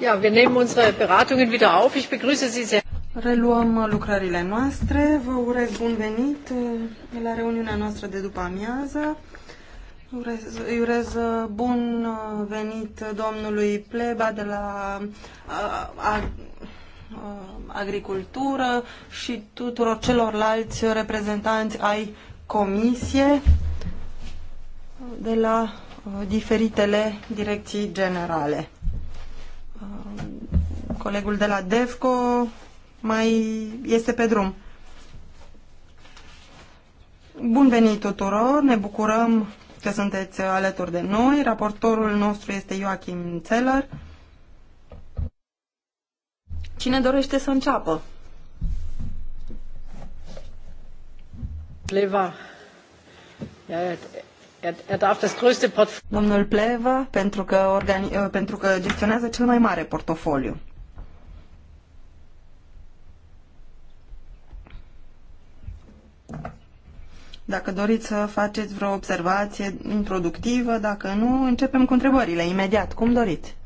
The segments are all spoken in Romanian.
Ja, wir nehmen unsere Beratungen wieder auf. Ich begrüße Sie sehr. Reluăm lucrările noastre. Vă urez bun venit eh, la reuniunea noastră de după amiază. Urez, îi urez eh, bun eh, venit domnului Pleba de la a, a, Agricultură și tuturor celorlalți reprezentanți ai comisie de la diferitele direcții generale colegul de la DEFCO mai este pe drum. Bun venit tuturor, ne bucurăm că sunteți alături de noi. Raportorul nostru este Joachim Zeller. Cine dorește să înceapă? Pleva. Er er- er Domnul Pleva, pentru că, organi- pentru că gestionează cel mai mare portofoliu. Dacă doriți să faceți vreo observație introductivă, dacă nu, începem cu întrebările imediat, cum doriți.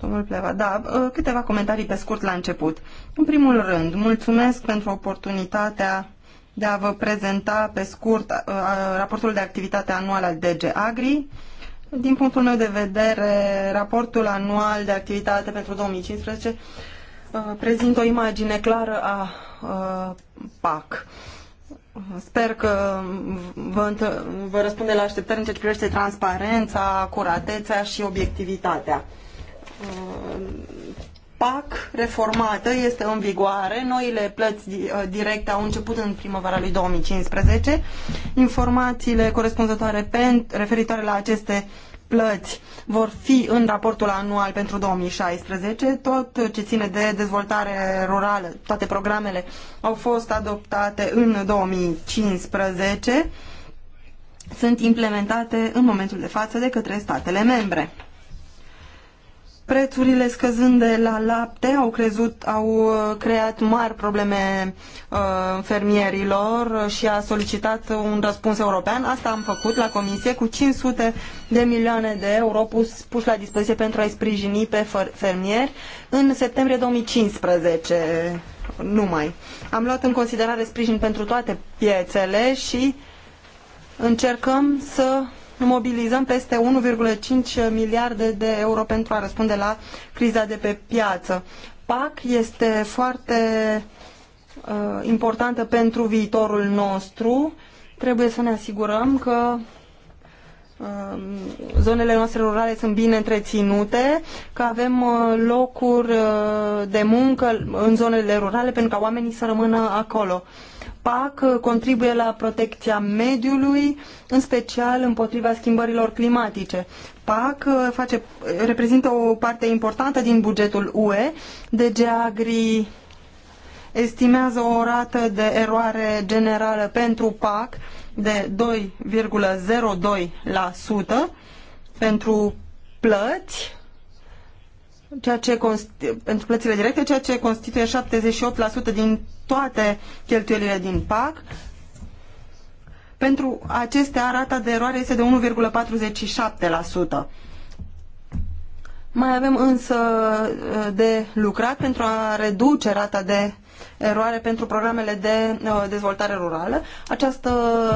Domnul Pleva, da, ă, câteva comentarii pe scurt la început. În primul rând, mulțumesc pentru oportunitatea de a vă prezenta pe scurt ă, raportul de activitate anual al DG Agri. Din punctul meu de vedere, raportul anual de activitate pentru 2015 uh, prezintă o imagine clară a uh, PAC. Sper că vă, vă răspunde la așteptări în ceea ce privește transparența, curatețea și obiectivitatea. Uh, PAC reformată este în vigoare. Noile plăți uh, directe au început în primăvara lui 2015. Informațiile corespunzătoare referitoare la aceste plăți vor fi în raportul anual pentru 2016. Tot ce ține de dezvoltare rurală, toate programele au fost adoptate în 2015. Sunt implementate în momentul de față de către statele membre. Prețurile scăzând de la lapte au, crezut, au uh, creat mari probleme uh, fermierilor și a solicitat un răspuns european. Asta am făcut la comisie cu 500 de milioane de euro pus, pus la dispoziție pentru a-i sprijini pe fermieri în septembrie 2015 numai. Am luat în considerare sprijin pentru toate piețele și încercăm să mobilizăm peste 1,5 miliarde de euro pentru a răspunde la criza de pe piață. PAC este foarte uh, importantă pentru viitorul nostru. Trebuie să ne asigurăm că uh, zonele noastre rurale sunt bine întreținute, că avem uh, locuri uh, de muncă în zonele rurale pentru ca oamenii să rămână acolo. PAC contribuie la protecția mediului, în special împotriva schimbărilor climatice. PAC uh, face, reprezintă o parte importantă din bugetul UE. DG Agri estimează o rată de eroare generală pentru PAC de 2,02% pentru plăți ceea ce pentru plățile directe, ceea ce constituie 78% din toate cheltuielile din PAC. Pentru acestea, rata de eroare este de 1,47%. Mai avem însă uh, de lucrat pentru a reduce rata de eroare pentru programele de uh, dezvoltare rurală. Această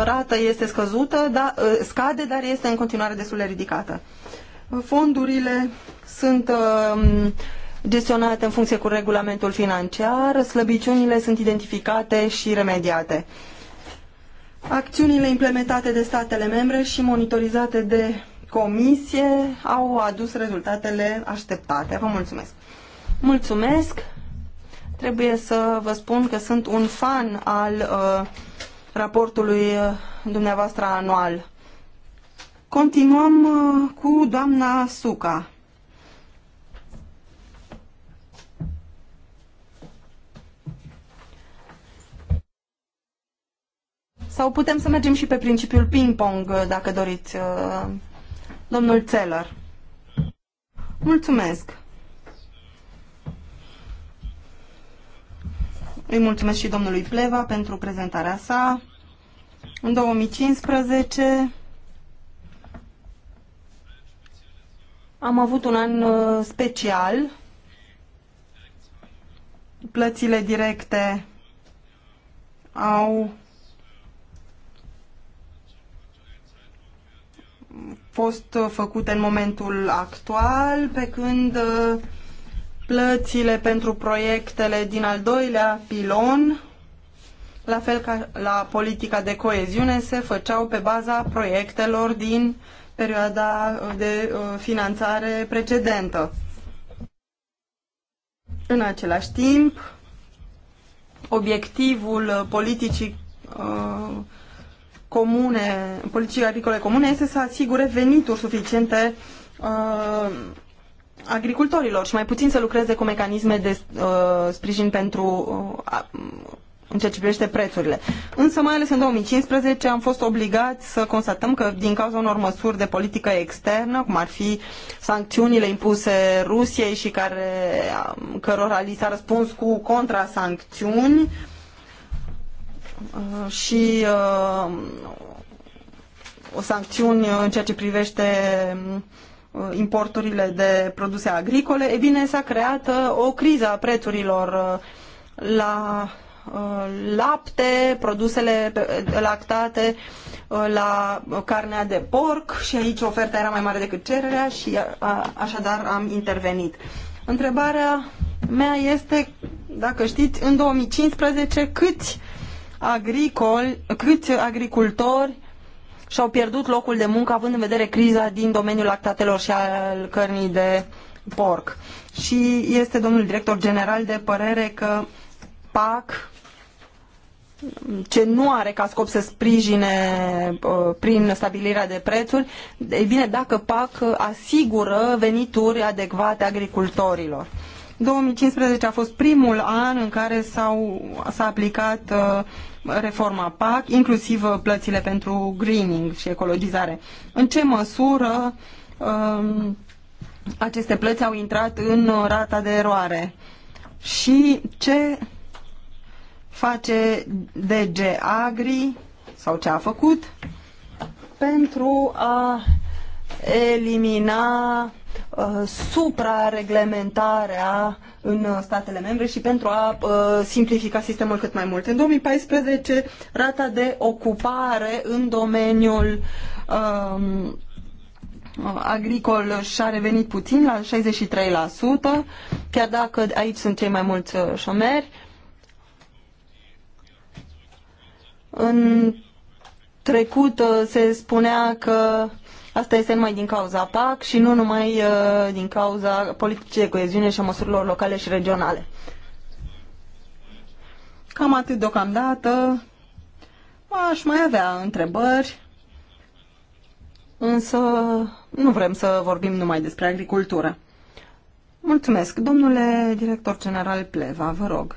rată este scăzută, da, uh, scade, dar este în continuare destul de ridicată. Fondurile sunt um, gestionate în funcție cu regulamentul financiar, slăbiciunile sunt identificate și remediate. Acțiunile implementate de statele membre și monitorizate de comisie au adus rezultatele așteptate. Vă mulțumesc! Mulțumesc! Trebuie să vă spun că sunt un fan al uh, raportului uh, dumneavoastră anual. Continuăm uh, cu doamna Suca. Sau putem să mergem și pe principiul ping-pong, uh, dacă doriți, uh, domnul Țeller. Mulțumesc! Îi mulțumesc și domnului Pleva pentru prezentarea sa. În 2015 Am avut un an uh, special. Plățile directe au fost făcute în momentul actual, pe când uh, plățile pentru proiectele din al doilea pilon, la fel ca la politica de coeziune, se făceau pe baza proiectelor din perioada uh, de uh, finanțare precedentă. În același timp, obiectivul uh, politicii comune, politicii agricole comune este să asigure venituri suficiente agricultorilor și mai puțin să lucreze cu mecanisme de sprijin pentru în ceea ce privește prețurile. Însă, mai ales în 2015, am fost obligați să constatăm că din cauza unor măsuri de politică externă, cum ar fi sancțiunile impuse Rusiei și care, cărora li s-a răspuns cu contrasancțiuni uh, și uh, o sancțiuni în ceea ce privește uh, importurile de produse agricole, e bine, s-a creat uh, o criză a prețurilor la Uh, lapte, produsele lactate, uh, la carnea de porc și aici oferta era mai mare decât cererea și uh, așadar am intervenit. Întrebarea mea este, dacă știți, în 2015 câți, agricol, câți agricultori și-au pierdut locul de muncă având în vedere criza din domeniul lactatelor și al cărnii de porc. Și este domnul director general de părere că PAC ce nu are ca scop să sprijine uh, prin stabilirea de prețuri, e bine dacă PAC asigură venituri adecvate agricultorilor. 2015 a fost primul an în care s-a aplicat uh, reforma PAC, inclusiv uh, plățile pentru greening și ecologizare. În ce măsură uh, aceste plăți au intrat în uh, rata de eroare? Și ce face DG Agri sau ce a făcut pentru a elimina uh, suprareglementarea în statele membre și pentru a uh, simplifica sistemul cât mai mult. În 2014, rata de ocupare în domeniul um, uh, agricol și-a revenit puțin la 63%, chiar dacă aici sunt cei mai mulți uh, șomeri În trecut uh, se spunea că asta este numai din cauza PAC și nu numai uh, din cauza politicii de coeziune și a măsurilor locale și regionale. Cam atât deocamdată. Aș mai avea întrebări, însă nu vrem să vorbim numai despre agricultură. Mulțumesc. Domnule director general Pleva, vă rog.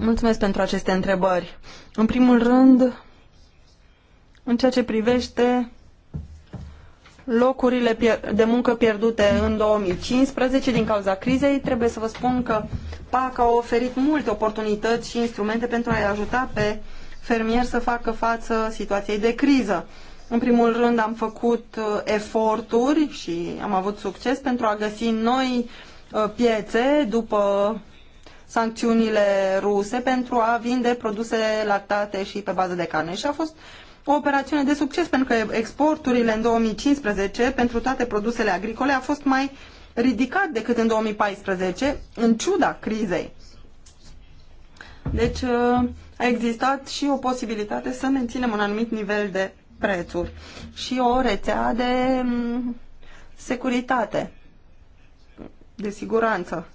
Mulțumesc pentru aceste întrebări. În primul rând, în ceea ce privește locurile de muncă pierdute în 2015 din cauza crizei, trebuie să vă spun că PAC a oferit multe oportunități și instrumente pentru a-i ajuta pe fermieri să facă față situației de criză. În primul rând am făcut uh, eforturi și am avut succes pentru a găsi noi uh, piețe după sancțiunile ruse pentru a vinde produse lactate și pe bază de carne. Și a fost o operațiune de succes pentru că exporturile în 2015 pentru toate produsele agricole a fost mai ridicat decât în 2014, în ciuda crizei. Deci uh, a existat și o posibilitate să menținem un anumit nivel de prețuri și o rețea de mm, securitate, de siguranță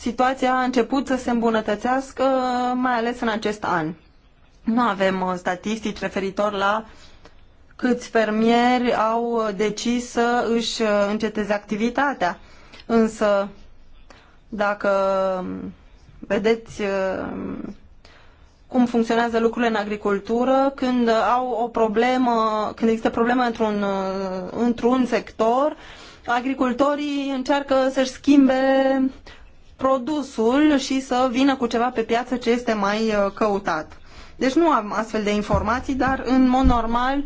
situația a început să se îmbunătățească, mai ales în acest an. Nu avem uh, statistici referitor la câți fermieri au decis să își uh, înceteze activitatea. Însă, dacă um, vedeți uh, cum funcționează lucrurile în agricultură, când au o problemă, când există probleme într-un, într-un sector, agricultorii încearcă să-și schimbe produsul și să vină cu ceva pe piață ce este mai uh, căutat. Deci nu am astfel de informații, dar în mod normal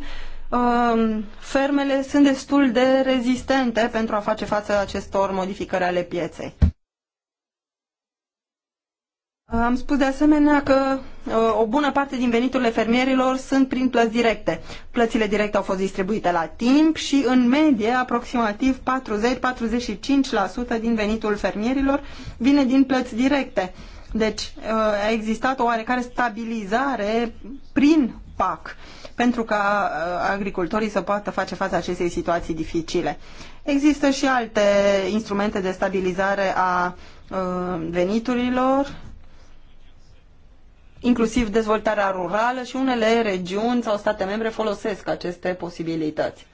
um, fermele sunt destul de rezistente pentru a face față acestor modificări ale pieței. Am spus de asemenea că uh, o bună parte din veniturile fermierilor sunt prin plăți directe. Plățile directe au fost distribuite la timp și în medie aproximativ 40-45% din venitul fermierilor vine din plăți directe. Deci uh, a existat o oarecare stabilizare prin PAC pentru ca uh, agricultorii să poată face față acestei situații dificile. Există și alte instrumente de stabilizare a veniturilor, inclusiv dezvoltarea rurală și unele regiuni sau state membre folosesc aceste posibilități.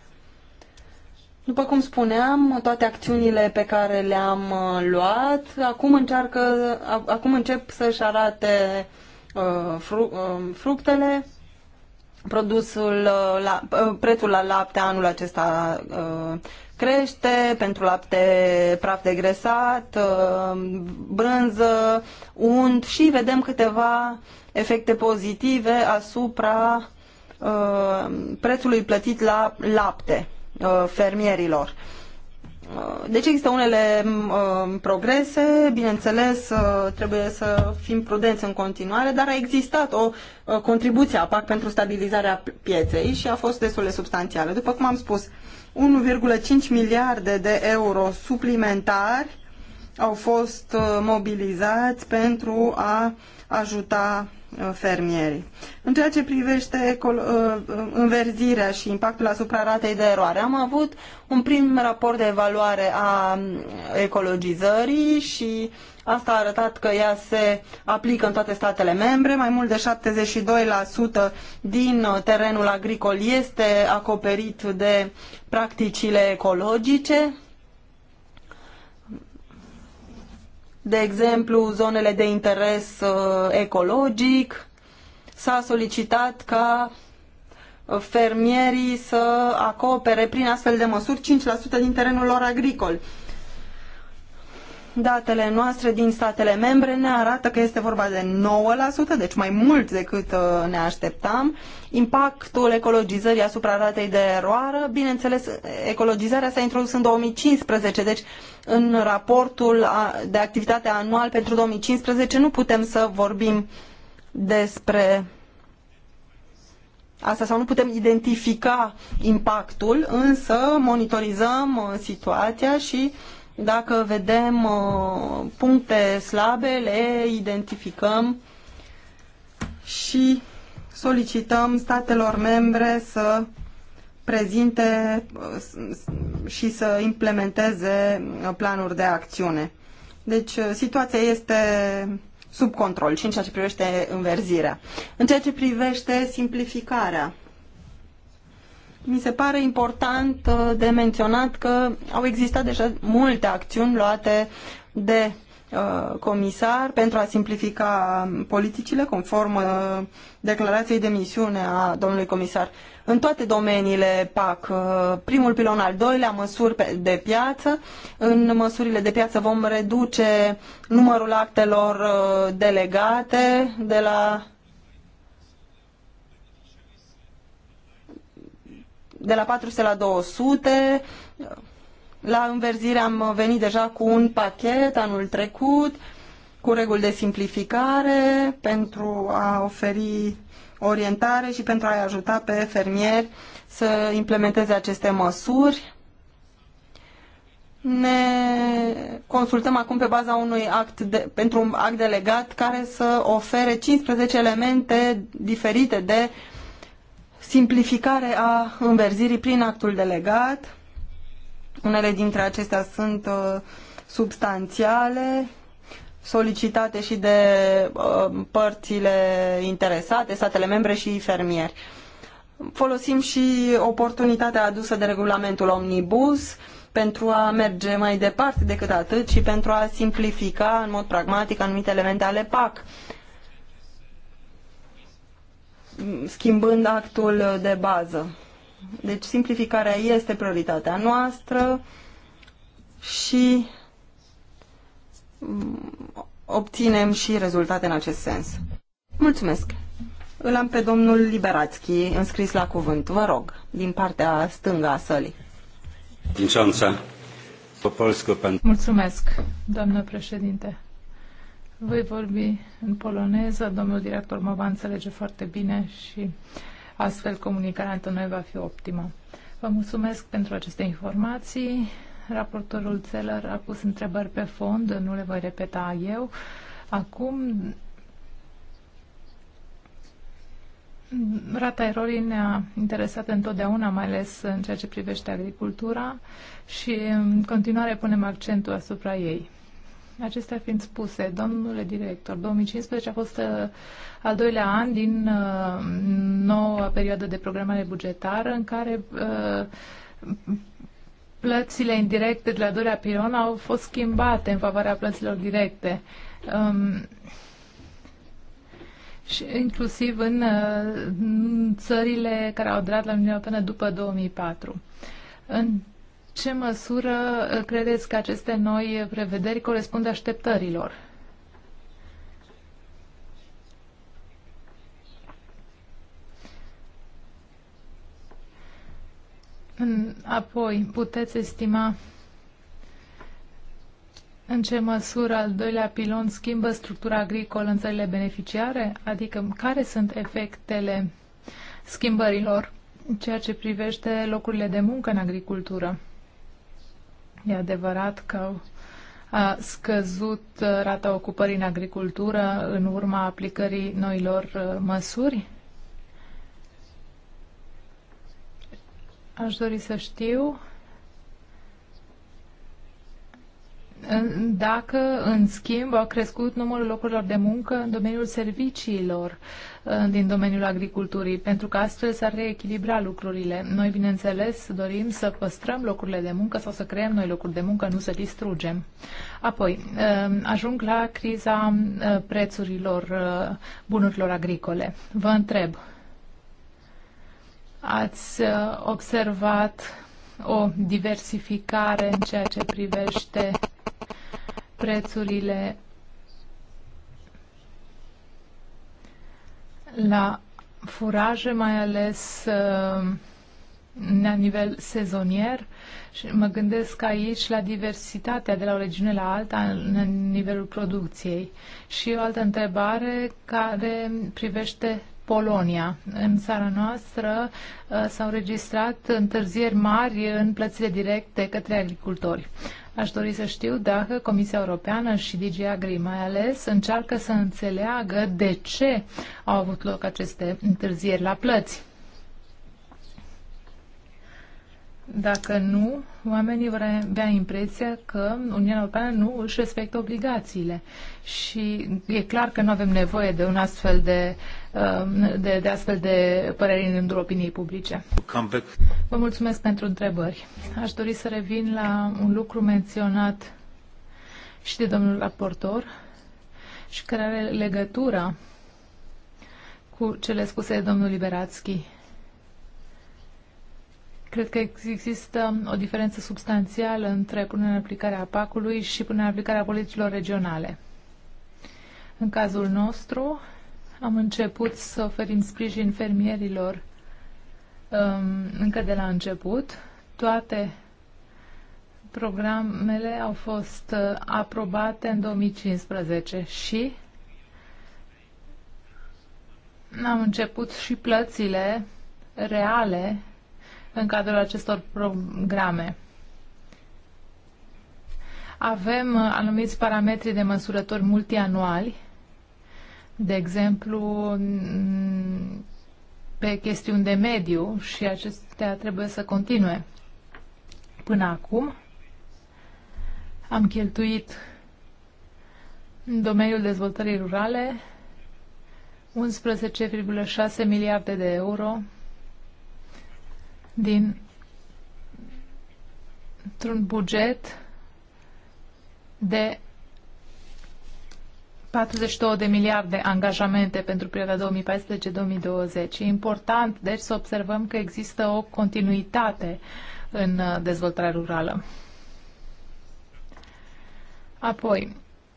După cum spuneam, toate acțiunile pe care le-am uh, luat acum, încearcă, acum încep să-și arate uh, fru, uh, fructele. Produsul, uh, la, uh, prețul la lapte anul acesta uh, crește, pentru lapte praf de gresat, uh, brânză, unt și vedem câteva efecte pozitive asupra uh, prețului plătit la lapte uh, fermierilor. Uh, deci există unele uh, progrese, bineînțeles, uh, trebuie să fim prudenți în continuare, dar a existat o uh, contribuție a PAC pentru stabilizarea pieței și a fost destul de substanțială. După cum am spus, 1,5 miliarde de euro suplimentari au fost uh, mobilizați pentru a ajuta Uh, fermierii. În ceea ce privește uh, uh, înverzirea și impactul asupra ratei de eroare, am avut un prim raport de evaluare a um, ecologizării și asta a arătat că ea se aplică în toate statele membre. Mai mult de 72% din terenul agricol este acoperit de practicile ecologice de exemplu, zonele de interes uh, ecologic. S-a solicitat ca fermierii să acopere prin astfel de măsuri 5% din terenul lor agricol. Datele noastre din statele membre ne arată că este vorba de 9%, deci mai mult decât uh, ne așteptam, impactul ecologizării asupra ratei de eroare. Bineînțeles, ecologizarea s-a introdus în 2015, deci în raportul de activitate anual pentru 2015 nu putem să vorbim despre asta sau nu putem identifica impactul, însă monitorizăm uh, situația și dacă vedem uh, puncte slabe, le identificăm și solicităm statelor membre să prezinte și să implementeze planuri de acțiune. Deci situația este sub control și în ceea ce privește înverzirea. În ceea ce privește simplificarea, mi se pare important uh, de menționat că au existat deja multe acțiuni luate de Uh, comisar pentru a simplifica politicile conform uh, declarației de misiune a domnului comisar în toate domeniile PAC, uh, primul pilon, al doilea, măsuri de piață. În măsurile de piață vom reduce numărul actelor delegate de la de la 400 la 200, la înverzire am venit deja cu un pachet anul trecut, cu reguli de simplificare pentru a oferi orientare și pentru a-i ajuta pe fermieri să implementeze aceste măsuri. Ne consultăm acum pe baza unui act de, pentru un act delegat care să ofere 15 elemente diferite de simplificare a înverzirii prin actul delegat unele dintre acestea sunt uh, substanțiale, solicitate și de uh, părțile interesate, statele membre și fermieri. Folosim și oportunitatea adusă de regulamentul Omnibus pentru a merge mai departe decât atât și pentru a simplifica în mod pragmatic anumite elemente ale PAC schimbând actul de bază. Deci simplificarea este prioritatea noastră și mm, obținem și rezultate în acest sens. Mulțumesc! Îl am pe domnul Liberațchi înscris la cuvânt. Vă rog, din partea stângă a sălii. Mulțumesc, doamnă președinte. Voi vorbi în poloneză, domnul director mă va înțelege foarte bine și uh, Astfel, comunicarea între noi va fi optimă. Vă mulțumesc pentru aceste informații. Raportorul Țeller a pus întrebări pe fond, nu le voi repeta eu. Acum, Rata erorii ne-a interesat întotdeauna, mai ales în ceea ce privește agricultura și în continuare punem accentul asupra ei. Acestea fiind spuse, domnule director, 2015 a fost uh, al doilea an din uh, noua perioadă de programare bugetară în care uh, plățile indirecte de la Dorea Piron au fost schimbate în favoarea plăților directe. Um, și inclusiv în, în țările care au aderat la Uniunea Europeană după 2004. În ce măsură uh, credeți că aceste noi prevederi corespund așteptărilor? Apoi, puteți estima în ce măsură al doilea pilon schimbă structura agricolă în țările beneficiare? Adică, care sunt efectele schimbărilor în ceea ce privește locurile de muncă în agricultură? E adevărat că a scăzut uh, rata ocupării în agricultură în urma aplicării noilor uh, măsuri? Aș dori să știu dacă, în schimb, a crescut numărul locurilor de muncă în domeniul serviciilor uh, din domeniul agriculturii, pentru că astfel s-ar reechilibra lucrurile. Noi, bineînțeles, dorim să păstrăm locurile de muncă sau să creăm noi locuri de muncă, nu să distrugem. Apoi, uh, ajung la criza uh, prețurilor bunurilor agricole. Vă întreb, ați observat o diversificare în ceea ce privește prețurile la furaje, mai ales uh, la nivel sezonier și mă gândesc aici la diversitatea de la o regiune la alta în nivelul producției. Și o altă întrebare care privește Polonia. În țara noastră uh, s-au registrat întârzieri mari în plățile directe către agricultori. Aș dori să știu dacă Comisia Europeană și DG Agri mai ales încearcă să înțeleagă de ce au avut loc aceste întârzieri la plăți. Dacă nu, oamenii vor avea impresia că Uniunea Europeană nu își respectă obligațiile. Și e clar că nu avem nevoie de un astfel de, uh, de, de astfel de păreri în rândul opiniei publice. Vă mulțumesc pentru întrebări. Aș dori să revin la un lucru menționat și de domnul raportor și care are legătura cu cele spuse de domnul Liberațchi Cred că există o diferență substanțială între punerea în aplicare a PAC-ului și punerea în aplicare a politicilor regionale. În cazul nostru, am început să oferim sprijin fermierilor um, încă de la început. Toate programele au fost uh, aprobate în 2015 și am început și plățile reale în cadrul acestor programe. Avem uh, anumiți parametri de măsurători multianuali, de exemplu, pe chestiuni de mediu și acestea trebuie să continue. Până acum am cheltuit în domeniul dezvoltării rurale 11,6 miliarde de euro din un buget de 42 de miliarde angajamente pentru perioada 2014-2020. E important, deci, să observăm că există o continuitate în uh, dezvoltarea rurală. Apoi,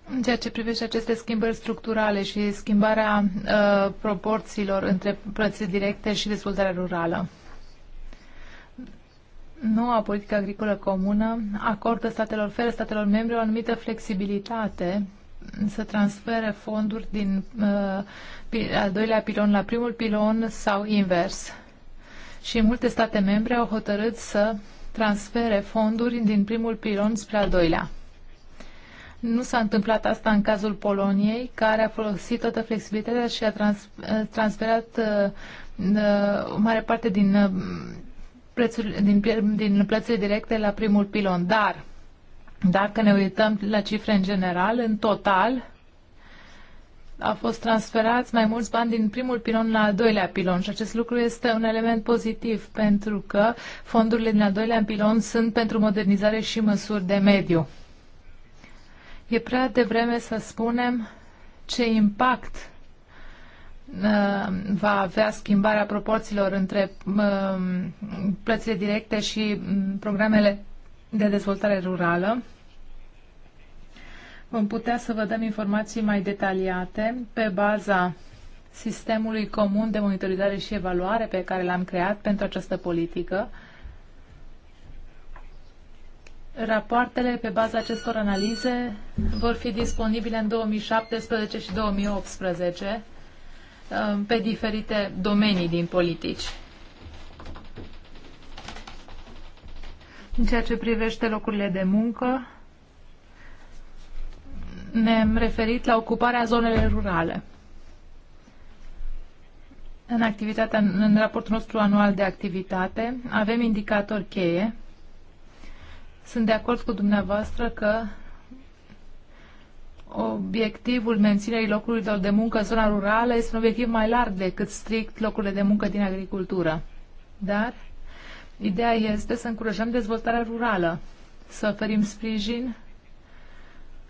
în ceea ce privește aceste schimbări structurale și schimbarea uh, proporțiilor între plăți directe și dezvoltarea rurală noua politică agricolă comună acordă statelor, fere statelor membre o anumită flexibilitate să transfere fonduri din uh, al doilea pilon la primul pilon sau invers. Și multe state membre au hotărât să transfere fonduri din primul pilon spre al doilea. Nu s-a întâmplat asta în cazul Poloniei, care a folosit toată flexibilitatea și a trans, transferat uh, uh, o mare parte din uh, prețul, din, din plățile directe la primul pilon. Dar, dacă ne uităm la cifre în general, în total a fost transferați mai mulți bani din primul pilon la al doilea pilon și acest lucru este un element pozitiv pentru că fondurile din al doilea pilon sunt pentru modernizare și măsuri de mediu. E prea devreme să spunem ce impact Uh, va avea schimbarea proporțiilor între um, plățile directe și um, programele de dezvoltare rurală. Vom putea să vă dăm informații mai detaliate pe baza sistemului comun de monitorizare și evaluare pe care l-am creat pentru această politică. Rapoartele pe baza acestor analize vor fi disponibile în 2017 și 2018 Um, pe diferite domenii din politici. În ceea ce privește locurile de muncă, ne-am referit la ocuparea zonelor rurale. În, activitatea, în raportul nostru anual de activitate avem indicatori cheie. Sunt de acord cu dumneavoastră că obiectivul menținerii locurilor de muncă în zona rurală este un obiectiv mai larg decât strict locurile de muncă din agricultură. Dar ideea este să încurajăm dezvoltarea rurală, să oferim sprijin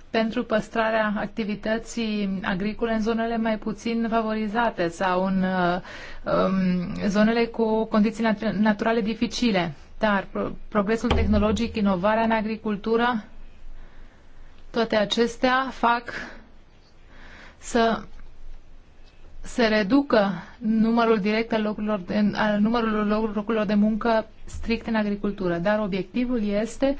pentru păstrarea activității agricole în zonele mai puțin favorizate sau în uh, um, zonele cu condiții naturale dificile. Dar pro progresul tehnologic, inovarea în agricultură toate acestea fac să se reducă numărul direct al, locurilor de, al numărul locurilor de muncă strict în agricultură, dar obiectivul este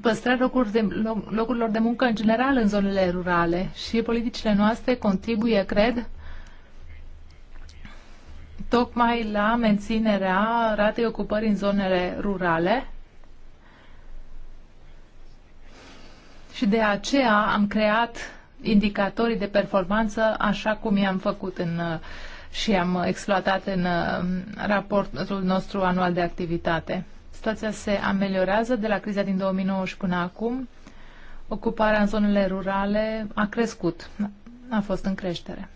păstrarea locurilor de, locurilor de muncă în general în zonele rurale și politicile noastre contribuie, cred, tocmai la menținerea ratei ocupării în zonele rurale și de aceea am creat indicatorii de performanță așa cum i-am făcut în uh, și am exploatat în uh, raportul nostru anual de activitate. Situația se ameliorează de la criza din 2009 și până acum. Ocuparea în zonele rurale a crescut, a fost în creștere.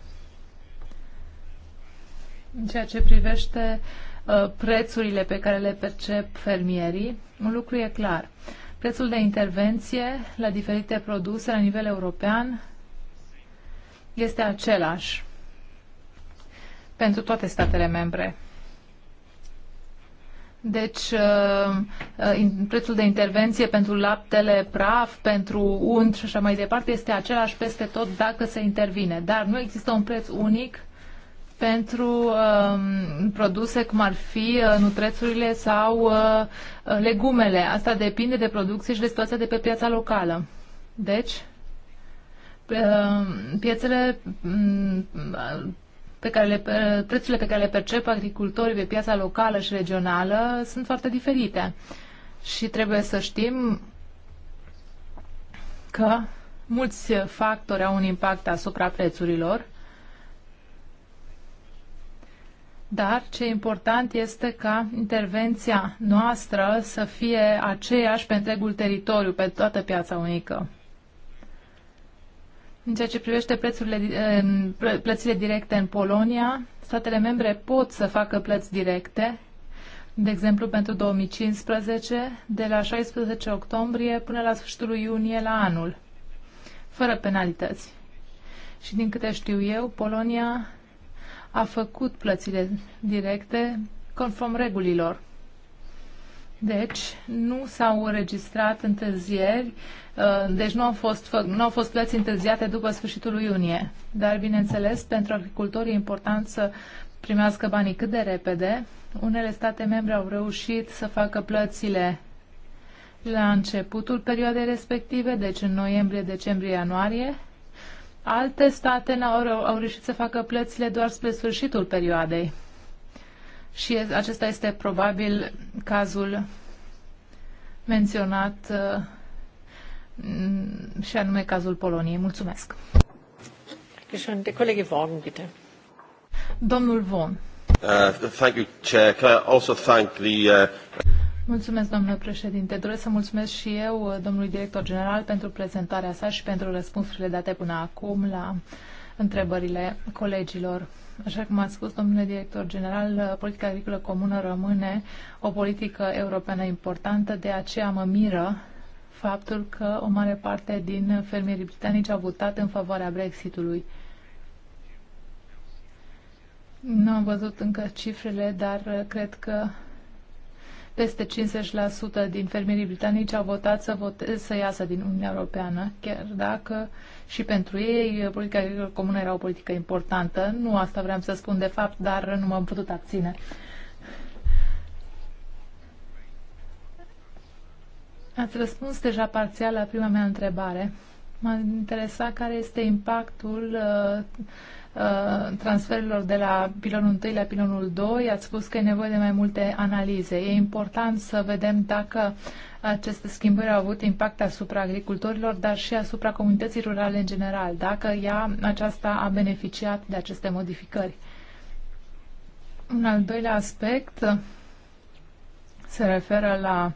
În ceea ce privește uh, prețurile pe care le percep fermierii, un lucru e clar. Uh, Prețul de intervenție la diferite produse la nivel european este același pentru toate statele membre. Deci, uh, uh, prețul de intervenție pentru laptele praf, pentru unt și așa mai departe este același peste tot dacă se intervine. Dar nu există un preț unic pentru um, produse cum ar fi uh, nutrețurile sau uh, uh, legumele. Asta depinde de producție și de situația de pe piața locală. Deci, um, piețele mm, pe care le, prețurile pe care le percep agricultorii pe piața locală și regională sunt foarte diferite. Și trebuie să știm că mulți factori au un impact asupra prețurilor dar ce important este ca intervenția noastră să fie aceeași pe întregul teritoriu, pe toată piața unică. În ceea ce privește prețurile, plățile directe în Polonia, statele membre pot să facă plăți directe, de exemplu pentru 2015, de la 16 octombrie până la sfârșitul iunie la anul, fără penalități. Și din câte știu eu, Polonia a făcut plățile directe conform regulilor. Deci, nu s-au înregistrat întârzieri, uh, deci nu au, fost, nu au fost plăți întârziate după sfârșitul lui iunie. Dar, bineînțeles, pentru agricultori e important să primească banii cât de repede. Unele state membre au reușit să facă plățile la începutul perioadei respective, deci în noiembrie, decembrie, ianuarie, Alte state au, au reușit să facă plățile doar spre sfârșitul perioadei. Și acesta este probabil cazul menționat uh, și anume cazul Poloniei. Mulțumesc. Domnul Von. Uh, thank you, Chair. Can I also thank the, uh... Mulțumesc, domnule președinte. Doresc să mulțumesc și eu, uh, domnului director general, pentru prezentarea sa și pentru răspunsurile date până acum la întrebările colegilor. Așa cum a spus, domnule director general, uh, politica agricolă comună rămâne o politică europeană importantă, de aceea mă miră faptul că o mare parte din fermierii britanici au votat în favoarea Brexitului. Nu am văzut încă cifrele, dar uh, cred că peste 50% din fermierii britanici au votat să, vote, să iasă din Uniunea Europeană, chiar dacă și pentru ei uh, politica agricolă comună era o politică importantă. Nu asta vreau să spun de fapt, dar nu m-am putut abține. Ați răspuns deja parțial la prima mea întrebare. M-a interesat care este impactul uh, Uh, transferurilor de la pilonul 1 la pilonul 2, ați spus că e nevoie de mai multe analize. E important să vedem dacă aceste schimbări au avut impact asupra agricultorilor, dar și asupra comunității rurale în general, dacă ea aceasta a beneficiat de aceste modificări. Un al doilea aspect se referă la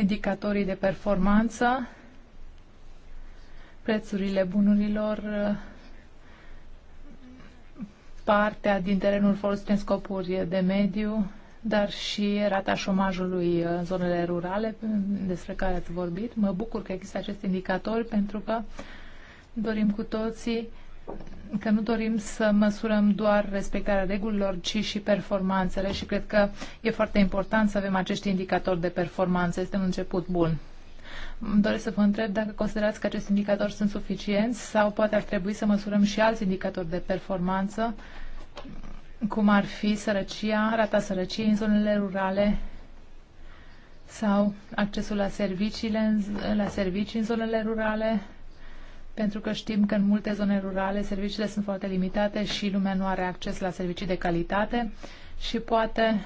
indicatorii de performanță, prețurile bunurilor, partea din terenul folosit în scopuri de mediu, dar și rata șomajului în zonele rurale despre care ați vorbit. Mă bucur că există acest indicator pentru că dorim cu toții că nu dorim să măsurăm doar respectarea regulilor, ci și performanțele și cred că e foarte important să avem acești indicatori de performanță. Este un început bun. Îmi doresc să vă întreb dacă considerați că acești indicatori sunt suficienți sau poate ar trebui să măsurăm și alți indicatori de performanță, cum ar fi sărăcia, rata sărăciei în zonele rurale sau accesul la, serviciile, la servicii în zonele rurale, pentru că știm că în multe zone rurale serviciile sunt foarte limitate și lumea nu are acces la servicii de calitate și poate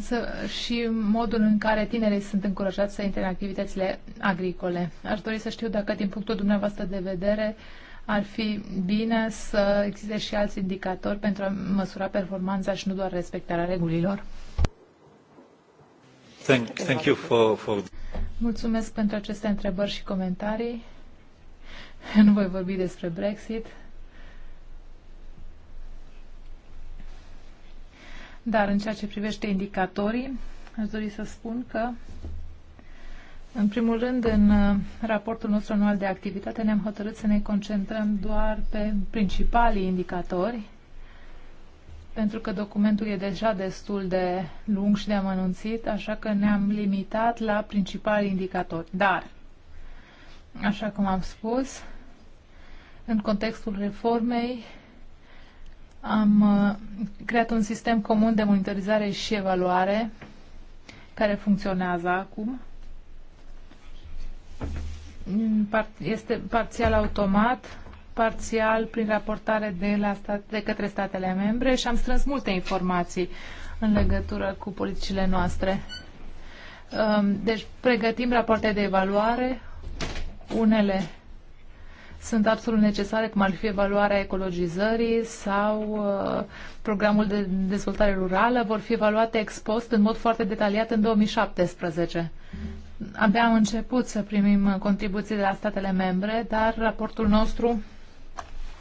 să, și modul în care tinerii sunt încurajați să intre în activitățile agricole. Aș dori să știu dacă, din punctul dumneavoastră de vedere, ar fi bine să existe și alți indicatori pentru a măsura performanța și nu doar respectarea regulilor. Thank, thank you for, for... Mulțumesc pentru aceste întrebări și comentarii. nu voi vorbi despre Brexit, Dar în ceea ce privește indicatorii, aș dori să spun că, în primul rând, în uh, raportul nostru anual de activitate ne-am hotărât să ne concentrăm doar pe principalii indicatori, pentru că documentul e deja destul de lung și de amănunțit, așa că ne-am limitat la principalii indicatori. Dar, așa cum am spus, în contextul reformei am uh, creat un sistem comun de monitorizare și evaluare care funcționează acum. Este parțial automat, parțial prin raportare de, la stat, de către statele membre și am strâns multe informații în legătură cu politicile noastre. Um, deci pregătim rapoarte de evaluare, unele sunt absolut necesare, cum ar fi evaluarea ecologizării sau uh, programul de dezvoltare rurală, vor fi evaluate ex post în mod foarte detaliat în 2017. Abia am început să primim contribuții de la statele membre, dar raportul nostru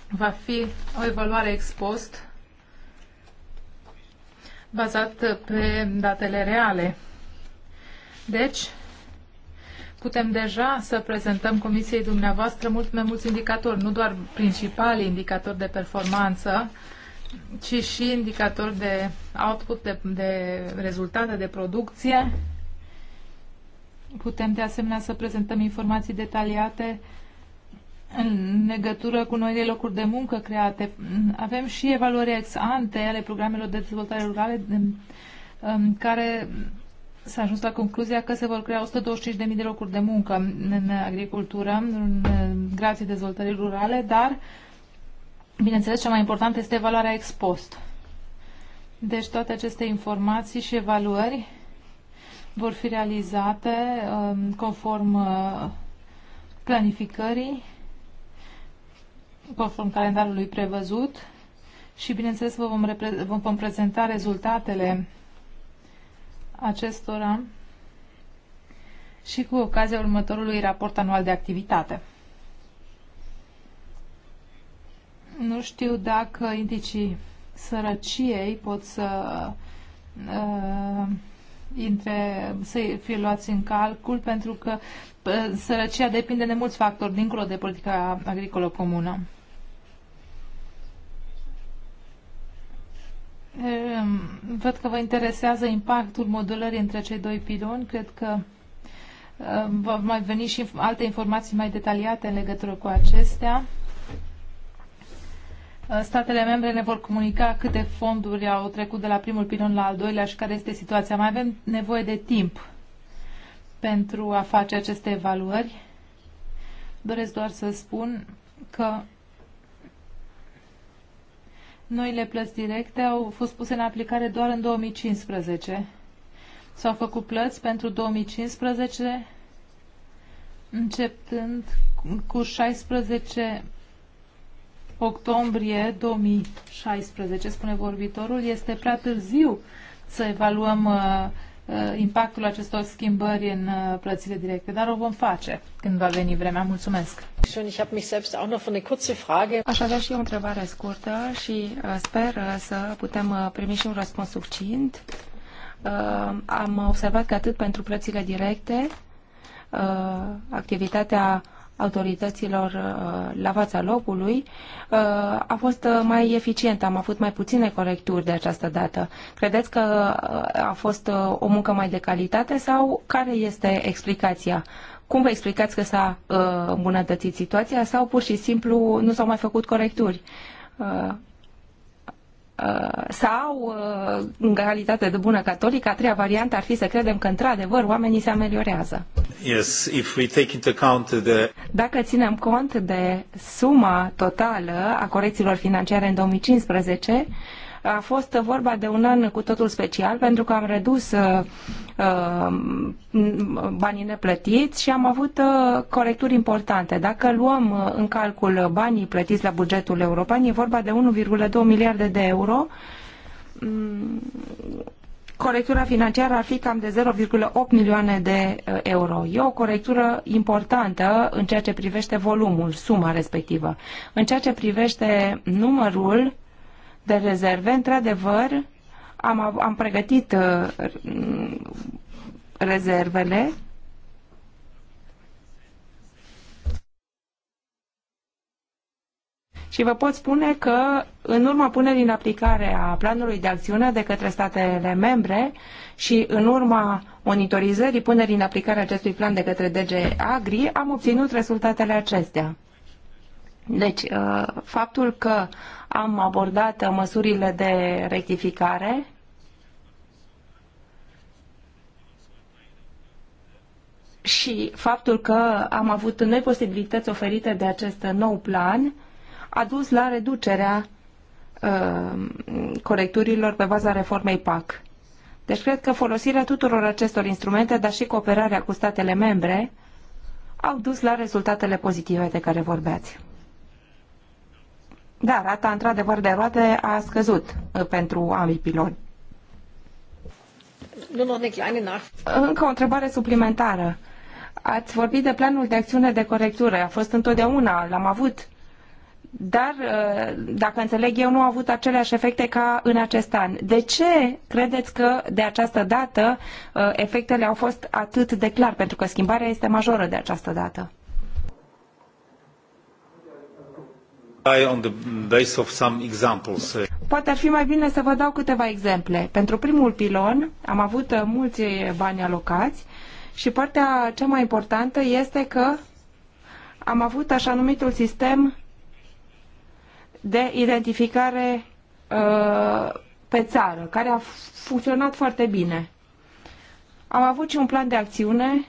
va fi o evaluare ex post bazat pe datele reale. Deci, putem deja să prezentăm Comisiei dumneavoastră mult mai mulți indicatori, nu doar principali indicatori de performanță, ci și indicatori de output, de, de rezultate, de producție. Putem de asemenea să prezentăm informații detaliate în legătură cu noile locuri de muncă create. Avem și evaluări ex ante ale programelor de dezvoltare rurale care s-a ajuns la concluzia că se vor crea 125.000 de locuri de muncă în agricultură, în grație dezvoltării rurale, dar, bineînțeles, cea mai importantă este valoarea expost. Deci toate aceste informații și evaluări vor fi realizate um, conform uh, planificării, conform calendarului prevăzut și, bineînțeles, vă vom, vom prezenta rezultatele acestora și cu ocazia următorului raport anual de activitate. Nu știu dacă indicii sărăciei pot să uh, intre, să fie luați în calcul, pentru că uh, sărăcia depinde de mulți factori, dincolo de politica agricolă comună. Ehm, văd că vă interesează impactul modulării între cei doi piloni. Cred că ehm, vor mai veni și alte informații mai detaliate în legătură cu acestea. Ehm, statele membre ne vor comunica câte fonduri au trecut de la primul pilon la al doilea și care este situația. Mai avem nevoie de timp pentru a face aceste evaluări. Doresc doar să spun că noile plăți directe au fost puse în aplicare doar în 2015. S-au făcut plăți pentru 2015, începând cu 16 octombrie 2016, spune vorbitorul. Este prea târziu să evaluăm uh, Uh, impactul acestor schimbări în uh, plățile directe, dar o vom face când va veni vremea. Mulțumesc! Aș avea și eu o întrebare scurtă și uh, sper să putem primi și un răspuns succint. Am observat că atât pentru plățile directe, activitatea autorităților uh, la fața locului uh, a fost uh, mai eficientă. Am avut mai puține corecturi de această dată. Credeți că a fost o muncă mai de calitate sau care este explicația? Cum vă explicați că s-a îmbunătățit situația sau pur și simplu nu s-au mai făcut corecturi? Uh, sau, uh, în realitate de bună catolică, a treia variantă ar fi să credem că, într-adevăr, oamenii se ameliorează. Yes, if we take into account the... Dacă ținem cont de suma totală a corecțiilor financiare în 2015, a fost vorba de un an cu totul special pentru că am redus uh, uh, banii neplătiți și am avut uh, corecturi importante. Dacă luăm în calcul banii plătiți la bugetul european, e vorba de 1,2 miliarde de euro mm, corectura financiară ar fi cam de 0,8 milioane de euro. E o corectură importantă în ceea ce privește volumul, suma respectivă. În ceea ce privește numărul de rezerve. Într-adevăr, am, am pregătit uh, rezervele. Și vă pot spune că în urma punerii în aplicare a planului de acțiune de către statele membre și în urma monitorizării punerii în aplicare acestui plan de către DG Agri, am obținut rezultatele acestea. Deci, uh, faptul că am abordat uh, măsurile de rectificare și faptul că am avut noi posibilități oferite de acest nou plan a dus la reducerea uh, corecturilor pe baza reformei PAC. Deci cred că folosirea tuturor acestor instrumente, dar și cooperarea cu statele membre, au dus la rezultatele pozitive de care vorbeați. Da, rata într-adevăr de roate a scăzut uh, pentru ambii piloni. Încă o întrebare suplimentară. Ați vorbit de planul de acțiune de corectură. A fost întotdeauna, l-am avut. Dar, uh, dacă înțeleg eu, nu a avut aceleași efecte ca în acest an. De ce credeți că de această dată uh, efectele au fost atât de clar? Pentru că schimbarea este majoră de această dată. Poate ar fi mai bine să vă dau câteva exemple. Pentru primul pilon am avut uh, mulți bani alocați și partea cea mai importantă este că am avut așa numitul sistem de identificare uh, pe țară, care a funcționat foarte bine. Am avut și un plan de acțiune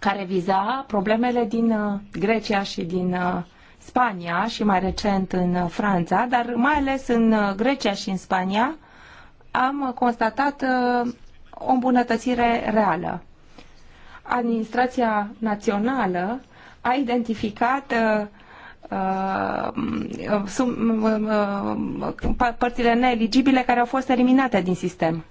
care viza problemele din uh, Grecia și din uh, Spania și mai recent în uh, Franța, dar mai ales în Grecia și în Spania am constatat o îmbunătățire reală. Administrația națională a identificat părțile neeligibile care au fost eliminate din sistem.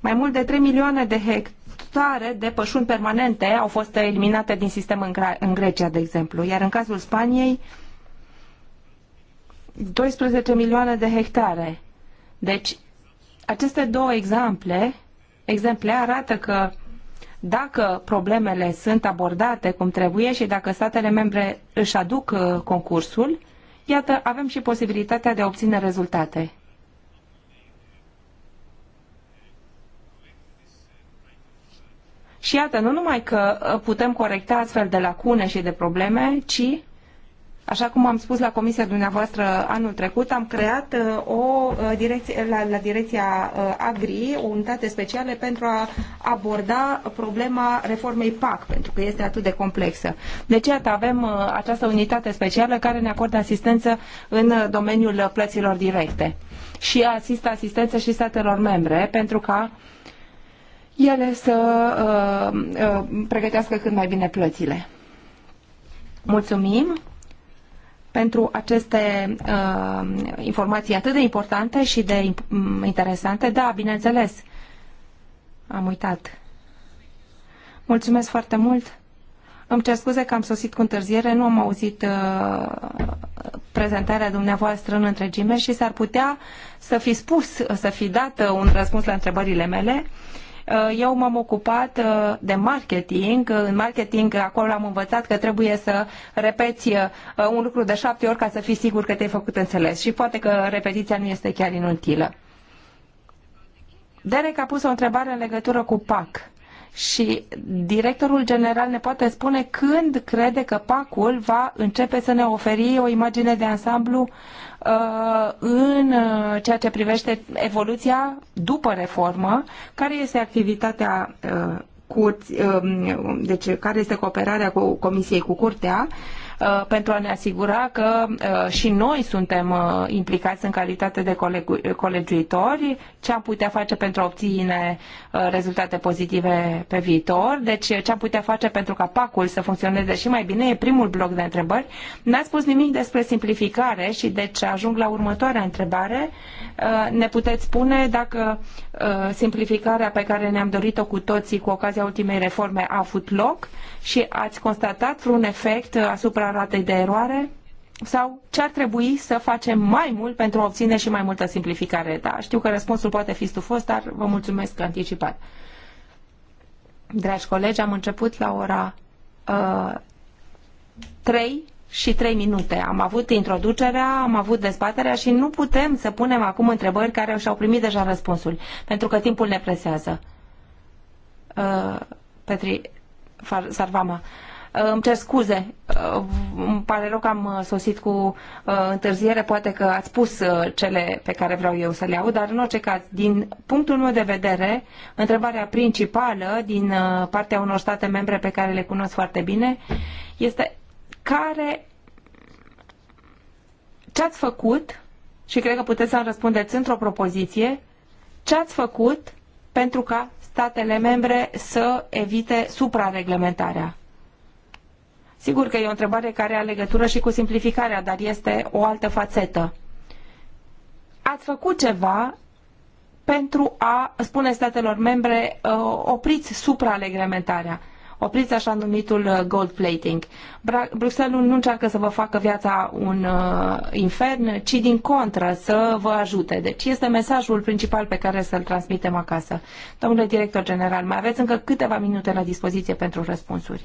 Mai mult de 3 milioane de hect stare de pășuni permanente au fost eliminate din sistem în, în Grecia, de exemplu, iar în cazul Spaniei 12 milioane de hectare. Deci, aceste două exemple, exemple arată că dacă problemele sunt abordate cum trebuie și dacă statele membre își aduc uh, concursul, iată, avem și posibilitatea de a obține rezultate. Și iată, nu numai că uh, putem corecta astfel de lacune și de probleme, ci Așa cum am spus la comisia dumneavoastră anul trecut, am creat uh, o uh, direcție, la, la direcția Agri o unitate specială pentru a aborda problema reformei PAC, pentru că este atât de complexă. Deci, iată, avem această unitate specială care ne acordă asistență în domeniul plăților directe și asistă asistență și statelor membre pentru ca ele să uh, uh, pregătească cât mai bine plățile. Mulțumim pentru aceste uh, informații atât de importante și de mm, interesante. Da, bineînțeles. Am uitat. Mulțumesc foarte mult. Îmi cer scuze că am sosit cu întârziere, nu am auzit uh, prezentarea dumneavoastră în întregime și s-ar putea să fi spus, să fi dat uh, un răspuns la întrebările mele. Uh, Uh, eu m-am ocupat uh, de marketing. Uh, în marketing acolo am învățat că trebuie să repeți un lucru de șapte ori ca să fii sigur că te-ai făcut înțeles. Și poate că repetiția nu este chiar inutilă. Derek a pus o întrebare în legătură cu PAC și directorul general ne poate spune când crede că PAC-ul va începe să ne oferi o imagine de ansamblu uh, în uh, ceea ce privește evoluția după reformă, care este activitatea uh, curți, um, deci care este cooperarea cu Comisiei cu Curtea, Uh, pentru a ne asigura că uh, și noi suntem uh, implicați în calitate de colegiuitori, ce am putea face pentru a obține rezultate pozitive pe viitor, deci ce am putea face pentru ca pacul să funcționeze și mai bine, e primul bloc de întrebări. n a spus nimic despre simplificare și deci ajung la următoarea întrebare. Ne puteți spune dacă simplificarea pe care ne-am dorit-o cu toții cu ocazia ultimei reforme a avut loc? și ați constatat vreun efect asupra ratei de eroare? Sau ce ar trebui să facem mai mult pentru a obține și mai multă simplificare? Da, știu că răspunsul poate fi stufos, dar vă mulțumesc anticipat. Dragi colegi, am început la ora uh, 3 și 3 minute. Am avut introducerea, am avut dezbaterea și nu putem să punem acum întrebări care și-au primit deja răspunsul, pentru că timpul ne presează. Uh, Petri, Sarvama. Uh, îmi cer scuze, uh, îmi pare rău că am uh, sosit cu întârziere, poate că ați spus cele pe care vreau eu să le aud, dar în orice caz, din punctul meu de vedere, întrebarea principală din partea unor state membre pe care le cunosc foarte bine este care ce ați făcut și cred că puteți să-mi răspundeți într-o propoziție ce ați făcut pentru ca statele membre să evite suprareglementarea. Sigur că e o întrebare care are legătură și cu simplificarea, dar este o altă fațetă. Ați făcut ceva pentru a spune statelor membre uh, opriți suprareglementarea. Opriți așa numitul uh, gold plating. Bruxelles nu încearcă să vă facă viața un uh, infern, ci din contră să vă ajute. Deci este mesajul principal pe care să-l transmitem acasă. Domnule director general, mai aveți încă câteva minute la dispoziție pentru răspunsuri.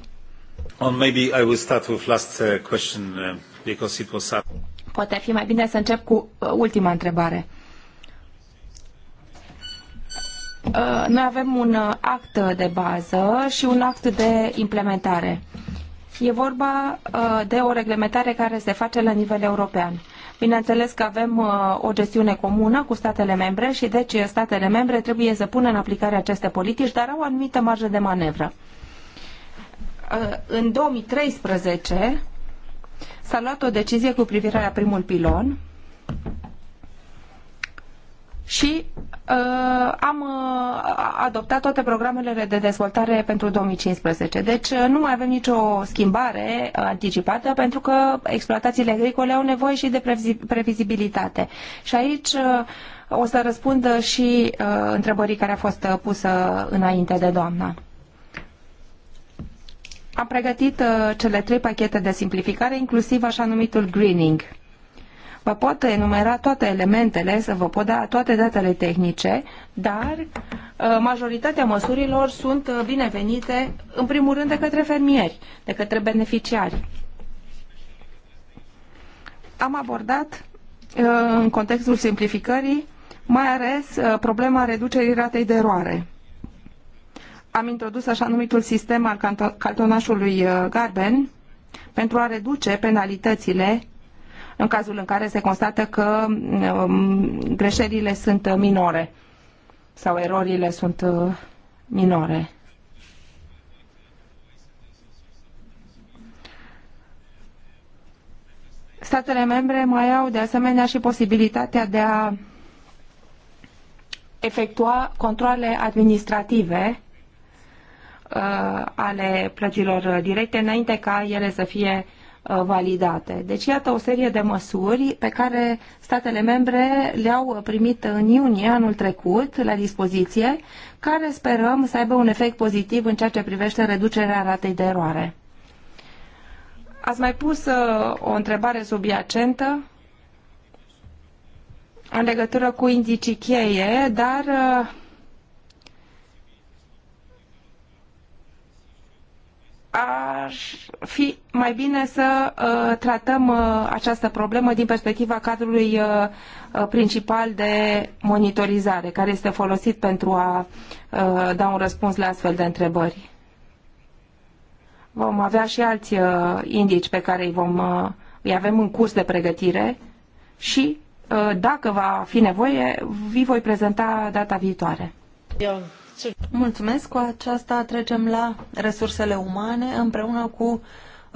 Uh, uh, Poate ar fi mai bine să încep cu ultima întrebare. Uh, noi avem un uh, act de bază și un act de implementare. E vorba uh, de o reglementare care se face la nivel european. Bineînțeles că avem o gestiune comună cu statele membre și deci statele membre trebuie să pună în aplicare aceste politici, dar au o anumită marjă de manevră. În 2013 s-a luat o decizie cu privire la primul pilon și Uh, am uh, adoptat toate programele de dezvoltare pentru 2015. Deci uh, nu mai avem nicio schimbare anticipată pentru că exploatațiile agricole au nevoie și de previzibilitate. Și aici o să răspund și întrebării care a fost pusă înainte de doamna. Am pregătit cele trei pachete de simplificare, inclusiv așa numitul greening vă pot enumera toate elementele, să vă pot da toate datele tehnice, dar uh, majoritatea măsurilor sunt uh, binevenite, în primul rând, de către fermieri, de către beneficiari. Am abordat, uh, în contextul simplificării, mai ales problema reducerii ratei de eroare am introdus așa numitul sistem al cartonașului Garben pentru a reduce penalitățile în cazul în care se constată că um, greșelile sunt uh, minore sau erorile sunt uh, minore. Statele membre mai au de asemenea și posibilitatea de a efectua controle administrative uh, ale plăților directe înainte ca ele să fie Uh, validate. Deci iată o serie de măsuri pe care statele membre le-au primit în iunie anul trecut la dispoziție, care sperăm să aibă un efect pozitiv în ceea ce privește reducerea ratei de eroare. Ați mai pus uh, o întrebare subiacentă în legătură cu indicii cheie, dar uh, ar fi mai bine să uh, tratăm uh, această problemă din perspectiva cadrului uh, uh, principal de monitorizare, care este folosit pentru a uh, da un răspuns la astfel de întrebări. Vom avea și alți uh, indici pe care îi, vom, uh, îi avem în curs de pregătire și, uh, dacă va fi nevoie, vi voi prezenta data viitoare. Eu. Mulțumesc. Cu aceasta trecem la resursele umane împreună cu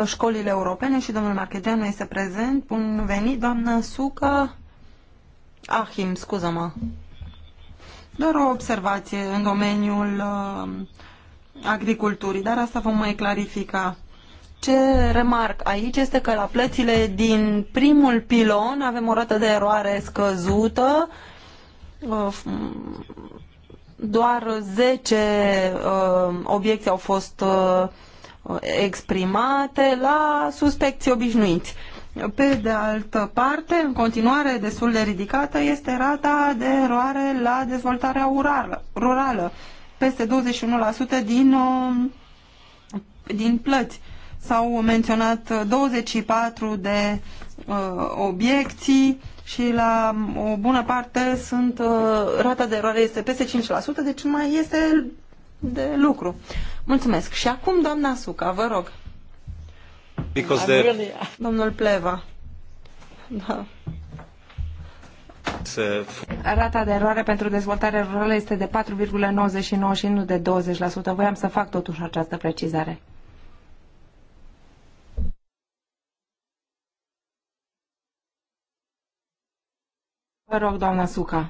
școlile europene și domnul Marchegeanu este prezent. Bun venit, doamnă Suca. Ahim, scuză-mă. Doar o observație în domeniul uh, agriculturii, dar asta vom mai clarifica. Ce remarc aici este că la plățile din primul pilon avem o rată de eroare scăzută, uh, doar 10 uh, au fost uh, exprimate la suspecții obișnuiți. Pe de altă parte, în continuare destul de ridicată este rata de eroare la dezvoltarea urală, rurală, peste 21% din, uh, din plăți. S-au menționat 24 de uh, obiecții, și la o bună parte sunt, uh, rata de eroare este peste 5%, deci nu mai este de lucru. Mulțumesc. Și acum, doamna Suca, vă rog. Because the... Domnul Pleva. Da. Rata de eroare pentru dezvoltare rurală este de 4,99 și nu de 20%. Voiam să fac totuși această precizare. Vă rog, doamna Suca.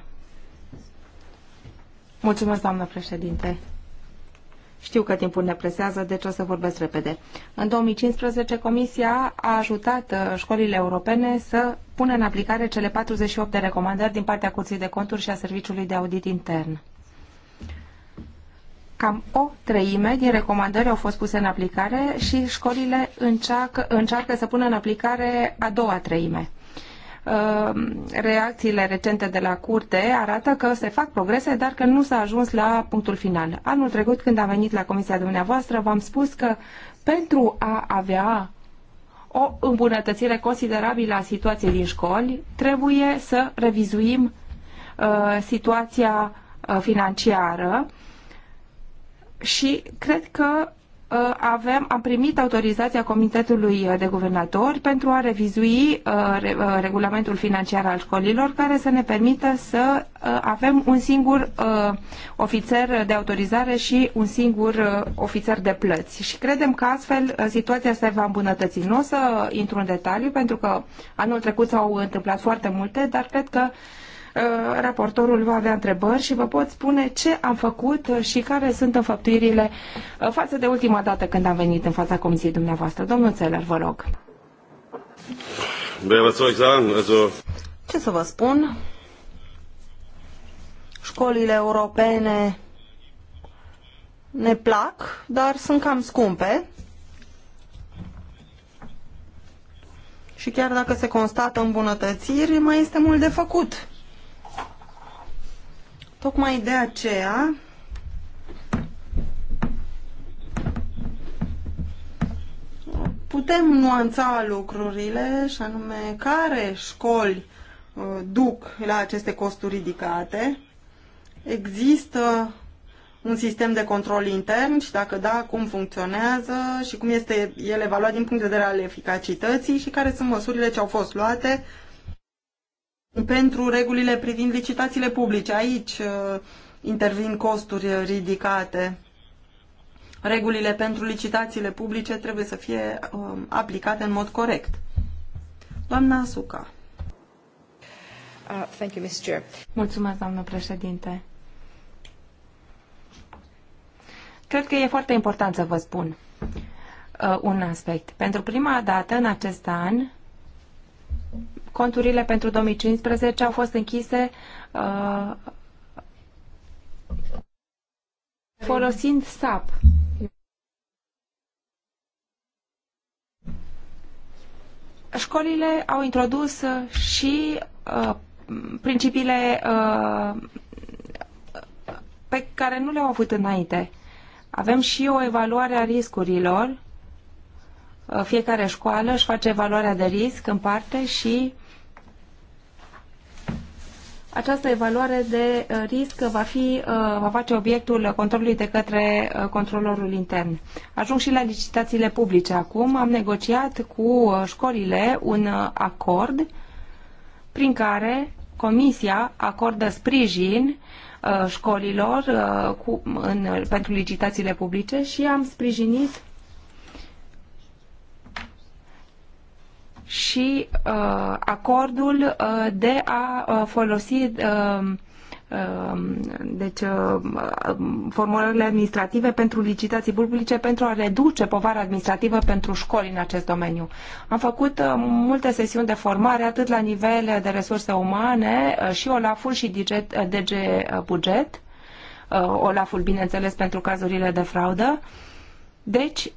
Mulțumesc, doamnă președinte. Știu că timpul ne presează, deci o să vorbesc repede. În 2015, Comisia a ajutat uh, școlile europene să pună în aplicare cele 48 de recomandări din partea Curții de Conturi și a Serviciului de Audit Intern. Cam o treime din recomandări au fost puse în aplicare și școlile încearcă, încearcă să pună în aplicare a doua treime. Ehm, reacțiile recente de la curte arată că se fac progrese, dar că nu s-a ajuns la punctul final. Anul trecut, când am venit la comisia dumneavoastră, v-am spus că pentru a avea o îmbunătățire considerabilă a situației din școli, trebuie să revizuim uh, situația uh, financiară și cred că Uh, avem, am primit autorizația Comitetului uh, de Guvernatori pentru a revizui uh, regulamentul financiar al școlilor care să ne permită să avem un singur ofițer de autorizare și un singur ofițer de plăți. Și credem că astfel situația se va îmbunătăți. Nu o să intru în detaliu pentru că anul trecut s-au întâmplat foarte multe, dar cred că Uh, raportorul va avea întrebări și vă pot spune ce am făcut și care sunt înfăptuirile uh, față de ultima dată când am venit în fața comisiei dumneavoastră. Domnul Țeler, vă rog. Ce să vă spun? Școlile europene ne plac, dar sunt cam scumpe. Și chiar dacă se constată îmbunătățiri, mai este mult de făcut. Tocmai de aceea putem nuanța lucrurile și anume care școli uh, duc la aceste costuri ridicate. Există un sistem de control intern și dacă da, cum funcționează și cum este el evaluat din punct de vedere al eficacității și care sunt măsurile ce au fost luate uh, pentru regulile privind licitațiile publice. Aici uh, intervin costuri ridicate. Regulile pentru licitațiile publice trebuie să fie um, aplicate în mod corect. Doamna Suca. Uh, thank you, Mr. Chair. Mulțumesc, doamnă președinte. Cred că e foarte important să vă spun uh, un aspect. Pentru prima dată în acest an, Conturile pentru 2015 au fost închise uh, folosind SAP. Școlile au introdus uh, și uh, principiile uh, pe care nu le-au avut înainte. Avem și o evaluare a riscurilor. Uh, fiecare școală își face evaluarea de risc în parte și această evaluare de uh, risc va, fi, uh, va face obiectul controlului de către uh, controlorul intern. Ajung și la licitațiile publice acum. Am negociat cu școlile un acord prin care Comisia acordă sprijin școlilor cu, în, pentru licitațiile publice și am sprijinit și uh, acordul uh, de a uh, folosi uh, um, deci uh, uh, formulările administrative pentru licitații publice pentru a reduce povara administrativă pentru școli în acest domeniu. Am făcut uh, multe sesiuni de formare atât la nivel de resurse umane și OLAF-ul și DG Buget, OLAF-ul bineînțeles pentru cazurile de fraudă. Deci,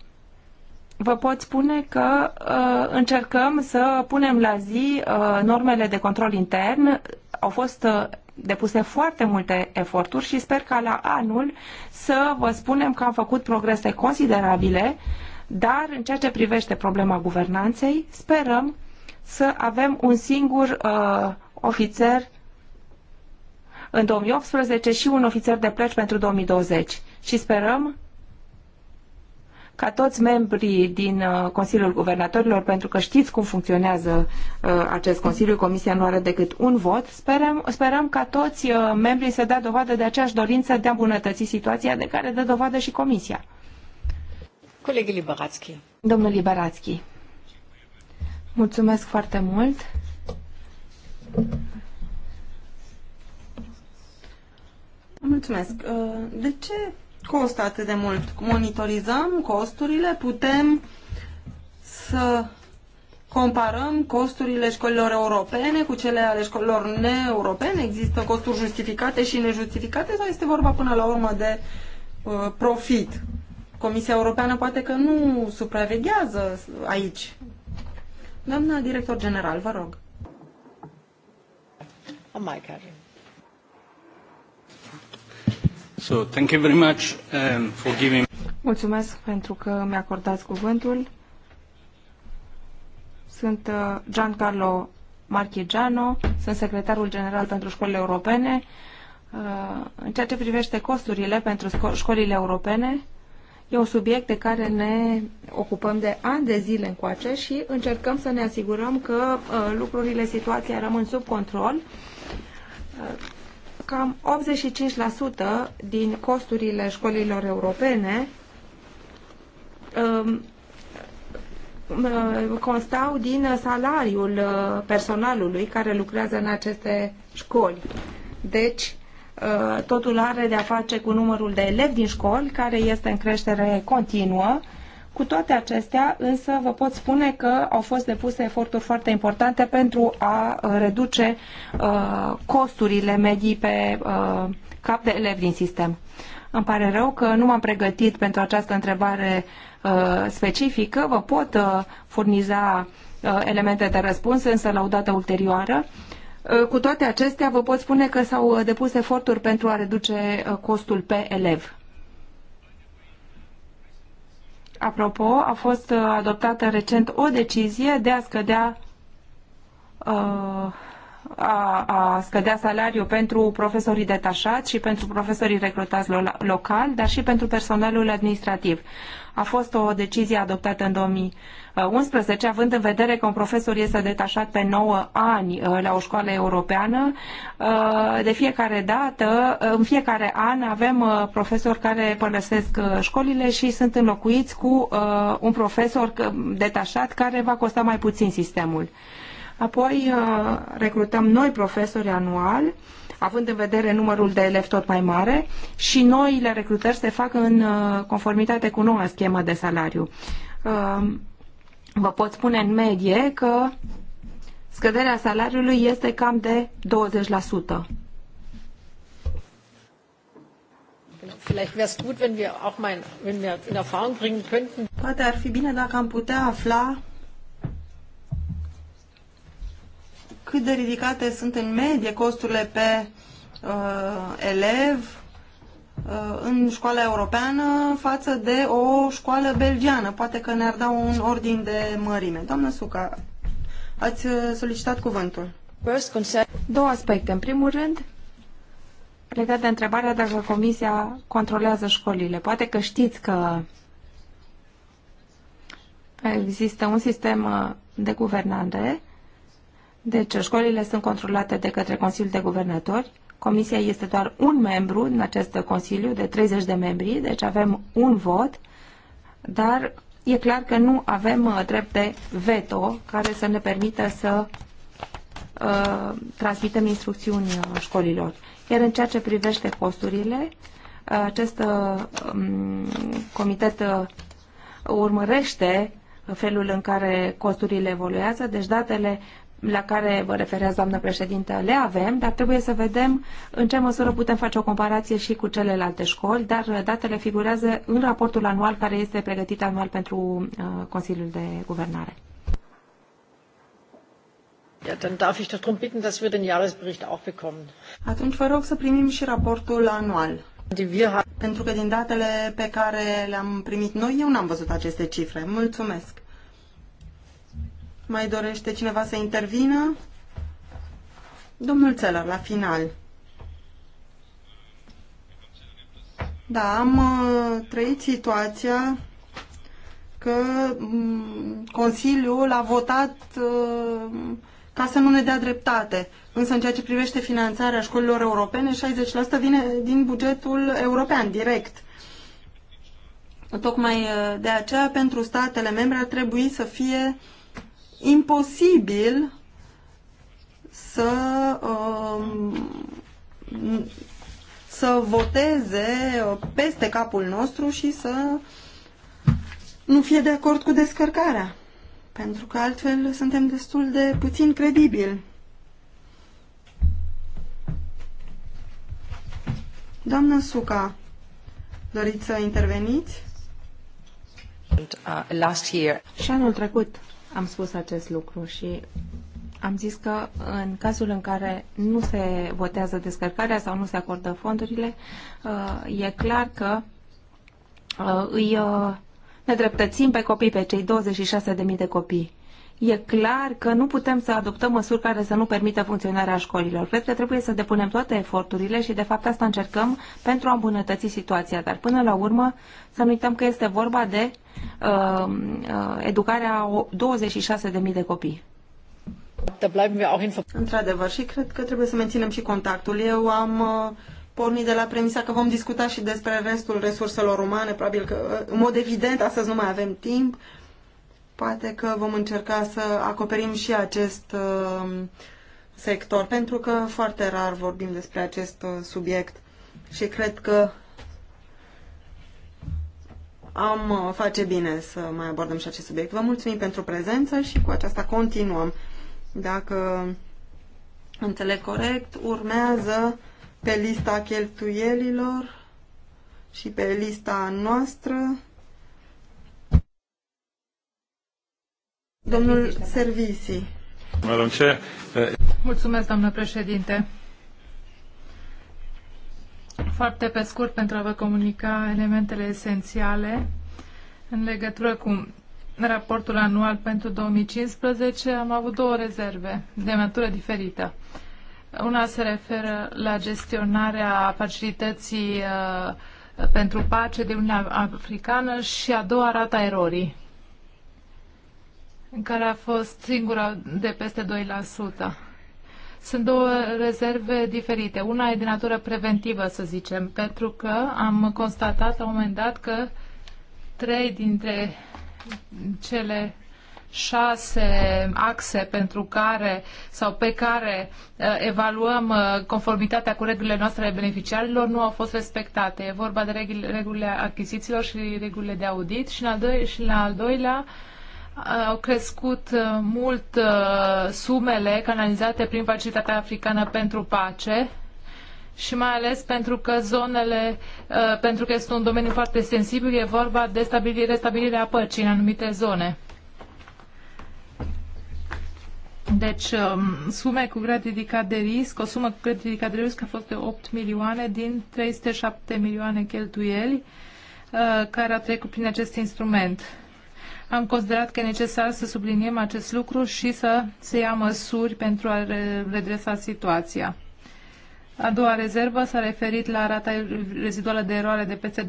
vă pot spune că uh, încercăm să punem la zi uh, normele de control intern. Au fost uh, depuse foarte multe eforturi și sper ca la anul să vă spunem că am făcut progrese considerabile, dar în ceea ce privește problema guvernanței, sperăm să avem un singur uh, ofițer în 2018 și un ofițer de pleci pentru 2020. Și sperăm ca toți membrii din uh, Consiliul Guvernatorilor, pentru că știți cum funcționează uh, acest Consiliu, Comisia nu are decât un vot, sperăm, sperăm ca toți uh, membrii să dea dovadă de aceeași dorință de a îmbunătăți situația de care dă dovadă și Comisia. Colegii Liberațchi. Domnul Liberațchi. Mulțumesc foarte mult. Mulțumesc. De ce costă atât de mult. Monitorizăm costurile, putem să comparăm costurile școlilor europene cu cele ale școlilor neeuropene? Există costuri justificate și nejustificate sau este vorba până la urmă de uh, profit? Comisia Europeană poate că nu supraveghează aici. Doamna director general, vă rog. Am mai care. So, thank you very much um, for giving... Mulțumesc pentru că mi-a acordat cuvântul. Sunt uh, Giancarlo Marchigiano, sunt secretarul general pentru școlile europene. Uh, în ceea ce privește costurile pentru școlile europene, e un subiect de care ne ocupăm de ani de zile încoace și încercăm să ne asigurăm că uh, lucrurile, situația rămân sub control cam 85% din costurile școlilor europene um, uh, constau din salariul uh, personalului care lucrează în aceste școli. Deci, uh, totul are de a face cu numărul de elevi din școli, care este în creștere continuă cu toate acestea, însă, vă pot spune că au fost depuse eforturi foarte importante pentru a uh, reduce uh, costurile medii pe uh, cap de elev din sistem. Îmi pare rău că nu m-am pregătit pentru această întrebare uh, specifică. Vă pot uh, furniza uh, elemente de răspuns, însă la o dată ulterioară. Uh, cu toate acestea, vă pot spune că s-au uh, depus eforturi pentru a reduce costul pe elev. Apropo, a fost uh, adoptată recent o decizie de a scădea uh, a, a scădea salariul pentru profesorii detașați și pentru profesorii recrutați local, dar și pentru personalul administrativ. A fost o decizie adoptată în 2011, având în vedere că un profesor este detașat pe 9 ani uh, la o școală europeană. Uh, de fiecare dată, uh, în fiecare an, avem profesori care părăsesc școlile și sunt înlocuiți cu un profesor detașat care va costa mai puțin sistemul. Apoi recrutăm noi profesori anual având în vedere numărul de elevi tot mai mare și noile recrutări se fac în uh, conformitate cu noua schemă de salariu. Uh, vă pot spune în medie că scăderea salariului este cam de 20%. Poate ar fi bine dacă am putea afla cât de ridicate sunt în medie costurile pe uh, elev uh, în școala europeană față de o școală belgiană. Poate că ne-ar da un ordin de mărime. Doamnă Suca, ați uh, solicitat cuvântul. Două aspecte. În primul rând, legat de întrebarea dacă Comisia controlează școlile. Poate că știți că există un sistem uh, de guvernare deci, școlile sunt controlate de către Consiliul de Guvernatori. Comisia este doar un membru în acest Consiliu de 30 de membri, deci avem un vot, dar e clar că nu avem uh, drept de veto care să ne permită să uh, transmitem instrucțiuni uh, școlilor. Iar în ceea ce privește costurile, uh, acest uh, um, comitet uh, urmărește felul în care costurile evoluează, deci datele la care vă referează doamnă președinte, le avem, dar trebuie să vedem în ce măsură putem face o comparație și cu celelalte școli, dar datele figurează în raportul anual care este pregătit anual pentru uh, Consiliul de Guvernare. Ja, dann darf ich darum bitten, dass wir den Jahresbericht auch bekommen. Atunci vă rog să primim și raportul anual. Pentru că din datele pe care le-am primit noi, eu n-am văzut aceste cifre. Mulțumesc! Mai dorește cineva să intervină? Domnul Țelăr, la final. Da, am uh, trăit situația că mm, Consiliul a votat uh, ca să nu ne dea dreptate. Însă în ceea ce privește finanțarea școlilor europene, 60% vine din bugetul european, direct. Tocmai uh, de aceea, pentru statele membre ar trebui să fie uh, imposibil să um, să voteze peste capul nostru și să nu fie de acord cu descărcarea. Pentru că altfel suntem destul de puțin credibili. Doamnă Suca, doriți să interveniți? Uh, last year. Și anul trecut am spus acest lucru și am zis că în cazul în care nu se votează descărcarea sau nu se acordă fondurile, uh, e clar că uh, îi uh, nedreptățim pe copii, pe cei 26.000 de copii e clar că nu putem să adoptăm măsuri care să nu permită funcționarea școlilor. Cred că trebuie să depunem toate eforturile și, de fapt, asta încercăm pentru a îmbunătăți situația. Dar, până la urmă, să nu uităm că este vorba de uh, uh, educarea 26.000 de copii. Într-adevăr, și cred că trebuie să menținem și contactul. Eu am uh, pornit de la premisa că vom discuta și despre restul resurselor umane, probabil că, uh, în mod evident, astăzi nu mai avem timp. Uh, Poate că vom încerca să acoperim și acest uh, sector, pentru că foarte rar vorbim despre acest uh, subiect și cred că am uh, face bine să mai abordăm și acest subiect. Vă mulțumim pentru prezență și cu aceasta continuăm. Dacă înțeleg corect, urmează pe lista cheltuielilor și pe lista noastră Domnul Servisi. Eh, Mulțumesc, doamnă președinte. Foarte pe scurt pentru a vă comunica elementele esențiale în legătură cu raportul anual pentru 2015 am avut două rezerve de natură diferită. Una se referă la gestionarea facilității uh, pentru pace de Uniunea Africană și a doua rata erorii care a fost singura de peste 2%. Sunt două rezerve diferite. Una e de natură preventivă, să zicem, pentru că am constatat la un moment dat că trei dintre cele șase axe pentru care sau pe care uh, evaluăm uh, conformitatea cu regulile noastre ale beneficiarilor nu au fost respectate. E vorba de regulile achizițiilor și regulile de audit și, în al doi- și la al doilea uh, au crescut uh, mult uh, sumele canalizate prin Facilitatea Africană pentru Pace și mai ales pentru că zonele, uh, pentru că este un domeniu foarte sensibil, e vorba de stabilire, stabilirea păcii în anumite zone. Deci, um, sume cu grad ridicat de risc, o sumă cu grad ridicat de risc a fost de 8 milioane din 307 milioane cheltuieli care au trecut prin acest instrument. Am considerat că e necesar să subliniem acest lucru și să se ia măsuri pentru a redresa situația. A doua rezervă s-a referit la rata reziduală de eroare de peste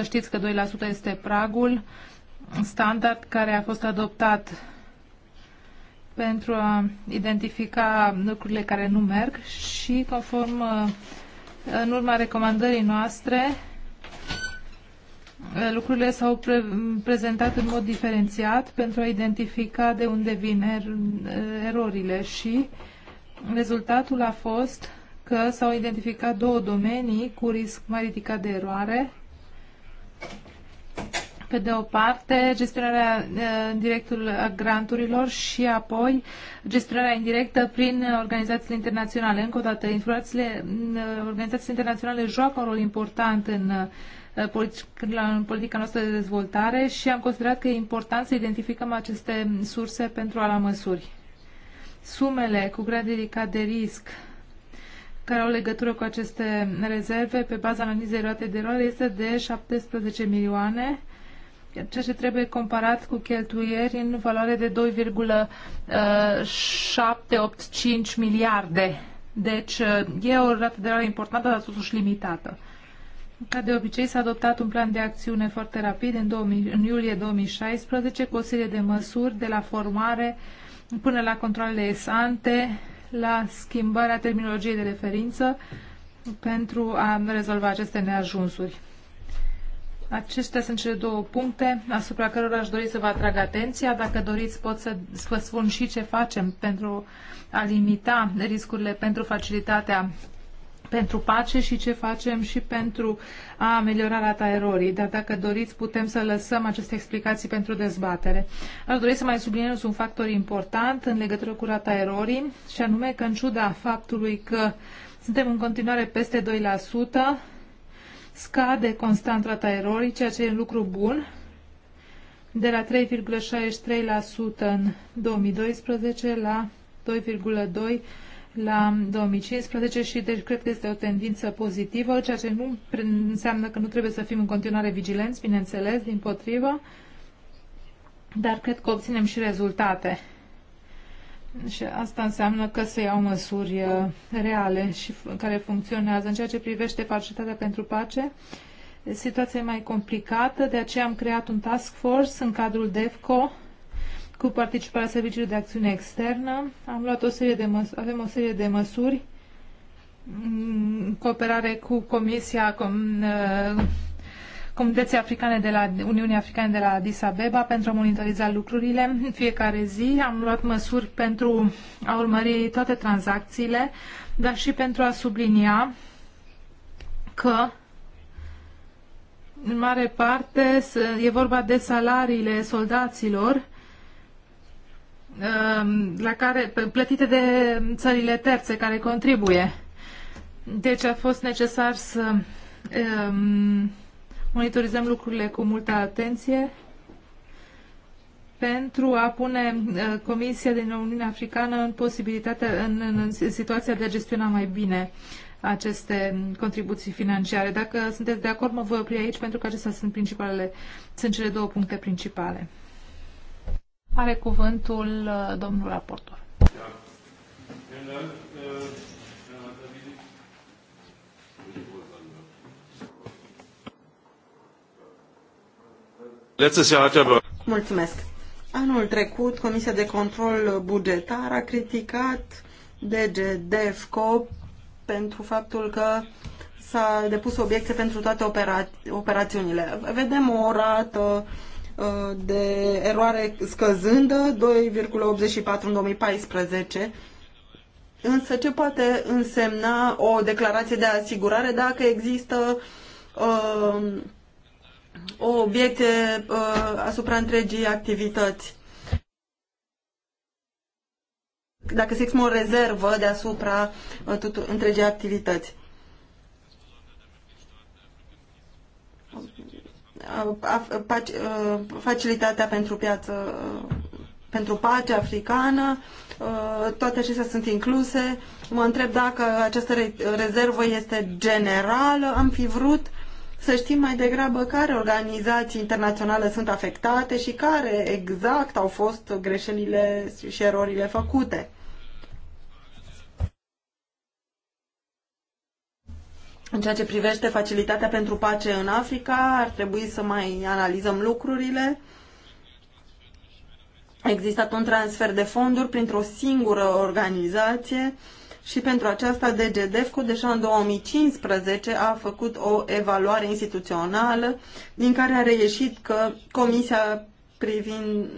2%. Știți că 2% este pragul standard care a fost adoptat pentru a identifica lucrurile care nu merg și conform uh, în urma recomandării noastre Eh, lucrurile s-au pre prezentat în mod diferențiat pentru a identifica de unde vin er erorile și rezultatul a fost că s-au identificat două domenii cu risc mai ridicat de eroare. Pe de o parte, gestionarea eh, directul a granturilor și apoi gestionarea indirectă prin organizațiile internaționale. Încă o dată, eh, organizațiile internaționale joacă un rol important în uh, Eh, politica noastră de dezvoltare și am considerat că e important să identificăm aceste surse pentru a la măsuri. Sumele cu grad ridicat de risc care au legătură cu aceste rezerve pe baza analizei roate de eroare este de 17 milioane ceea ce trebuie comparat cu cheltuieri în valoare de 2,785 eh, miliarde. Deci eh, e o rată de eroare importantă, dar totuși limitată. Ca de obicei, s-a adoptat un plan de acțiune foarte rapid în, 2000, în iulie 2016 cu o serie de măsuri de la formare până la controlele esante, la schimbarea terminologiei de referință pentru a rezolva aceste neajunsuri. Acestea sunt cele două puncte asupra cărora aș dori să vă atrag atenția. Dacă doriți, pot să vă spun și ce facem pentru a limita riscurile pentru facilitatea pentru pace și ce facem și pentru a ameliora rata erorii. Dar dacă doriți, putem să lăsăm aceste explicații pentru dezbatere. Aș dori să mai subliniez un factor important în legătură cu rata erorii și anume că în ciuda faptului că suntem în continuare peste 2%, scade constant rata erorii, ceea ce e un lucru bun, de la 3,63% în 2012 la 2,2% la 2015 și deci cred că este o tendință pozitivă, ceea ce nu înseamnă că nu trebuie să fim în continuare vigilenți, bineînțeles, din potrivă, dar cred că obținem și rezultate. Și asta înseamnă că se iau măsuri uh, reale și care funcționează. În ceea ce privește facilitatea pentru pace, situația e mai complicată, de aceea am creat un task force în cadrul DEFCO, cu participarea serviciilor de acțiune externă. Am luat o serie de măs- avem o serie de măsuri în cooperare cu Comisia com, uh, Comunității Africane de la Uniunii Africane de la Addis Abeba pentru a monitoriza lucrurile în fiecare zi. Am luat măsuri pentru a urmări toate tranzacțiile, dar și pentru a sublinia că în mare parte e vorba de salariile soldaților Ehm, la care, plătite de țările terțe care contribuie. Deci a fost necesar să um, monitorizăm lucrurile cu multă atenție pentru a pune eh, Comisia din Uniunea Africană în, posibilitatea, în, în, în situația de a gestiona mai bine aceste contribuții financiare. Dacă sunteți de acord, mă voi opri aici pentru că acestea sunt principalele, sunt cele două puncte principale. Are cuvântul uh, domnul raportor. Er Mulțumesc. Anul trecut, Comisia de Control Bugetar a criticat DGDFCO pentru faptul că s-a depus obiecte pentru toate opera operațiunile. Vedem o rată uh, Uh, de eroare scăzând 2,84 în 2014. Însă ce poate însemna o declarație de asigurare dacă există uh, o obiecte uh, asupra întregii activități? Dacă se exprimă o rezervă deasupra uh, întregii activități. Uh, uh, uh, facilitatea pentru piață pentru pace africană, toate acestea sunt incluse. Mă întreb dacă această rezervă este generală. Am fi vrut să știm mai degrabă care organizații internaționale sunt afectate și care exact au fost greșelile și erorile făcute. În ceea ce privește facilitatea pentru pace în Africa, ar trebui să mai analizăm lucrurile. A existat un transfer de fonduri printr-o singură organizație și pentru aceasta DGDEFCO deja în 2015 a făcut o evaluare instituțională din care a reieșit că Comisia privind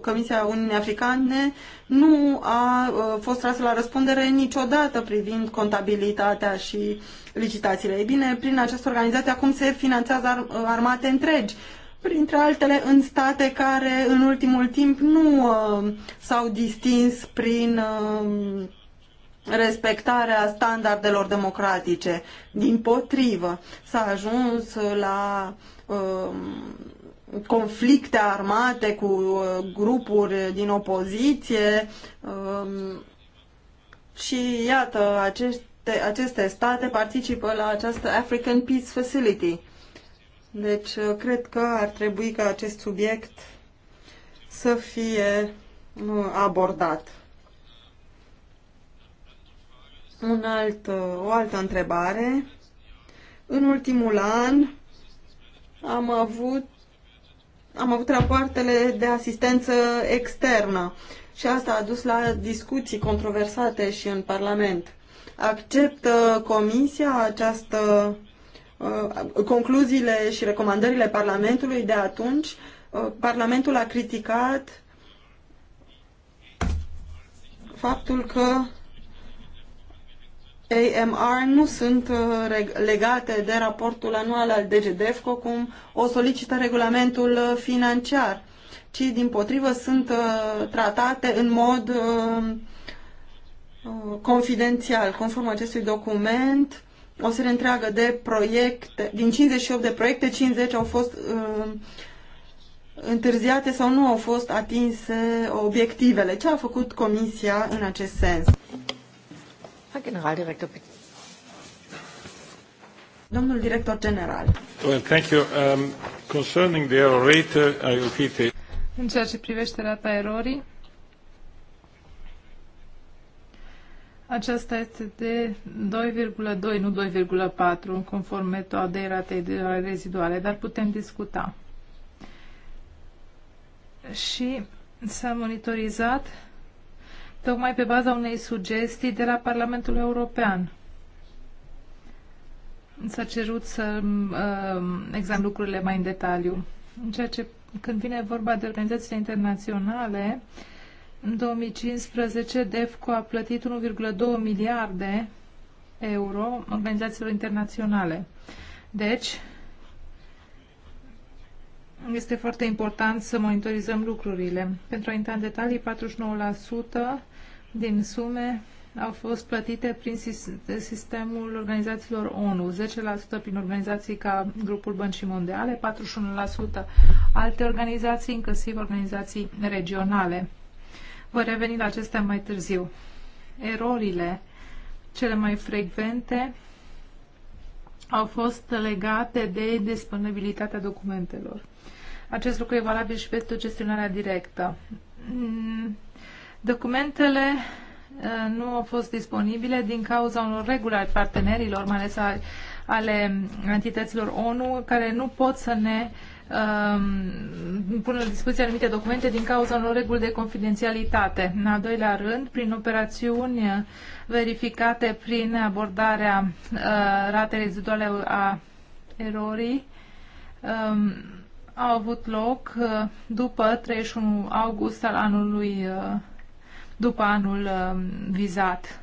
Comisia Uniunii Africane nu a uh, fost trasă la răspundere niciodată privind contabilitatea și licitațiile. Ei bine, prin această organizație acum se finanțează uh, armate întregi, printre altele în state care în ultimul timp nu uh, s-au distins prin respectarea standardelor democratice. Din potrivă, s-a ajuns la conflicte armate cu uh, grupuri din opoziție um, și iată, aceste, aceste state participă la această African Peace Facility. Deci, uh, cred că ar trebui ca acest subiect să fie uh, abordat. Un alt, o altă întrebare. În ultimul an am avut am avut rapoartele de asistență externă și asta a dus la discuții controversate și în Parlament. Acceptă uh, Comisia această uh, concluziile și recomandările Parlamentului de atunci. Uh, Parlamentul a criticat faptul că AMR nu sunt uh, legate de raportul anual al DGDEFCO cum o solicită regulamentul uh, financiar, ci din potrivă sunt uh, tratate în mod confidențial. Conform acestui document, o serie întreagă de proiecte, din 58 de proiecte, 50 au fost întârziate sau nu au fost atinse obiectivele. Ce a făcut Comisia în acest sens? Herr Generaldirektor, bitte. Domnul director general. Well, thank you. Um, concerning the error rate, uh, I repeat it. În ceea ce privește rata erorii, Aceasta este de 2,2, nu 2,4, conform metodei ratei reziduale, dar putem discuta. Și s-a monitorizat tocmai pe baza unei sugestii de la Parlamentul European. S-a cerut să uh, examin lucrurile mai în detaliu. În ceea ce, când vine vorba de organizațiile internaționale, în 2015 DEFCO a plătit 1,2 miliarde euro organizațiilor internaționale. Deci, este foarte important să monitorizăm lucrurile. Pentru a intra în detalii, din sume au fost plătite prin sistemul organizațiilor ONU, 10% prin organizații ca Grupul Băncii Mondiale, 41% alte organizații, inclusiv organizații regionale. Voi reveni la acestea mai târziu. Erorile cele mai frecvente au fost legate de disponibilitatea documentelor. Acest lucru e valabil și pentru gestionarea directă mm, Documentele uh, nu au fost disponibile din cauza unor reguli al partenerilor, mai ales ale entităților ONU, care nu pot să ne um, pun la dispoziție anumite documente din cauza unor reguli de confidențialitate. În al doilea rând, prin operațiuni verificate prin abordarea uh, ratei reziduale a erorii, um, au avut loc uh, după 31 august al anului uh, după anul um, vizat.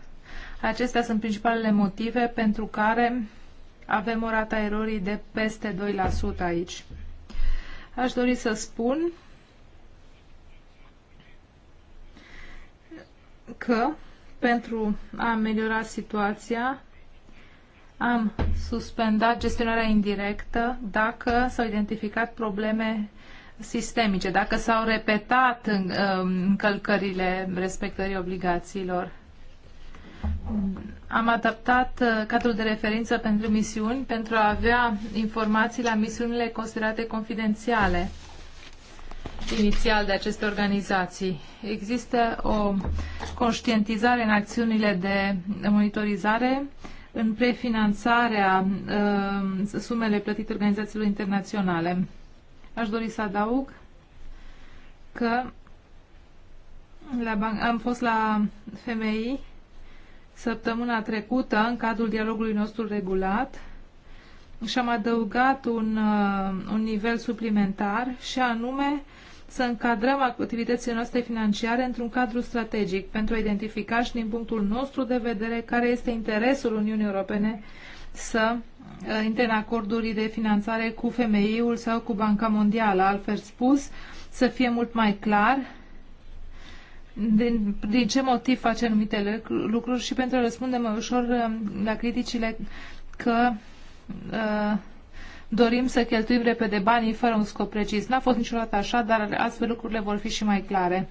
Acestea sunt principalele motive pentru care avem o rata erorii de peste 2% aici. Aș dori să spun că pentru a ameliora situația am suspendat gestionarea indirectă dacă s-au identificat probleme sistemice, dacă s-au repetat um, încălcările respectării obligațiilor. Am adaptat uh, cadrul de referință pentru misiuni pentru a avea informații la misiunile considerate confidențiale inițial de aceste organizații. Există o conștientizare în acțiunile de monitorizare în prefinanțarea uh, sumele plătite organizațiilor internaționale. Aș dori să adaug că la ban- am fost la femei săptămâna trecută în cadrul dialogului nostru regulat și am adăugat un, uh, un nivel suplimentar și anume să încadrăm activitățile noastre financiare într-un cadru strategic pentru a identifica și din punctul nostru de vedere care este interesul Uniunii Europene să Uh, intre în acorduri de finanțare cu FMI-ul sau cu Banca Mondială, altfel spus, să fie mult mai clar din, din ce motiv face anumite lucruri și pentru a răspunde mai ușor uh, la criticile că uh, dorim să cheltuim repede banii fără un scop precis. N-a fost niciodată așa, dar astfel lucrurile vor fi și mai clare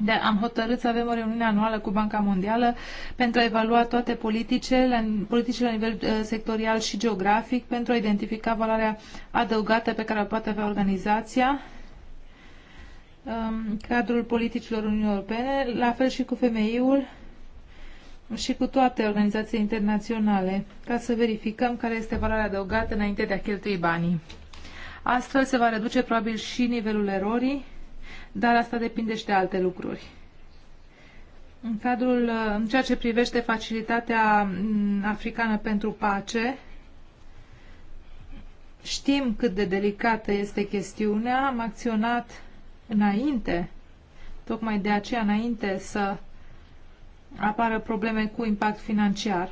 de, am hotărât să avem o reuniune anuală cu Banca Mondială pentru a evalua toate politicile politicile la nivel uh, sectorial și geografic, pentru a identifica valoarea adăugată pe care o poate avea organizația um, cadrul politicilor Uniunii Europene, la fel și cu FMI-ul și cu toate organizațiile internaționale, ca să verificăm care este valoarea adăugată înainte de a cheltui banii. Astfel se va reduce probabil și nivelul erorii dar asta depinde și de alte lucruri. În cadrul, uh, în ceea ce privește facilitatea mm, africană pentru pace, știm cât de delicată este chestiunea. Am acționat înainte, tocmai de aceea înainte să apară probleme cu impact financiar.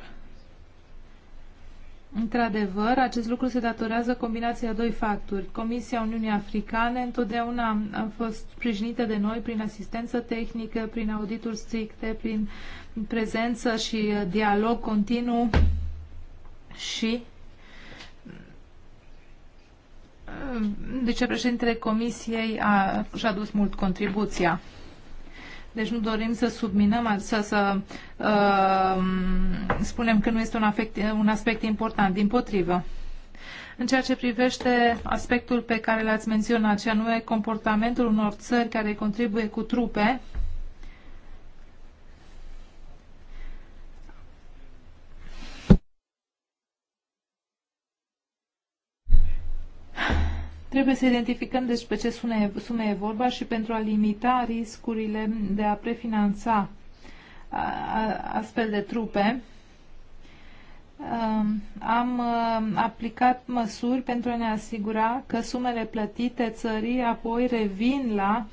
Într-adevăr, acest lucru se datorează combinației a doi factori. Comisia Uniunii Africane întotdeauna a fost sprijinită de noi prin asistență tehnică, prin audituri stricte, prin prezență și uh, dialog continuu și uh, vicepreședintele Comisiei a, și-a dus mult contribuția. Deci nu dorim să subminăm, să, să uh, spunem că nu este un, afect, un aspect important, din potrivă. În ceea ce privește aspectul pe care l-ați menționat, ce anume comportamentul unor țări care contribuie cu trupe, Trebuie să identificăm despre ce sume, sume e vorba și pentru a limita riscurile de a prefinanța astfel de trupe, um, am uh, aplicat măsuri pentru a ne asigura că sumele plătite țării apoi revin la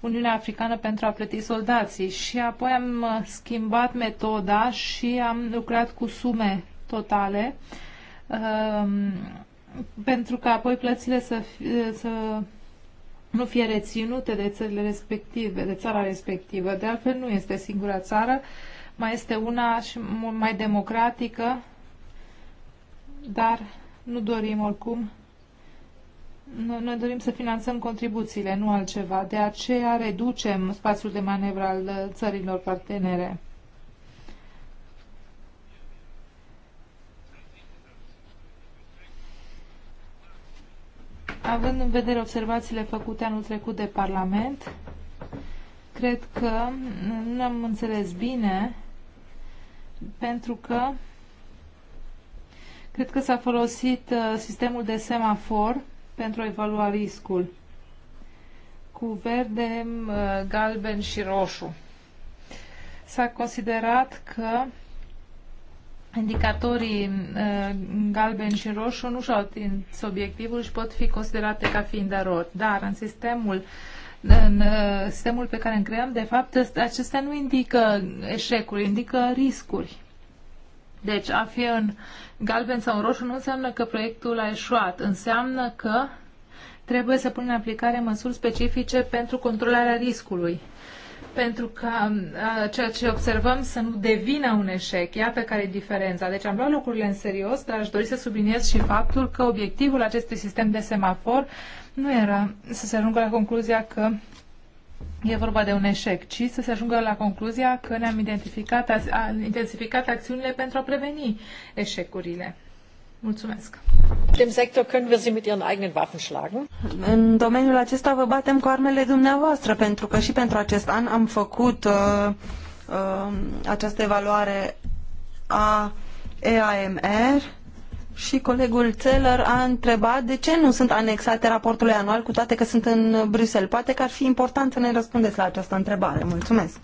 Uniunea Africană pentru a plăti soldații și apoi am uh, schimbat metoda și am lucrat cu sume totale um, pentru că apoi plățile să, fie, să nu fie reținute de țările respective, de țara respectivă. De altfel, nu este singura țară, mai este una și mult mai democratică, dar nu dorim oricum. nu noi dorim să finanțăm contribuțiile, nu altceva. De aceea reducem spațiul de manevră al uh, țărilor partenere. Având în vedere observațiile făcute anul trecut de Parlament, cred că nu am înțeles bine, pentru că cred că s-a folosit uh, sistemul de semafor pentru a evalua riscul cu verde, uh, galben și roșu. S-a considerat că indicatorii uh, galben și roșu nu și-au atins obiectivul și pot fi considerate ca fiind erori. Dar în sistemul în uh, sistemul pe care îl creăm, de fapt, acestea nu indică eșecuri, indică riscuri. Deci a fi în galben sau în roșu nu înseamnă că proiectul a eșuat, înseamnă că trebuie să punem în aplicare măsuri specifice pentru controlarea riscului pentru ca ceea ce observăm să nu devină un eșec. Iată care e diferența. Deci am luat lucrurile în serios, dar aș dori să subliniez și faptul că obiectivul acestui sistem de semafor nu era să se ajungă la concluzia că e vorba de un eșec, ci să se ajungă la concluzia că ne-am identificat, intensificat acțiunile pentru a preveni eșecurile. Mulțumesc. Dem sector können wir sie mit ihren eigenen Waffen schlagen. În domeniul acesta vă batem cu armele dumneavoastră, pentru că și pentru acest an am făcut uh, uh, această evaluare a EAMR și colegul Țeller a întrebat de ce nu sunt anexate raportului anual, cu toate că sunt în Bruxelles. Poate că ar fi important să ne răspundeți la această întrebare. Mulțumesc.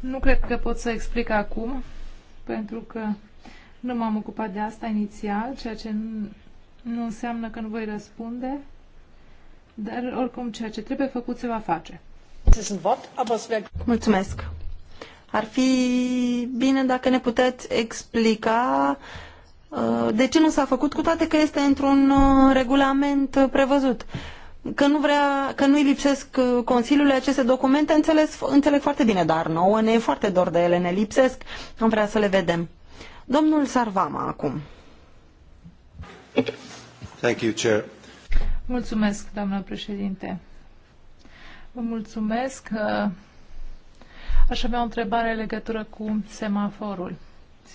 Nu cred că pot să explic acum, pentru că nu m-am ocupat de asta inițial, ceea ce nu, nu înseamnă că nu voi răspunde, dar oricum ceea ce trebuie făcut se va face. Mulțumesc! Ar fi bine dacă ne puteți explica uh, de ce nu s-a făcut, cu toate că este într-un uh, regulament uh, prevăzut că nu vrea, că nu-i lipsesc uh, Consiliului aceste documente, înțeles, înțeleg foarte bine, dar nouă ne e foarte dor de ele, ne lipsesc, am vrea să le vedem. Domnul Sarvama acum. Thank you, Chair. Mulțumesc, doamnă președinte. Vă mulțumesc. Uh, aș avea o întrebare în legătură cu semaforul,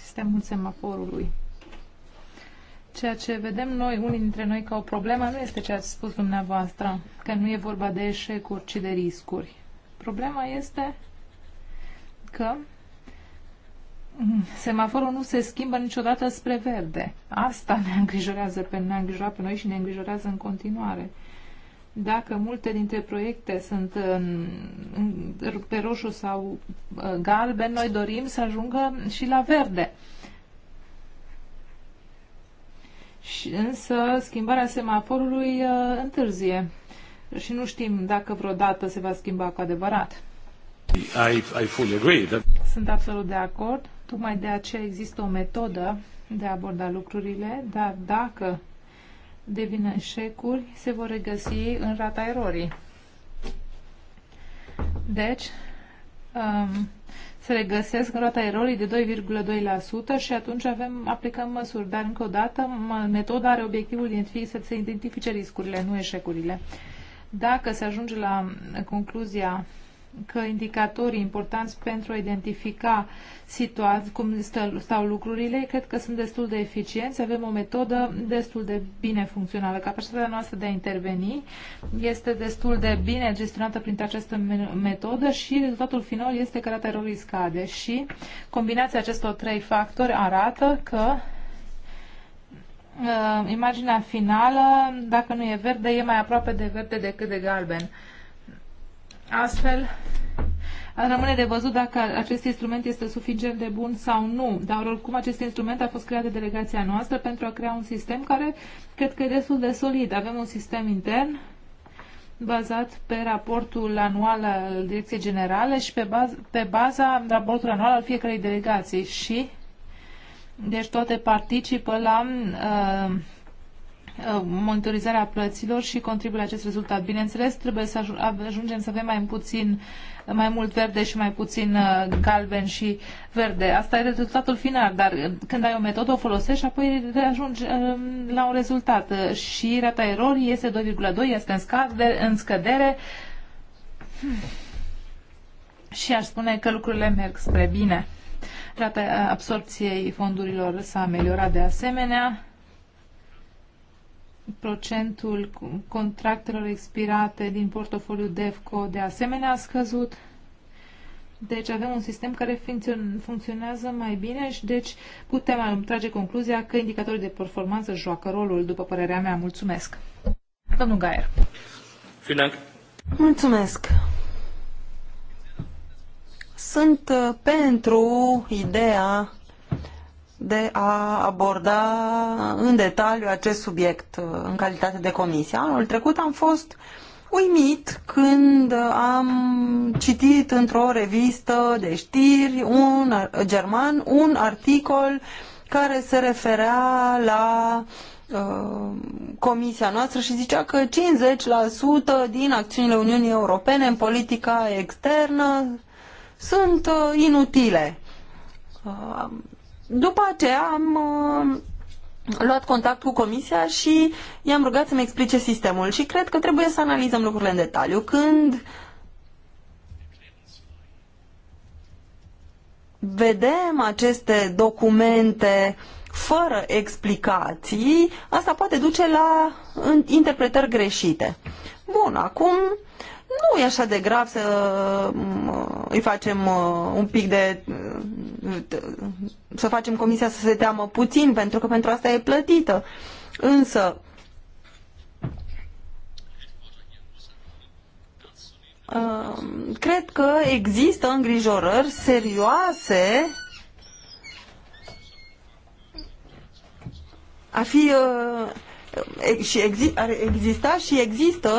sistemul semaforului. Ceea ce vedem noi, unii dintre noi, ca o problemă nu este ce ați spus dumneavoastră, că nu e vorba de eșecuri, ci de riscuri. Problema este că semaforul nu se schimbă niciodată spre verde. Asta ne îngrijorează pe, ne îngrijorează pe noi și ne îngrijorează în continuare. Dacă multe dintre proiecte sunt în, în, pe roșu sau uh, galben, noi dorim să ajungă și la verde. Și, însă schimbarea semaforului uh, întârzie și nu știm dacă vreodată se va schimba cu adevărat. I, I fully agree that... Sunt absolut de acord. Tocmai de aceea există o metodă de a aborda lucrurile, dar dacă devin eșecuri, se vor regăsi în rata erorii. Deci, um, se regăsesc în rata erorii de 2,2% și atunci avem, aplicăm măsuri. Dar, încă o dată, metoda are obiectivul identific, să se identifice riscurile, nu eșecurile. Dacă se ajunge la concluzia că indicatorii importanți pentru a identifica situații cum stau lucrurile, cred că sunt destul de eficienți, avem o metodă destul de bine funcțională. Capacitatea noastră de a interveni este destul de bine gestionată prin această metodă și rezultatul final este că rata erorii scade și combinația acestor trei factori arată că uh, imaginea finală, dacă nu e verde, e mai aproape de verde decât de galben. Astfel, rămâne de văzut dacă acest instrument este suficient de bun sau nu, dar oricum acest instrument a fost creat de delegația noastră pentru a crea un sistem care cred că e destul de solid. Avem un sistem intern bazat pe raportul anual al Direcției Generale și pe, baz, pe baza raportului anual al fiecarei delegații și deci toate participă la uh, Uh, monitorizarea plăților și contribuie la acest rezultat. Bineînțeles, trebuie să ajungem să avem mai puțin mai mult verde și mai puțin uh, galben și verde. Asta e rezultatul final, dar uh, când ai o metodă, o folosești și apoi ajungi la un rezultat. Și rata erorii este 2,2, este în scădere, în scădere. Hmm. Și aș spune că lucrurile merg spre bine. Rata absorpției fondurilor s-a ameliorat de asemenea procentul contractelor expirate din portofoliul DEFCO de asemenea a scăzut. Deci avem un sistem care funcționează mai bine și deci putem trage concluzia că indicatorii de performanță joacă rolul, după părerea mea. Mulțumesc. Domnul Gaier. Mulțumesc. Sunt uh, pentru ideea de a aborda în detaliu acest subiect uh, în calitate de comisie. Anul trecut am fost uimit când am citit într-o revistă de știri un german un articol care se referea la uh, comisia noastră și zicea că 50% din acțiunile Uniunii Europene în politica externă sunt uh, inutile. După aceea am uh, luat contact cu comisia și i-am rugat să-mi explice sistemul și cred că trebuie să analizăm lucrurile în detaliu. Când vedem aceste documente fără explicații, asta poate duce la interpretări greșite. Bun, acum nu e așa de grav să uh, îi facem uh, un pic de... Uh, să facem comisia să se teamă puțin, pentru că pentru asta e plătită. Însă, cred că există îngrijorări serioase a fi și exi, ar exista și există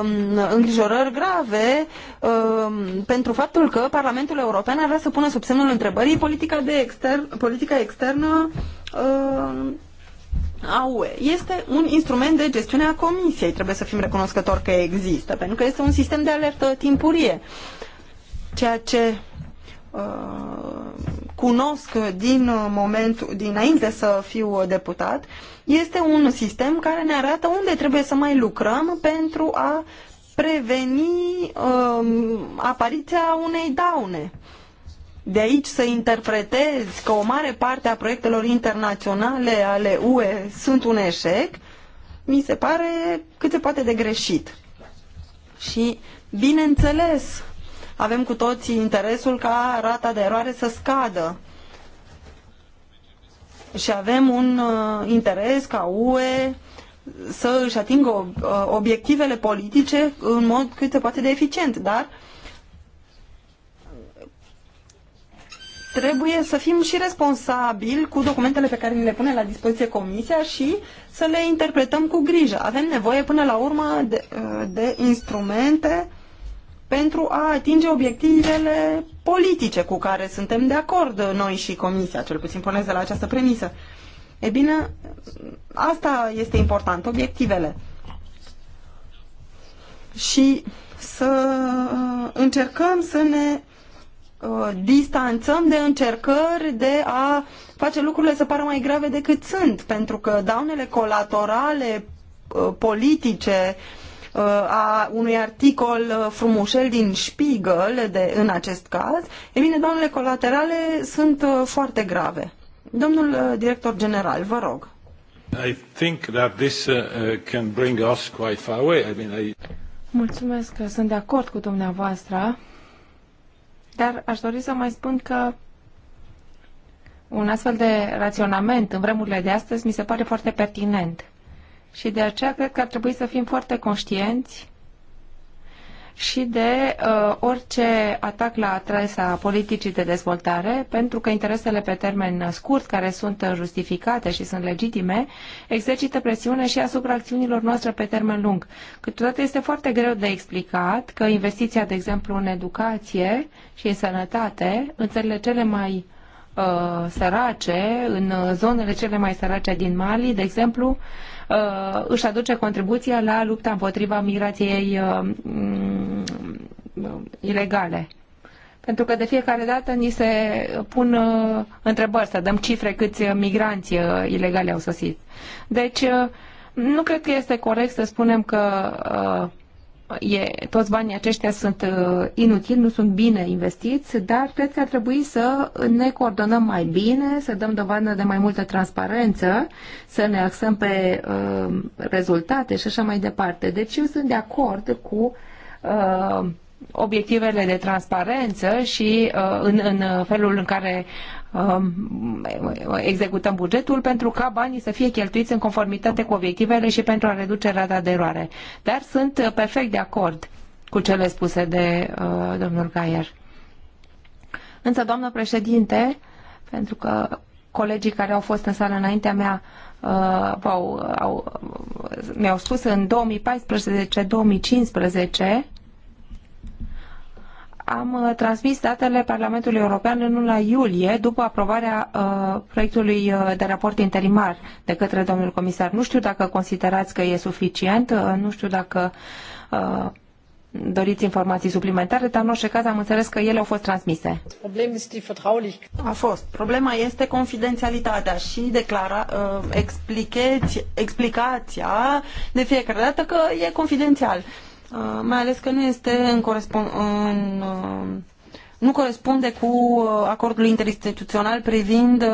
um, îngrijorări grave um, pentru faptul că Parlamentul European ar vrea să pună sub semnul întrebării politica, de exter politica externă um, a UE. Este un instrument de gestiune a Comisiei, trebuie să fim recunoscători că există, pentru că este un sistem de alertă timpurie. Ceea ce Uh, cunosc din moment, dinainte să fiu deputat, este un sistem care ne arată unde trebuie să mai lucrăm pentru a preveni uh, apariția unei daune. De aici să interpretez că o mare parte a proiectelor internaționale ale UE sunt un eșec, mi se pare cât se poate de greșit. Și, bineînțeles, avem cu toții interesul ca rata de eroare să scadă. Și avem un uh, interes ca UE să își atingă uh, obiectivele politice în mod cât se poate de eficient, dar trebuie să fim și responsabili cu documentele pe care ni le pune la dispoziție Comisia și să le interpretăm cu grijă. Avem nevoie până la urmă de, uh, de instrumente uh, pentru a atinge obiectivele politice cu care suntem de acord uh, noi și Comisia, cel puțin puneți de la această premisă. E bine, asta este important, obiectivele. Și să uh, încercăm să ne uh, distanțăm de încercări de a face lucrurile să pară mai grave decât sunt, pentru că daunele colaterale politice uh, a unui articol frumușel din Spiegel de, în acest caz, e bine, doamnele colaterale sunt uh, foarte grave. Domnul uh, director general, vă rog. I think that this uh, can bring us quite far away. I mean, I... Mulțumesc, că sunt de acord cu dumneavoastră, dar aș dori să mai spun că un astfel de raționament în vremurile de astăzi mi se pare foarte pertinent. Și de aceea cred că ar trebui să fim foarte conștienți și de uh, orice atac la adresa politicii de dezvoltare, pentru că interesele pe termen scurt, care sunt justificate și sunt legitime, exercită presiune și asupra acțiunilor noastre pe termen lung. Câteodată este foarte greu de explicat că investiția, de exemplu, în educație și în sănătate, în țările cele mai Uh, sărace, în uh, zonele cele mai sărace din Mali, de exemplu, uh, își aduce contribuția la lupta împotriva migrației uh, mm, ilegale. Pentru că de fiecare dată ni se pun uh, întrebări, să dăm cifre câți migranți uh, ilegali au sosit. Deci, uh, nu cred că este corect să spunem că uh, e, toți banii aceștia sunt uh, inutili, nu sunt bine investiți, dar cred că ar trebui să ne coordonăm mai bine, să dăm dovadă de mai multă transparență, să ne axăm pe uh, rezultate și așa mai departe. Deci eu sunt de acord cu uh, obiectivele de transparență și uh, în, în felul în care Um, executăm bugetul pentru ca banii să fie cheltuiți în conformitate cu obiectivele și pentru a reduce rata de eroare. Dar sunt perfect de acord cu cele spuse de uh, domnul Gaier. Însă, doamnă președinte, pentru că colegii care au fost în sală înaintea mea uh, au, au, mi-au spus în 2014-2015 am uh, transmis datele Parlamentului European în luna iulie, după aprobarea uh, proiectului uh, de raport interimar de către domnul comisar. Nu știu dacă considerați că e suficient, uh, nu știu dacă uh, doriți informații suplimentare, dar în orice caz am înțeles că ele au fost transmise. A fost. Problema este confidențialitatea și declara, uh, explicația de fiecare dată că e confidențial. Uh, mai ales că nu este în, corespund, în uh, nu corespunde cu uh, acordul interinstituțional privind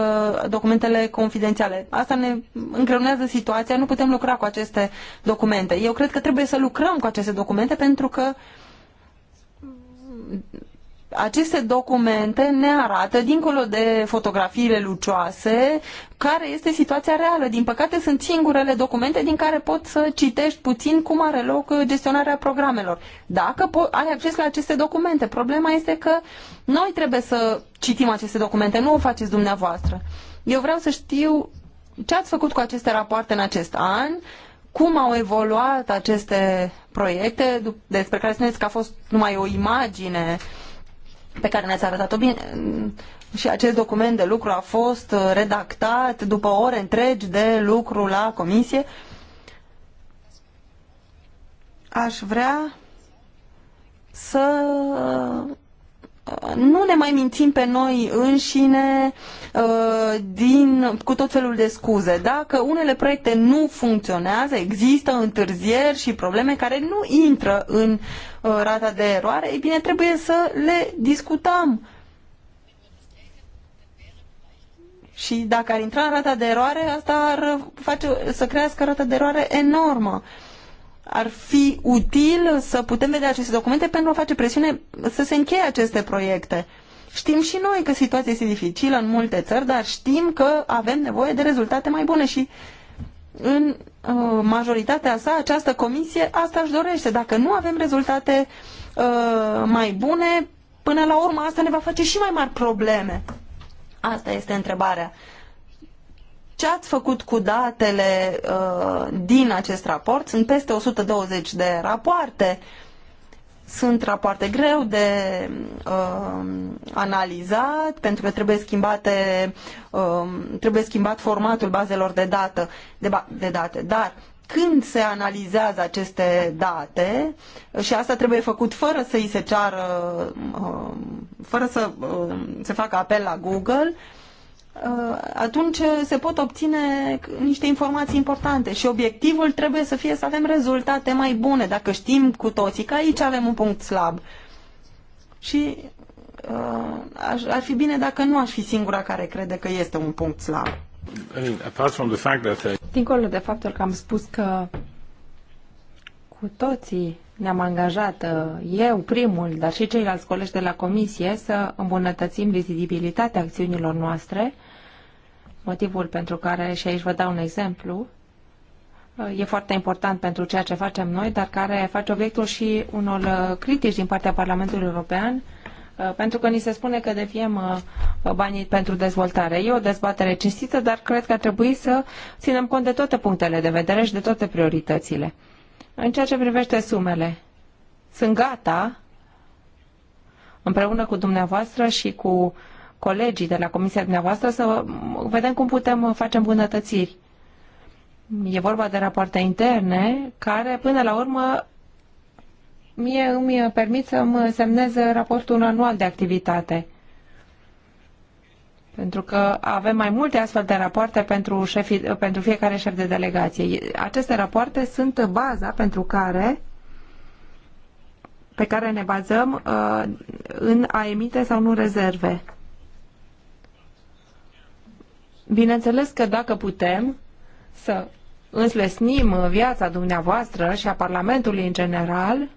documentele confidențiale. Asta ne îngreunează situația, nu putem lucra cu aceste documente. Eu cred că trebuie să lucrăm cu aceste documente pentru că uh, aceste documente ne arată, dincolo de fotografiile lucioase, care este situația reală. Din păcate sunt singurele documente din care poți să citești puțin cum are loc uh, gestionarea programelor. Dacă ai acces la aceste documente, problema este că noi trebuie să citim aceste documente, nu o faceți dumneavoastră. Eu vreau să știu ce ați făcut cu aceste rapoarte în acest an, cum au evoluat aceste proiecte despre care spuneți că a fost numai o imagine uh, pe care ne-ați arătat-o bine. Și acest document de lucru a fost uh, redactat după ore întregi de lucru la comisie. Aș vrea să nu ne mai mințim pe noi înșine uh, din, cu tot felul de scuze. Dacă unele proiecte nu funcționează, există întârzieri și probleme care nu intră în uh, rata de eroare, E bine, trebuie să le discutăm. Și dacă ar intra în rata de eroare, asta ar face să crească rata de eroare enormă ar fi util să putem vedea aceste documente pentru a face presiune să se încheie aceste proiecte. Știm și noi că situația este dificilă în multe țări, dar știm că avem nevoie de rezultate mai bune și în uh, majoritatea sa această comisie asta își dorește. Dacă nu avem rezultate uh, mai bune, până la urmă asta ne va face și mai mari probleme. Asta este întrebarea. Ce ați făcut cu datele uh, din acest raport? Sunt peste 120 de rapoarte. Sunt rapoarte greu de uh, analizat pentru că trebuie schimbate uh, trebuie schimbat formatul bazelor de dată de, ba, de date, dar când se analizează aceste date uh, și asta trebuie făcut fără să îi se ceară, uh, fără să uh, se facă apel la Google, Uh, atunci se pot obține niște informații importante și obiectivul trebuie să fie să avem rezultate mai bune, dacă știm cu toții că aici avem un punct slab. Și uh, ar fi bine dacă nu aș fi singura care crede că este un punct slab. Uh, Dincolo de faptul că am spus că cu toții ne-am angajat, uh, eu primul, dar și ceilalți colegi de la comisie, să îmbunătățim vizibilitatea acțiunilor noastre, Motivul pentru care, și aici vă dau un exemplu, uh, e foarte important pentru ceea ce facem noi, dar care face obiectul și unor uh, critici din partea Parlamentului European, uh, pentru că ni se spune că deviem banii pentru dezvoltare. E o dezbatere cinstită, dar cred că ar trebui să ținem cont de toate punctele de vedere și de toate prioritățile. În ceea ce privește sumele, sunt gata împreună cu dumneavoastră și cu colegii de la comisia dumneavoastră să vedem cum putem face îmbunătățiri. E vorba de rapoarte interne care, până la urmă, mie îmi permit să îmi semnez raportul anual de activitate. Pentru că avem mai multe astfel de rapoarte pentru, șefii, pentru fiecare șef de delegație. Aceste rapoarte sunt baza pentru care pe care ne bazăm uh, în a emite sau nu rezerve. Bineînțeles că dacă putem să înslesnim viața dumneavoastră și a Parlamentului în general,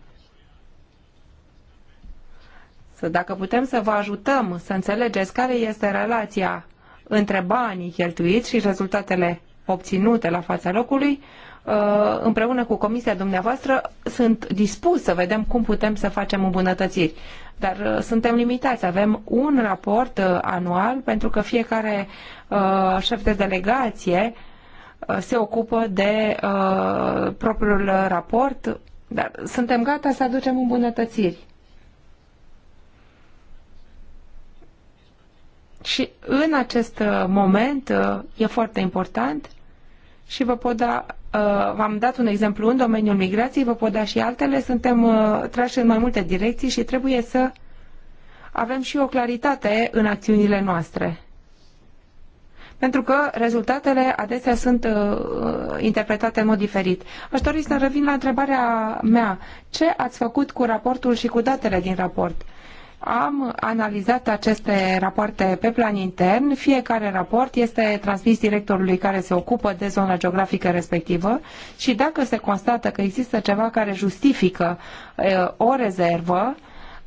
să dacă putem să vă ajutăm să înțelegeți care este relația între banii cheltuiți și rezultatele obținute la fața locului, uh, împreună cu comisia dumneavoastră sunt dispus să vedem cum putem să facem îmbunătățiri. Dar uh, suntem limitați, avem un raport uh, anual pentru că fiecare Uh, șef de delegație uh, se ocupă de uh, propriul raport, dar suntem gata să aducem îmbunătățiri. Și în acest moment e foarte important și vă pot da, v-am dat un exemplu în domeniul migrației, vă pot da și altele, suntem trași în mai multe direcții și trebuie să avem și o claritate în acțiunile noastre pentru că rezultatele adesea sunt uh, interpretate în mod diferit. Aș dori să revin la întrebarea mea. Ce ați făcut cu raportul și cu datele din raport? Am analizat aceste rapoarte pe plan intern. Fiecare raport este transmis directorului care se ocupă de zona geografică respectivă și dacă se constată că există ceva care justifică uh, o rezervă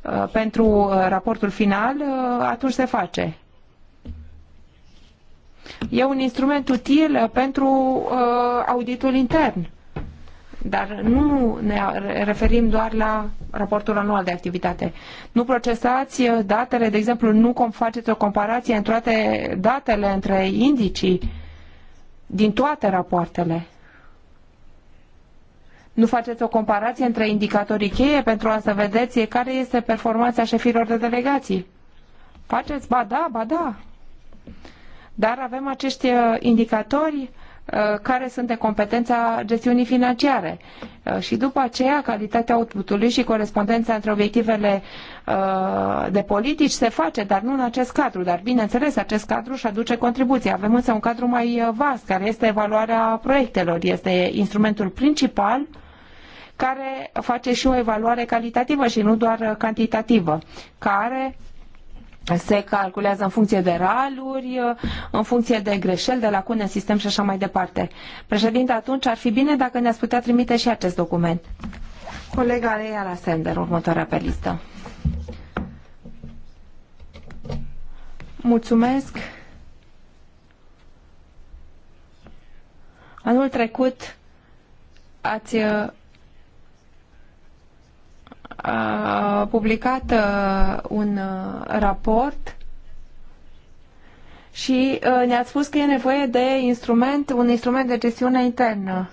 uh, pentru raportul final, atunci se face. E un instrument util pentru uh, auditul intern. Dar nu ne referim doar la raportul anual de activitate. Nu procesați datele, de exemplu, nu faceți o comparație între toate datele, între indicii din toate rapoartele. Nu faceți o comparație între indicatorii cheie pentru a să vedeți care este performanța șefilor de delegații. Faceți, ba da, ba da. Dar avem acești uh, indicatori uh, care sunt de competența gestiunii financiare. Uh, și după aceea, calitatea output-ului și corespondența între obiectivele de politici se face, dar nu în acest cadru. Dar, bineînțeles, acest cadru își aduce contribuție. Avem însă un cadru mai vast, care este evaluarea proiectelor. Este instrumentul principal care face și o evaluare calitativă și nu doar cantitativă, care se calculează în funcție de raluri, în funcție de greșeli, de lacune în sistem și așa mai departe. Președinte, atunci ar fi bine dacă ne-ați putea trimite și acest document. Colega Leia la Sender, următoarea pe listă. Mulțumesc. Anul trecut ați a publicat uh, un uh, raport și uh, ne a spus că e nevoie de instrument, un instrument de gestiune internă.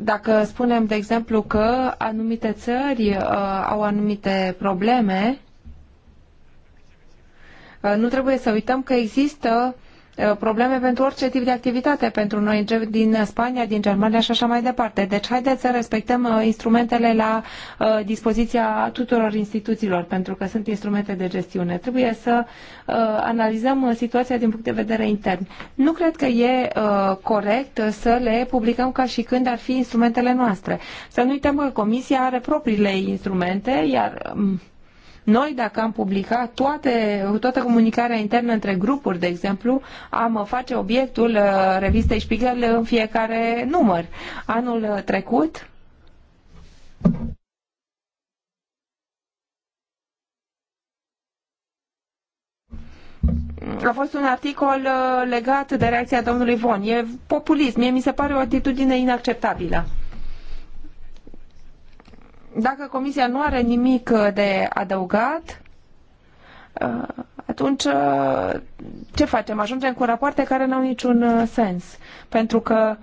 Dacă spunem, de exemplu, că anumite țări uh, au anumite probleme, uh, nu trebuie să uităm că există uh, Uh, probleme pentru orice tip de activitate, pentru noi din Spania, din Germania și așa mai departe. Deci haideți să respectăm uh, instrumentele la uh, dispoziția tuturor instituțiilor, pentru că sunt instrumente de gestiune. Trebuie să analizăm situația din punct de vedere intern. Nu cred că e corect să le publicăm ca și când ar fi instrumentele noastre. Să nu uităm că Comisia are propriile instrumente, iar mm, noi, dacă am publicat toate, toată comunicarea internă între grupuri, de exemplu, am face obiectul uh, revistei Spiegel în fiecare număr. Anul uh, trecut, a fost un articol uh, legat de reacția domnului Von. E populism, mie mi se pare o atitudine inacceptabilă. Dacă Comisia nu are nimic uh, de adăugat, uh, atunci uh, ce facem? Ajungem cu rapoarte care nu au niciun sens. Pentru că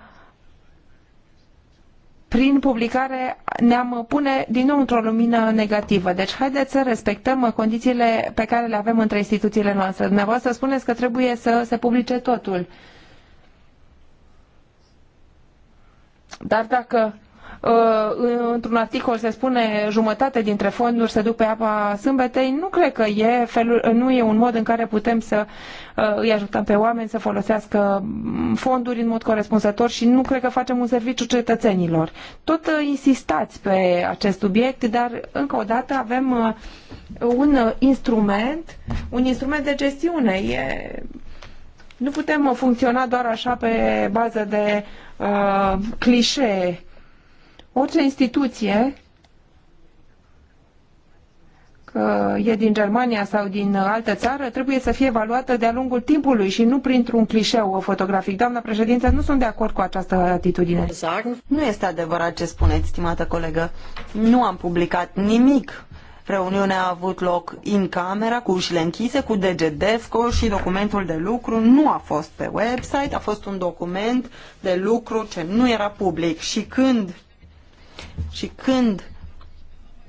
prin publicare ne-am pune din nou într-o lumină negativă. Deci haideți să respectăm condițiile pe care le avem între instituțiile noastre. Dumneavoastră spuneți că trebuie să se publice totul. Dar dacă Uh, într-un articol se spune jumătate dintre fonduri se duc pe apa sâmbetei, nu cred că e felul, nu e un mod în care putem să uh, îi ajutăm pe oameni să folosească fonduri în mod corespunzător și nu cred că facem un serviciu cetățenilor. Tot uh, insistați pe acest subiect, dar încă o dată avem un instrument, un instrument de gestiune. E nu putem funcționa doar așa pe bază de uh, clișee. Orice instituție, că e din Germania sau din altă țară, trebuie să fie evaluată de-a lungul timpului și nu printr-un clișeu fotografic. Doamna președinte, nu sunt de acord cu această atitudine. Nu este adevărat ce spuneți, stimată colegă. Nu am publicat nimic Reuniunea a avut loc în camera, cu ușile închise, cu DGDESCO și documentul de lucru nu a fost pe website, a fost un document de lucru ce nu era public și când și când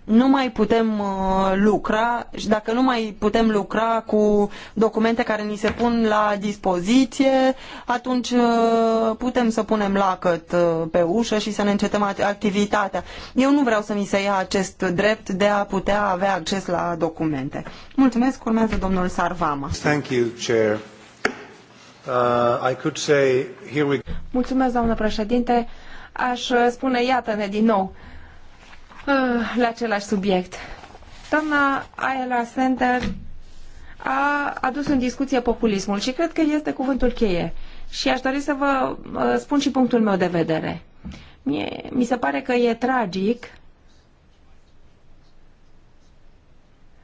nu mai putem uh, lucra și dacă nu mai putem lucra cu documente care ni se pun la dispoziție, atunci uh, putem să punem lacăt uh, pe ușă și să ne încetăm activitatea. Eu nu vreau să mi se ia acest drept de a putea avea acces la documente. Mulțumesc, urmează domnul Sarvama. Thank you, Chair. Uh, I could say, here we... Mulțumesc, doamnă președinte aș uh, spune iată-ne din nou uh, la același subiect. Doamna Ayala Center a adus în discuție populismul și cred că este cuvântul cheie. Și aș dori să vă uh, spun și punctul meu de vedere. Mie, mi se pare că e tragic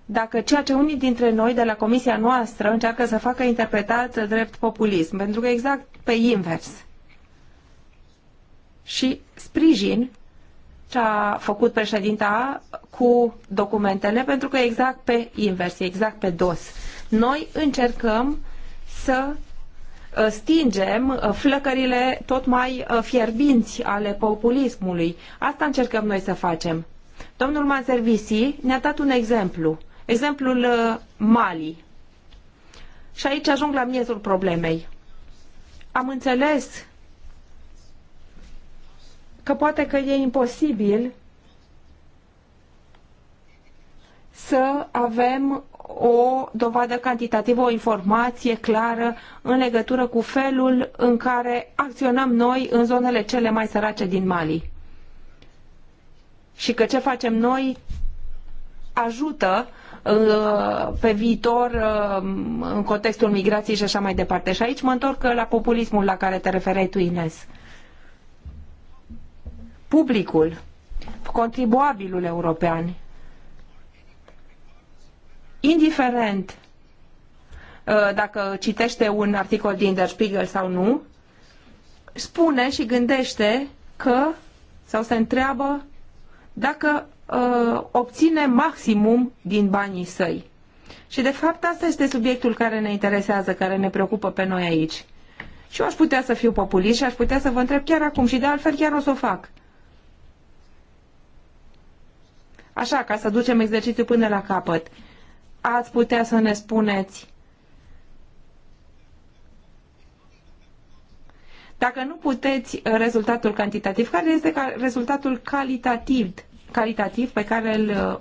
dacă ceea ce unii dintre noi de la comisia noastră încearcă să facă interpretat drept populism, pentru că exact pe invers și sprijin ce a făcut președinta cu documentele, pentru că exact pe invers, exact pe dos. Noi încercăm să uh, stingem uh, flăcările tot mai uh, fierbinți ale populismului. Asta încercăm noi să facem. Domnul Manservisi ne-a dat un exemplu, exemplul Mali. Și aici ajung la miezul problemei. Am înțeles că poate că e imposibil să avem o dovadă cantitativă, o informație clară în legătură cu felul în care acționăm noi în zonele cele mai sărace din Mali. Și că ce facem noi ajută uh, pe viitor uh, în contextul migrației și așa mai departe. Și aici mă întorc uh, la populismul la care te referai tu, Ines. Uh, publicul, contribuabilul european, indiferent uh, dacă citește un articol din Der Spiegel sau nu, spune și gândește că sau se întreabă dacă uh, obține maximum din banii săi. Și de fapt asta este subiectul care ne interesează, care ne preocupă pe noi aici. Și eu aș putea să fiu populist și aș putea să vă întreb chiar acum și de altfel chiar o să o fac. Așa, ca să ducem exercițiul până la capăt, ați putea să ne spuneți dacă nu puteți rezultatul cantitativ, care este rezultatul calitativ, calitativ pe care îl uh,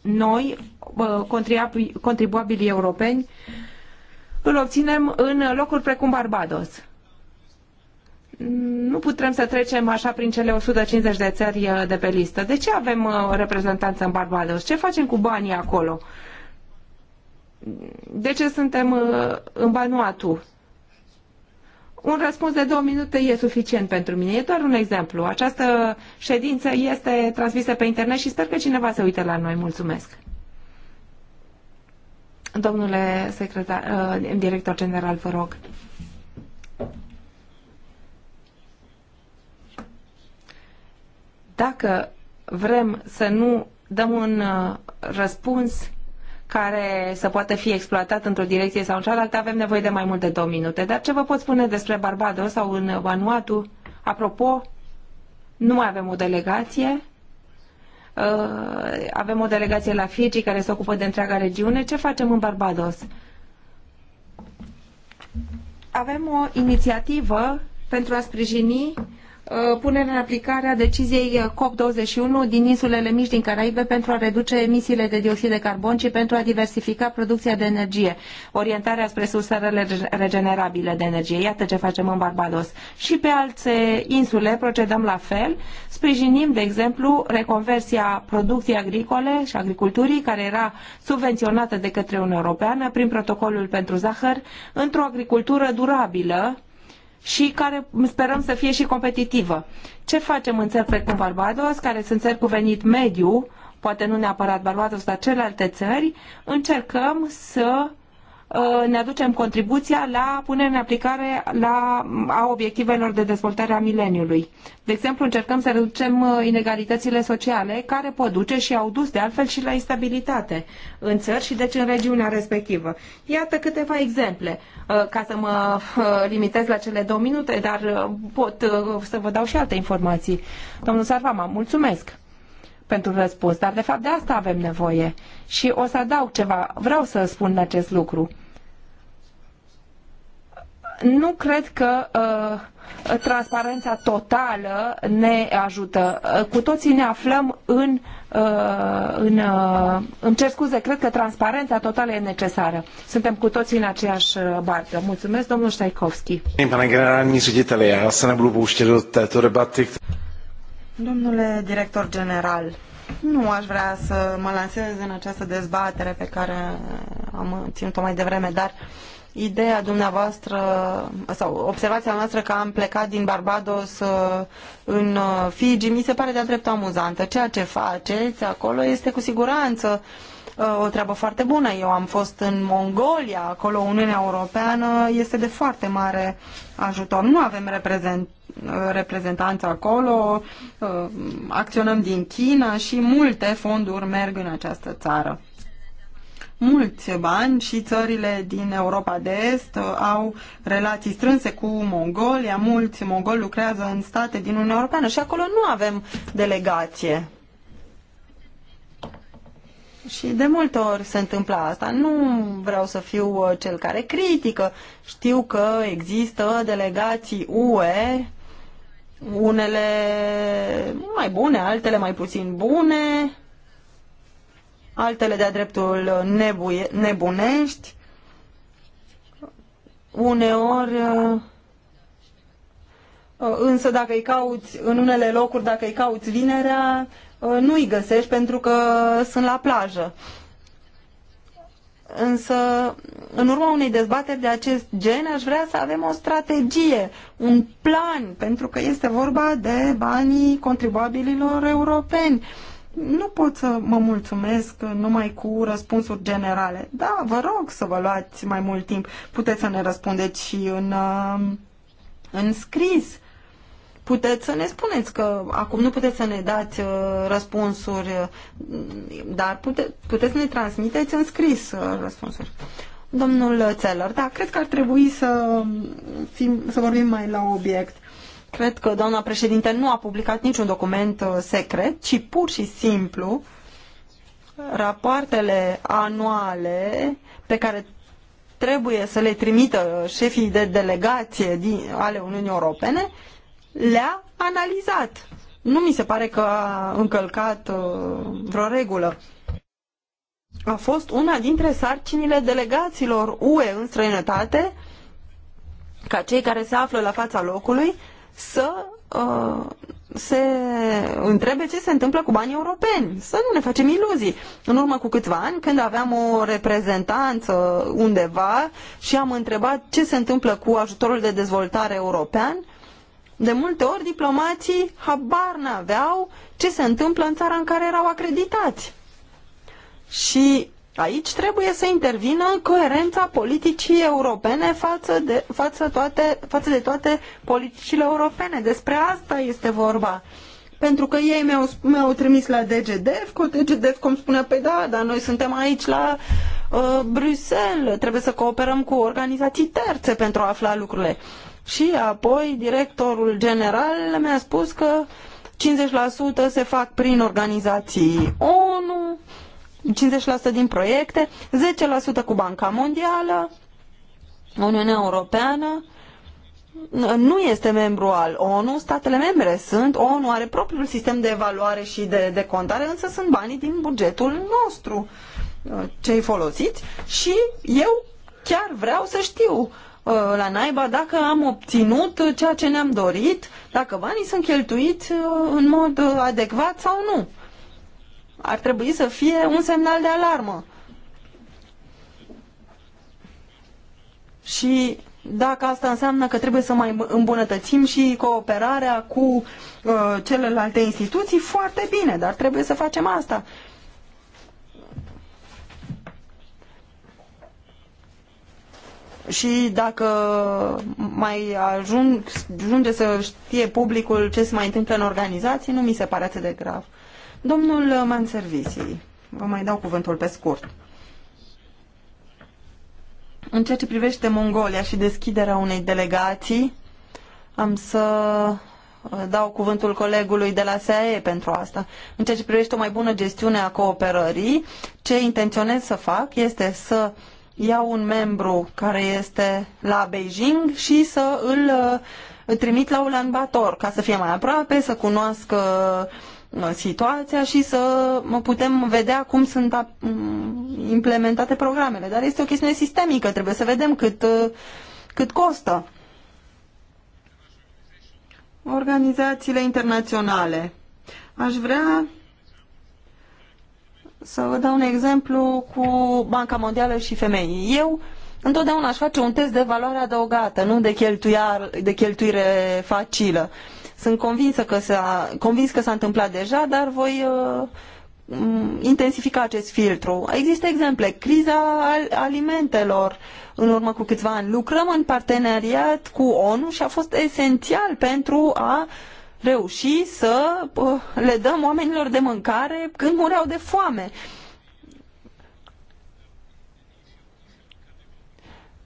noi, uh, contribuabilii europeni, îl obținem în locuri precum Barbados nu putem să trecem așa prin cele 150 de țări uh, de pe listă. De ce avem uh, reprezentanță în Barbados? Ce facem cu banii acolo? De ce suntem uh, în Vanuatu? Un răspuns de două minute e suficient pentru mine. E doar un exemplu. Această ședință este transmisă pe internet și sper că cineva se uite la noi. Mulțumesc. Domnule secretar, director general, vă rog. Dacă vrem să nu dăm un uh, răspuns care să poată fi exploatat într-o direcție sau în cealaltă, avem nevoie de mai mult de două minute. Dar ce vă pot spune despre Barbados sau în Vanuatu? Apropo, nu mai avem o delegație. Uh, avem o delegație la Fiji care se ocupă de întreaga regiune. Ce facem în Barbados? Avem o inițiativă pentru a sprijini Uh, punerea în aplicare a deciziei COP21 din insulele mici din Caraibe pentru a reduce emisiile de dioxid de carbon și pentru a diversifica producția de energie, orientarea spre sursele regenerabile de energie. Iată ce facem în Barbados. Și pe alte insule procedăm la fel. Sprijinim, de exemplu, reconversia producției agricole și agriculturii, care era subvenționată de către Uniunea Europeană prin protocolul pentru zahăr, într-o agricultură durabilă, și care sperăm să fie și competitivă. Ce facem în țări precum Barbados, care sunt țări cu venit mediu, poate nu neapărat Barbados, dar celelalte țări, încercăm să Uh, ne aducem contribuția la punerea în aplicare la, a obiectivelor de dezvoltare a mileniului. De exemplu, încercăm să reducem uh, inegalitățile sociale care pot duce și au dus de altfel și la instabilitate în țări și deci în regiunea respectivă. Iată câteva exemple, uh, ca să mă limitez la cele două minute, dar pot să vă dau și alte informații. Domnul Sarvama, mulțumesc! pentru răspuns, dar de fapt de asta avem nevoie. Și o să adaug ceva, vreau să spun acest lucru. Nu cred că uh, transparența totală ne ajută. Uh, cu toții ne aflăm în... Uh, în uh, îmi cer scuze, cred că transparența totală e necesară. Suntem cu toții în aceeași uh, barcă. Mulțumesc, domnul Ștaikovski. Pane generální řediteli, já se nebudu pouštět do této debaty. Domnule director general, nu aș vrea să mă lansez în această dezbatere pe care am ținut-o mai devreme, dar ideea dumneavoastră sau observația noastră că am plecat din Barbados uh, în uh, Fiji mi se pare de-a dreptul amuzantă. Ceea ce faceți acolo este cu siguranță uh, o treabă foarte bună. Eu am fost în Mongolia, acolo Uniunea Europeană este de foarte mare ajutor. Nu avem reprezent reprezentanță acolo, uh, acționăm din China și multe fonduri merg în această țară. Mulți bani și țările din Europa de Est uh, au relații strânse cu Mongolia, mulți mongoli lucrează în state din Uniunea Europeană și acolo nu avem delegație. Și de multe ori se întâmplă asta. Nu vreau să fiu uh, cel care critică. Știu că există delegații UE unele mai bune, altele mai puțin bune, altele de-a dreptul nebuie, nebunești. Uneori, uh, însă dacă îi cauți în unele locuri, dacă îi cauți vinerea, uh, nu îi găsești pentru că sunt la plajă. Însă, în urma unei dezbateri de acest gen, aș vrea să avem o strategie, un plan, pentru că este vorba de banii contribuabililor europeni. Nu pot să mă mulțumesc numai cu răspunsuri generale. Da, vă rog să vă luați mai mult timp. Puteți să ne răspundeți și în, în scris puteți să ne spuneți că acum nu puteți să ne dați uh, răspunsuri, uh, dar pute, puteți să ne transmiteți în scris uh, răspunsuri. Domnul Țeller, da, cred că ar trebui să, fim, să vorbim mai la obiect. Cred că doamna președinte nu a publicat niciun document uh, secret, ci pur și simplu rapoartele anuale pe care trebuie să le trimită șefii de delegație din, ale Uniunii Europene le-a analizat. Nu mi se pare că a încălcat uh, vreo regulă. A fost una dintre sarcinile delegaților UE în străinătate ca cei care se află la fața locului să uh, se întrebe ce se întâmplă cu banii europeni. Să nu ne facem iluzii. În urmă cu câțiva ani, când aveam o reprezentanță undeva și am întrebat ce se întâmplă cu ajutorul de dezvoltare european, de multe ori diplomații habar n-aveau ce se întâmplă în țara în care erau acreditați. Și aici trebuie să intervină coerența politicii europene față de, față toate, față de toate politicile europene. Despre asta este vorba. Pentru că ei mi-au, mi-au trimis la DGDF, cu DGDF cum spunea, pe păi da, dar noi suntem aici la uh, Bruxelles, trebuie să cooperăm cu organizații terțe pentru a afla lucrurile. Și apoi directorul general mi-a spus că 50% se fac prin organizații ONU, 50% din proiecte, 10% cu Banca Mondială, Uniunea Europeană nu este membru al ONU, statele membre sunt, ONU are propriul sistem de evaluare și de, de contare, însă sunt banii din bugetul nostru uh, cei folosiți și eu chiar vreau să știu Uh, la naiba dacă am obținut ceea ce ne-am dorit, dacă banii sunt cheltuiți uh, în mod uh, adecvat sau nu. Ar trebui să fie un semnal de alarmă. Și dacă asta înseamnă că trebuie să mai îmbunătățim și cooperarea cu uh, celelalte instituții, foarte bine, dar trebuie să facem asta. și dacă mai ajung, ajunge să știe publicul ce se mai întâmplă în organizații, nu mi se pare atât de grav. Domnul Manservisi, vă mai dau cuvântul pe scurt. În ceea ce privește Mongolia și deschiderea unei delegații, am să dau cuvântul colegului de la SAE pentru asta. În ceea ce privește o mai bună gestiune a cooperării, ce intenționez să fac este să uh, ia un membru care este la Beijing și să îl uh, trimit la Ulan Bator ca să fie mai aproape, să cunoască uh, situația și să putem vedea cum sunt mm, implementate programele. Dar este o chestiune sistemică, trebuie să vedem cât, uh, cât costă. Organizațiile internaționale. Aș vrea să vă dau un exemplu cu Banca Mondială și femei. Eu întotdeauna aș face un test de valoare adăugată, nu de, cheltuiar, de cheltuire facilă. Sunt convinsă că s-a, convins că s-a întâmplat deja, dar voi uh, intensifica acest filtru. Există exemple, criza al alimentelor. În urmă cu câțiva ani lucrăm în parteneriat cu ONU și a fost esențial pentru a uh, reuși să uh, le dăm oamenilor de mâncare când mureau de foame.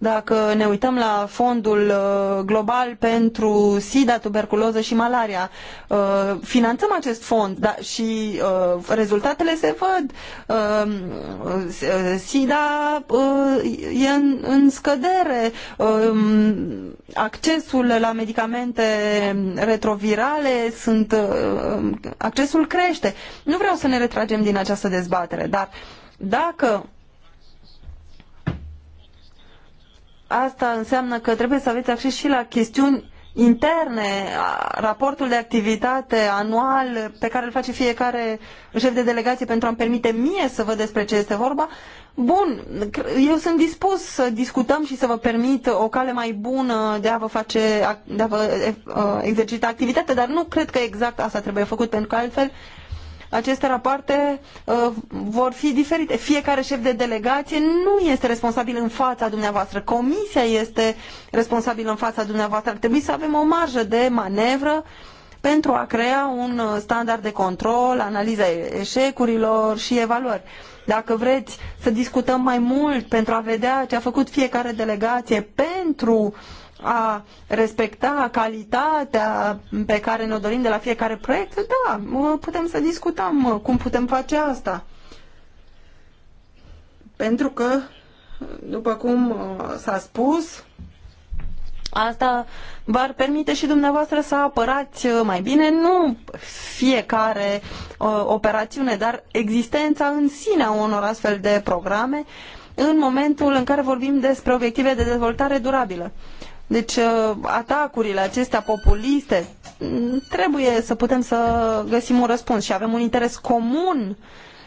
Dacă ne uităm la fondul uh, global pentru SIDA, tuberculoză și malaria, uh, finanțăm acest fond da, și uh, rezultatele se văd. SIDA e în, în scădere. Um, accesul la medicamente retrovirale sunt, accesul crește. Nu vreau să ne retragem din această dezbatere, dar dacă asta înseamnă că trebuie să aveți acces și la chestiuni interne, raportul de activitate anual pe care îl face fiecare șef de delegație pentru a-mi permite mie să văd despre ce este vorba. Bun, eu sunt dispus să discutăm și să vă permit o cale mai bună de a vă face, de a vă exercita activitatea, dar nu cred că exact asta trebuie făcut, pentru că altfel aceste rapoarte uh, vor fi diferite. Fiecare șef de delegație nu este responsabil în fața dumneavoastră. Comisia este responsabilă în fața dumneavoastră. Ar trebui să avem o marjă de manevră pentru a crea un uh, standard de control, analiza eșecurilor și evaluări. Dacă vreți să discutăm mai mult pentru a vedea ce a făcut fiecare delegație pentru uh, a respecta calitatea pe care ne-o dorim de la fiecare proiect, da, putem să discutăm cum putem face asta. Pentru că, după cum uh, s-a spus, asta v-ar permite și dumneavoastră să apărați uh, mai bine nu fiecare uh, operațiune, dar existența în sine a unor astfel de programe în momentul în care vorbim despre obiective de dezvoltare durabilă. Deci uh, atacurile acestea populiste mm, trebuie să putem să găsim un răspuns și avem un interes comun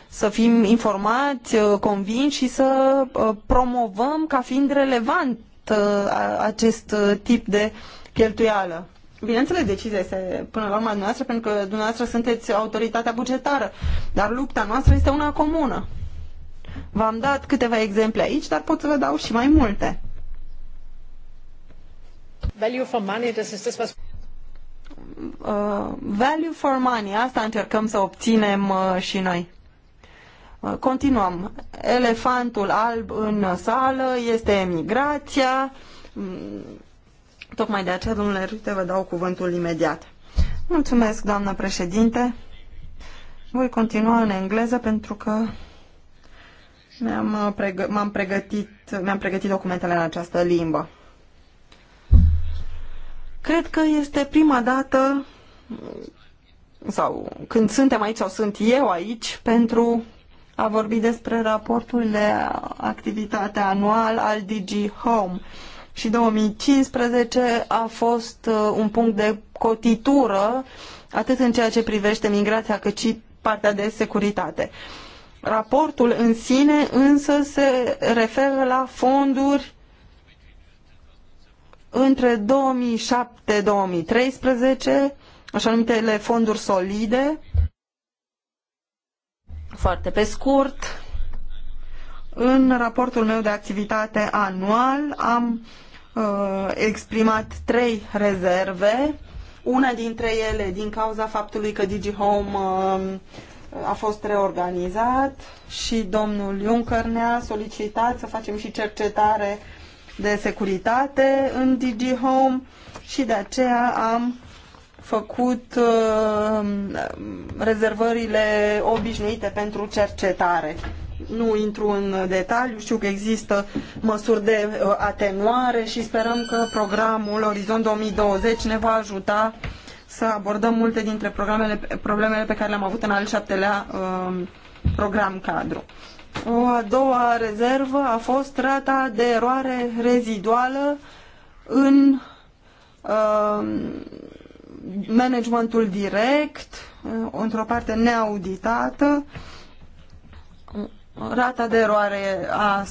să fim informați, uh, convinși și să uh, promovăm ca fiind relevant acest tip de cheltuială. Bineînțeles, decizia este până la urmă dumneavoastră, pentru că dumneavoastră sunteți autoritatea bugetară, dar lupta noastră este una comună. V-am dat câteva exemple aici, dar pot să vă dau și mai multe. Value for money, das ist das, was uh, value for money, asta încercăm să obținem uh, și noi. Uh, continuăm. Elefantul alb în sală este emigrația. Mm, tocmai de aceea, domnule Rute, vă dau cuvântul imediat. Mulțumesc, doamnă președinte. Voi continua în engleză pentru că m am pregătit, am pregătit documentele în această limbă. Cred că este prima dată sau când suntem aici sau sunt eu aici pentru a vorbi despre raportul de activitate anual al DG Home. Și 2015 a fost uh, un punct de cotitură atât în ceea ce privește migrația cât și partea de securitate. Raportul în sine însă se referă la fonduri între 2007-2013, așa numitele fonduri solide, foarte pe scurt, în raportul meu de activitate anual am uh, exprimat trei rezerve, una dintre ele din cauza faptului că DigiHome uh, a fost reorganizat și domnul Juncker ne-a solicitat să facem și cercetare uh, de securitate în Digi Home și de aceea am făcut uh, rezervările obișnuite pentru cercetare. Nu intru în detaliu, știu că există măsuri de uh, atenuare și sperăm că programul Orizont 2020 ne va ajuta să abordăm multe dintre problemele pe care le-am avut în al șaptelea uh, program cadru. O a doua rezervă a fost rata de eroare reziduală în uh, managementul direct, uh, într-o parte neauditată. Rata de eroare a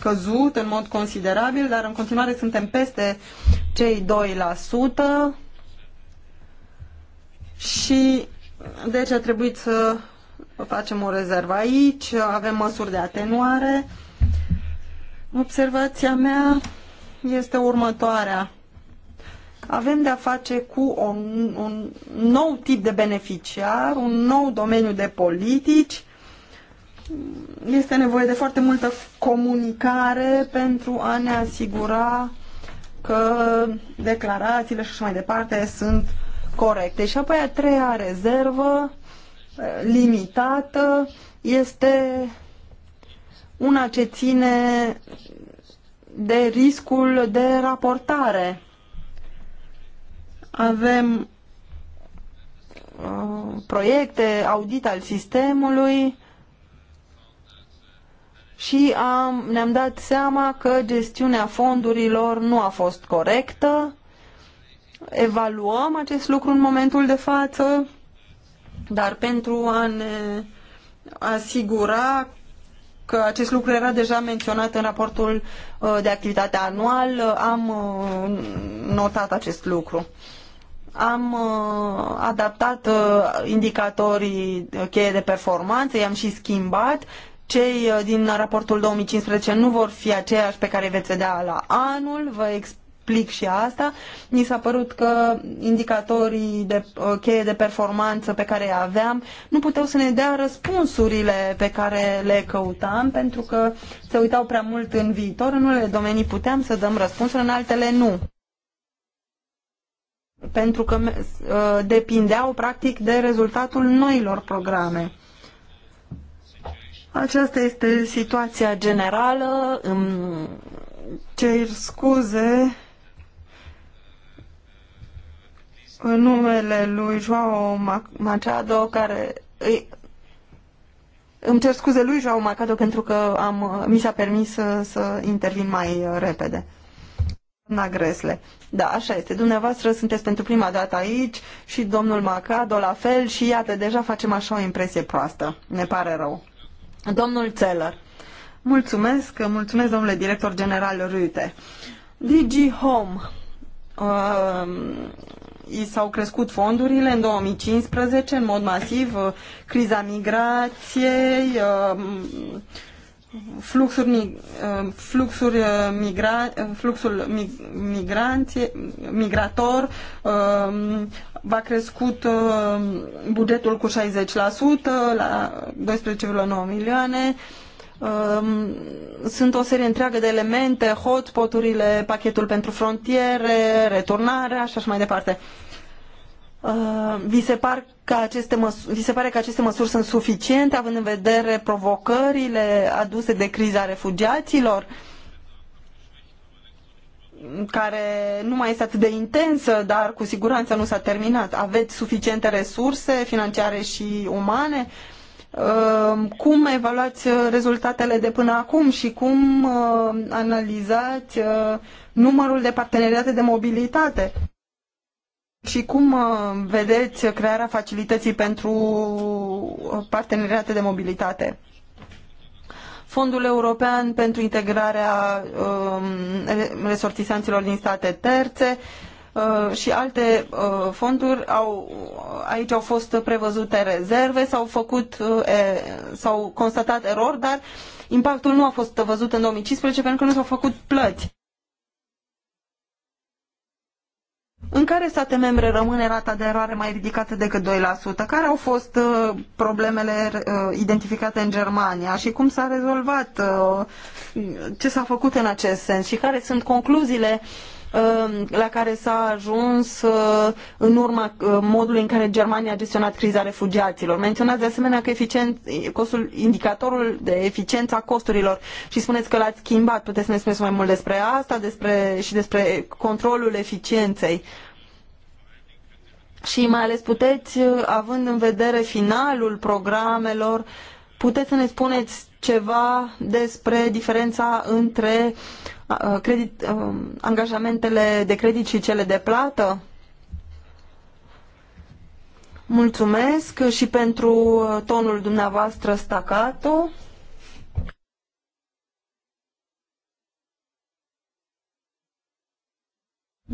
căzut în mod considerabil, dar în continuare suntem peste cei 2% și deci a trebuit să facem o rezervă aici, avem măsuri de atenuare. Observația mea este următoarea. Avem de-a face cu un, un nou tip de beneficiar, un nou domeniu de politici. Este nevoie de foarte multă comunicare pentru a ne asigura că declarațiile și așa mai departe sunt corecte. Și apoi a treia rezervă limitată este una ce ține de riscul de raportare. Avem uh, proiecte, audit al sistemului și am, ne-am dat seama că gestiunea fondurilor nu a fost corectă. Evaluăm acest lucru în momentul de față dar pentru a ne asigura că acest lucru era deja menționat în raportul uh, de activitate anual, uh, am uh, notat acest lucru. Am adaptat indicatorii cheie de performanță, i-am și schimbat. Cei din raportul 2015 nu vor fi aceiași pe care veți vedea la anul. Vă, ex- explic și asta. Mi s-a părut că indicatorii de cheie de performanță pe care aveam nu puteau să ne dea răspunsurile pe care le căutam pentru că se uitau prea mult în viitor. În unele domenii puteam să dăm răspunsuri, în altele nu pentru că uh, depindeau practic de rezultatul noilor programe. Aceasta este situația generală. Îmi cer scuze în numele lui Joao Machado, care îi... Îmi cer scuze lui Joao Machado pentru că am, mi s-a permis să, să intervin mai repede. Doamna Gresle. Da, așa este. Dumneavoastră sunteți pentru prima dată aici și domnul Macado la fel și iată, deja facem așa o impresie proastă. Ne pare rău. Domnul Țeller. Mulțumesc, mulțumesc domnule director general Rüte. Digi Home. Uh, i s-au crescut fondurile în 2015 în mod masiv, uh, criza migrației, uh, fluxuri, uh, fluxuri migra, fluxul migranție, migrator va crescut bugetul cu 60% la 12,9 milioane, Um, sunt o serie întreagă de elemente, hotspoturile, pachetul pentru frontiere, returnarea și așa mai departe. Uh, vi, se par că aceste măsuri, vi se pare că aceste măsuri sunt suficiente având în vedere provocările aduse de criza refugiaților care nu mai este atât de intensă, dar cu siguranță nu s-a terminat. Aveți suficiente resurse financiare și umane uh, Um, cum evaluați uh, rezultatele de până acum și cum uh, analizați uh, numărul de parteneriate de mobilitate? Și cum vedeți crearea facilității pentru parteneriate de mobilitate? Fondul European pentru integrarea um, resortisanților din state terțe, uh, Uh, și alte uh, fonduri au, aici au fost prevăzute rezerve, s-au făcut, uh, s-au constatat erori, dar impactul nu a fost văzut în 2015 pentru că nu s-au făcut plăți. În care state membre rămâne rata de eroare mai ridicată decât 2%? Care au fost problemele identificate în Germania și cum s-a rezolvat? ce s-a făcut în acest sens? Și care sunt concluziile Uh, la care s-a ajuns uh, în urma uh, modului în care Germania a gestionat criza refugiaților. Menționați de asemenea că eficient, costul, indicatorul de eficiență a costurilor și spuneți că l-ați schimbat. Puteți să ne spuneți mai mult despre asta despre, și despre controlul eficienței și mai ales puteți, având în vedere finalul programelor, puteți să ne spuneți ceva despre diferența între credit, angajamentele de credit și cele de plată? Mulțumesc și pentru tonul dumneavoastră staccato.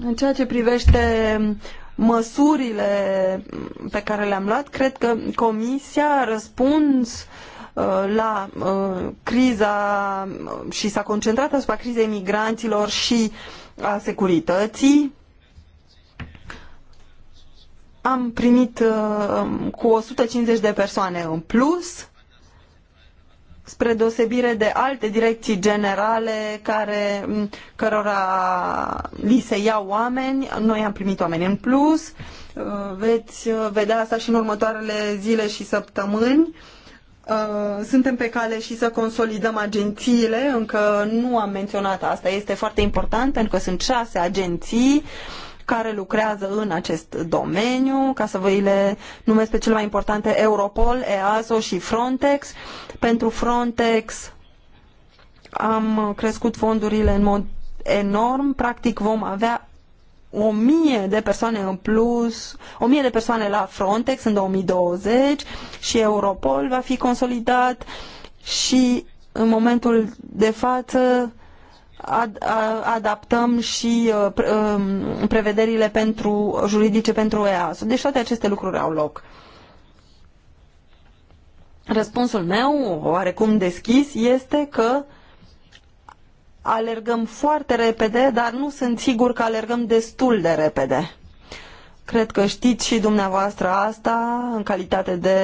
În ceea ce privește măsurile pe care le-am luat, cred că Comisia a răspuns uh, Uh, la uh, criza uh, și s-a concentrat asupra crizei migranților și a securității. Am primit cu 150 de persoane în plus, spre deosebire de alte direcții generale care, mm, cărora li se iau oameni, noi am primit oameni în plus, veți vedea asta și în următoarele zile și săptămâni Uh, suntem pe cale și să consolidăm agențiile, încă nu am menționat asta, este foarte important pentru că sunt șase agenții care lucrează în acest domeniu, ca să vă le numesc pe cele mai importante, Europol, EASO și Frontex. Pentru Frontex am crescut fondurile în mod enorm, practic vom avea o mie de persoane în plus, o mie de persoane la Frontex în 2020 și Europol va fi consolidat și în momentul de față ad, a, adaptăm și uh, pre, um, prevederile pentru, juridice pentru EASO. Deci toate aceste lucruri au loc. Răspunsul meu, oarecum deschis, este că uh, alergăm foarte repede, dar nu sunt sigur că alergăm destul de repede. Cred că știți și dumneavoastră asta în calitate de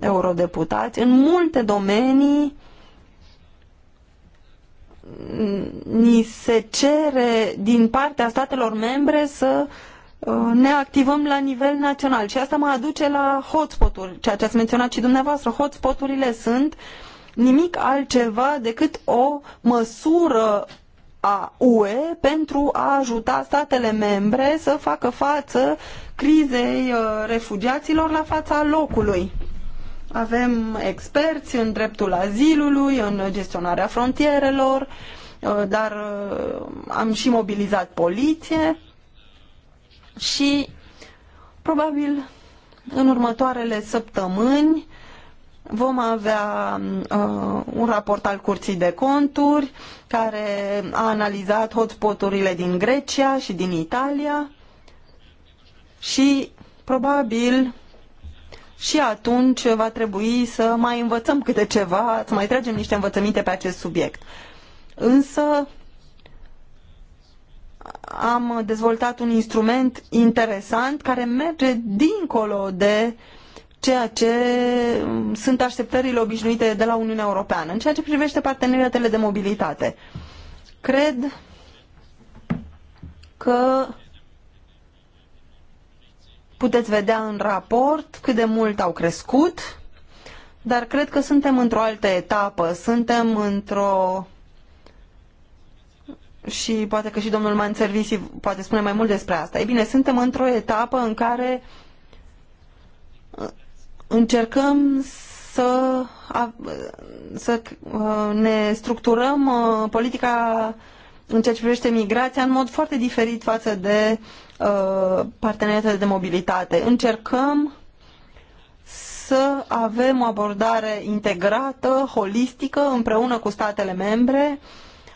eurodeputați. În multe domenii ni se cere din partea statelor membre să uh, ne activăm la nivel național și asta mă aduce la hotspot-uri, ceea ce ați menționat și dumneavoastră. Hotspot-urile sunt uh, nimic altceva decât o măsură a UE pentru a ajuta statele membre să facă față crizei uh, refugiaților la fața locului. Avem experți în dreptul azilului, în gestionarea frontierelor, uh, dar uh, am și mobilizat poliție și probabil în următoarele săptămâni Vom avea uh, un raport al Curții de Conturi care a analizat hotspoturile din Grecia și din Italia și probabil și atunci va trebui să mai învățăm câte ceva, să mai tragem niște învățăminte pe acest subiect. Însă am dezvoltat un instrument interesant care merge dincolo de uh, ceea ce mm, sunt așteptările obișnuite de la Uniunea Europeană. În ceea ce privește parteneriatele de mobilitate, cred că puteți vedea în raport cât de mult au crescut, dar cred că suntem într-o altă etapă, suntem într-o și poate că și domnul Servisi poate spune mai mult despre asta. Ei bine, suntem într-o etapă în care încercăm să, să uh, ne structurăm uh, politica în ceea ce privește migrația în mod foarte diferit față de uh, parteneriatele de mobilitate. Încercăm să avem o abordare integrată, holistică, împreună cu statele membre,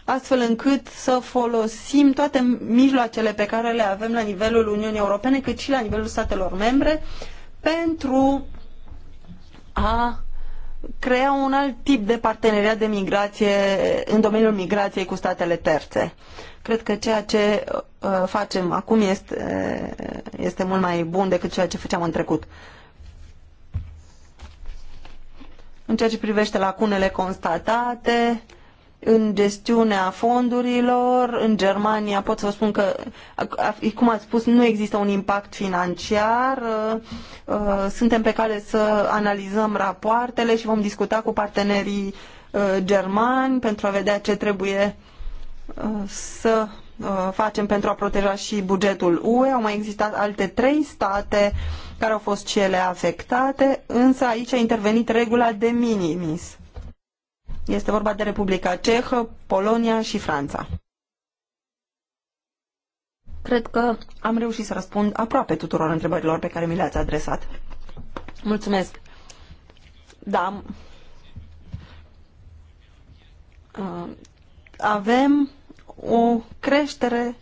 astfel încât să folosim toate mijloacele pe care le avem la nivelul Uniunii Europene, cât și la nivelul statelor membre, pentru a crea un alt tip de parteneriat de migrație în domeniul migrației cu statele terțe. Cred că ceea ce uh, facem acum este, uh, este mult mai bun decât ceea ce făceam în trecut. În ceea ce privește lacunele constatate, în gestiunea fondurilor. În Germania pot să vă spun că, cum ați spus, nu există un impact financiar. Uh, suntem pe cale să analizăm rapoartele și vom discuta cu partenerii uh, germani pentru a vedea ce trebuie uh, să facem pentru a proteja și bugetul UE. Au mai existat alte trei state care au fost cele afectate, însă aici a intervenit regula de minimis este vorba de Republica Cehă, Polonia și Franța. Cred că am reușit să răspund aproape tuturor întrebărilor pe care mi le-ați adresat. Mulțumesc. Da. Uh, avem o creștere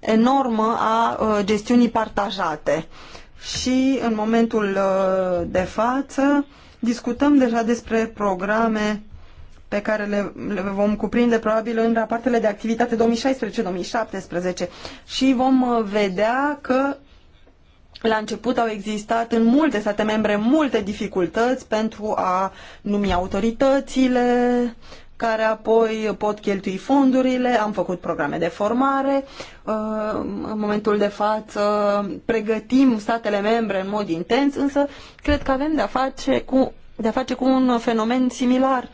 enormă a uh, gestiunii partajate și în momentul uh, de față discutăm deja despre programe pe care le, le vom cuprinde probabil în rapoartele de activitate 2016-2017 și vom uh, vedea că la început au existat în multe state membre multe dificultăți pentru a numi autoritățile, care apoi pot cheltui fondurile, am făcut programe de formare, uh, în momentul de față pregătim statele membre în mod intens, însă cred că avem de-a face cu, de -a face cu un fenomen similar uh,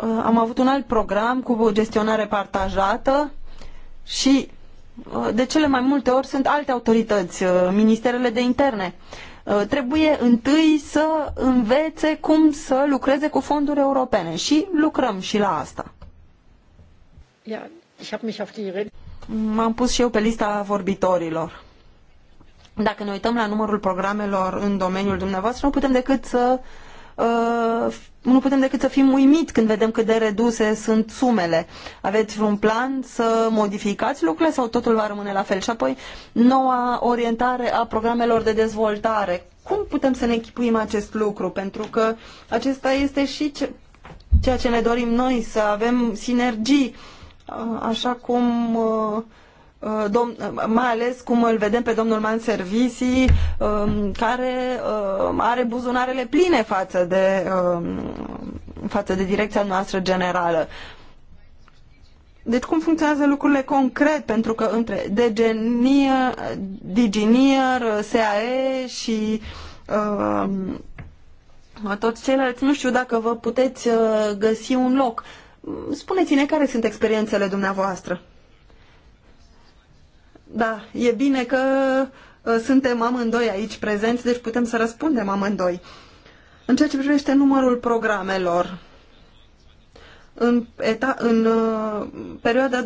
Uh, am avut un alt program cu gestionare partajată și uh, de cele mai multe ori sunt alte autorități, uh, ministerele de interne. Trebuie întâi să învețe cum să lucreze cu fonduri europene și lucrăm și la asta. M-am pus și eu pe lista vorbitorilor. Dacă ne uităm la numărul programelor în domeniul dumneavoastră, nu putem decât să uh, Uh, nu putem decât să fim uimit când vedem cât de reduse sunt sumele. Aveți vreun plan să modificați lucrurile sau totul va rămâne la fel? Și apoi, noua orientare a programelor de dezvoltare. Cum putem să ne echipuim acest lucru? Pentru că acesta este și ce, ceea ce ne dorim noi, să avem sinergii, uh, așa cum uh, Uh, uh, mai ales cum îl vedem pe domnul Manservisi, um, care um, are buzunarele pline față de, um, față de direcția noastră generală. Deci cum funcționează lucrurile concret? Pentru că între Degenier, Diginier, SAE și uh, toți ceilalți, nu știu dacă vă puteți uh, găsi un loc. Spuneți-ne care sunt experiențele dumneavoastră. Da, e bine că uh, suntem amândoi aici prezenți, deci putem să răspundem amândoi. În ceea ce privește numărul programelor, în, eta, în uh, perioada 2014-2020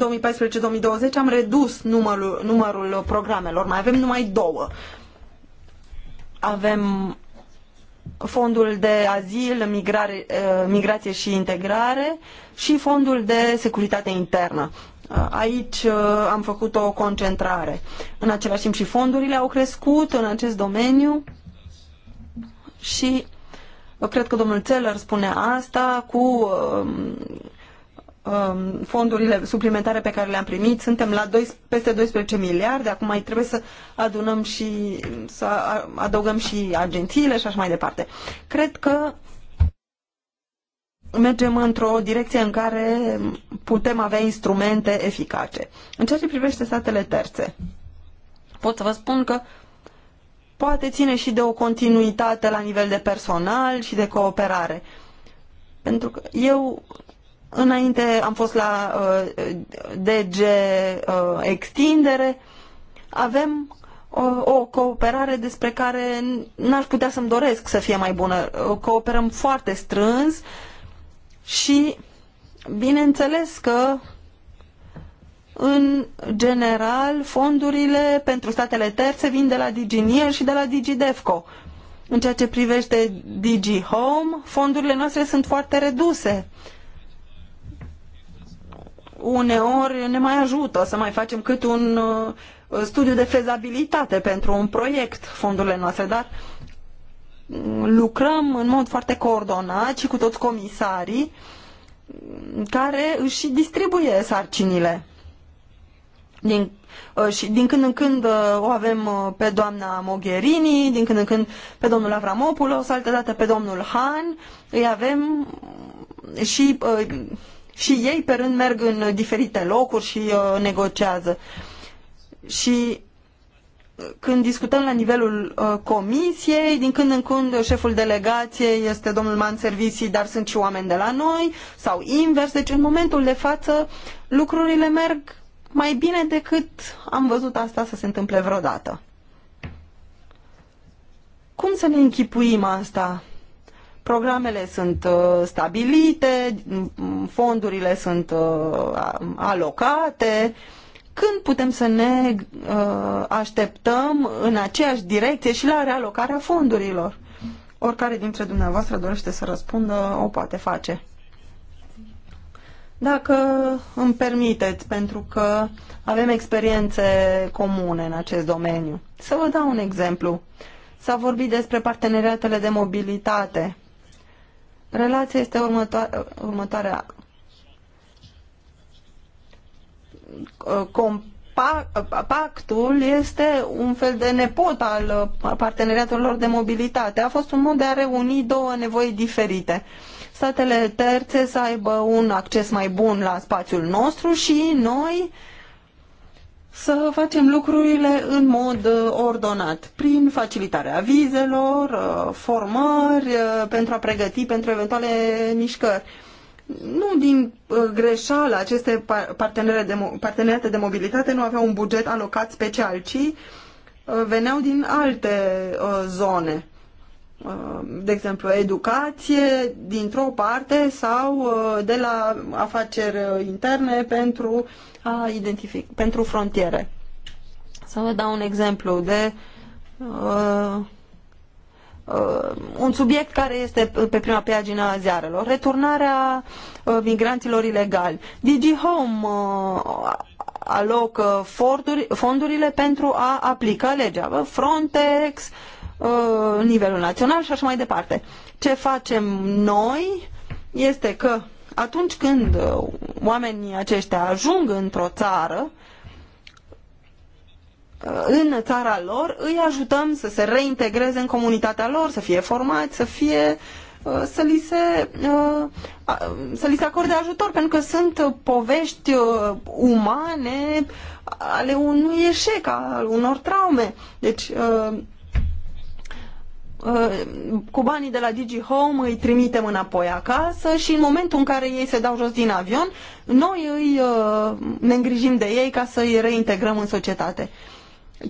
am redus numărul, numărul programelor, mai avem numai două. Avem fondul de azil, migrare, uh, migrație și integrare și fondul de securitate internă. Aici uh, am făcut o concentrare. În același timp și fondurile au crescut în acest domeniu și uh, cred că domnul Țeller spune asta cu um, um, fondurile suplimentare pe care le-am primit. Suntem la 12, peste 12 miliarde, acum mai trebuie să adunăm și să adăugăm și agențiile și așa mai departe. Cred că mergem într-o direcție în care putem avea instrumente eficace. În ceea ce privește statele terțe, pot să vă spun că poate ține și de o continuitate la nivel de personal și de cooperare. Pentru că eu înainte am fost la uh, DG uh, Extindere, avem uh, o, cooperare despre care n-aș putea să-mi doresc să fie mai bună. Uh, cooperăm foarte strâns uh, și bineînțeles că în general, fondurile pentru statele terțe vin de la DigiNIR și de la DigiDefco. În ceea ce privește DigiHome, fondurile noastre sunt foarte reduse. Uneori ne mai ajută să mai facem cât un uh, studiu de fezabilitate pentru un proiect fondurile noastre, dar lucrăm în mod foarte coordonat și cu toți comisarii care își distribuie sarcinile. Din, uh, și din când în când uh, o avem uh, pe doamna Mogherini, din când în când pe domnul Avramopoulos, altă dată pe domnul Han, îi avem și, și ei pe rând merg în diferite locuri și negociază. Și când discutăm la nivelul uh, comisiei, din când în când șeful delegației este domnul Man Servicii, dar sunt și oameni de la noi, sau invers. Deci în momentul de față lucrurile merg mai bine decât am văzut asta să se întâmple vreodată. Cum să ne închipuim asta? Programele sunt uh, stabilite, fondurile sunt uh, alocate, uh, când putem să ne uh, așteptăm în aceeași direcție și la realocarea fondurilor? Oricare dintre dumneavoastră dorește să răspundă, o poate face. Dacă îmi permiteți, pentru că avem experiențe comune în acest domeniu. Să vă dau un exemplu. S-a vorbit despre parteneriatele de mobilitate. Relația este următoare, următoarea. pactul este un fel de nepot al parteneriatelor de mobilitate. A fost un mod de a reuni două nevoi diferite. Statele terțe să aibă un acces mai bun la spațiul nostru și noi să facem lucrurile în mod uh, ordonat, prin facilitarea vizelor, uh, formări uh, pentru a pregăti pentru eventuale mișcări nu din uh, greșeală aceste partenere de, parteneriate de mobilitate nu aveau un buget alocat special, ci uh, veneau din alte uh, zone. De exemplu, educație dintr-o parte sau de la afaceri interne pentru, a identific- pentru frontiere. Să vă dau un exemplu de Uh, un subiect care este pe prima pagină a ziarelor, returnarea uh, migranților ilegali. Digi Home uh, alocă fondurile pentru a aplica legea. Frontex, nivelul național și așa mai departe. Ce facem noi este că atunci când oamenii aceștia ajung într-o țară, Uh, în țara lor, îi ajutăm să se reintegreze în comunitatea lor, să fie formați, să fie uh, să li, se, uh, să li se acorde ajutor, pentru că sunt povești umane ale unui eșec, al unor traume. Deci, cu banii de la Digi Home îi trimitem înapoi acasă și în momentul în care ei se dau jos din avion, noi îi, ne îngrijim de ei ca să îi reintegrăm în societate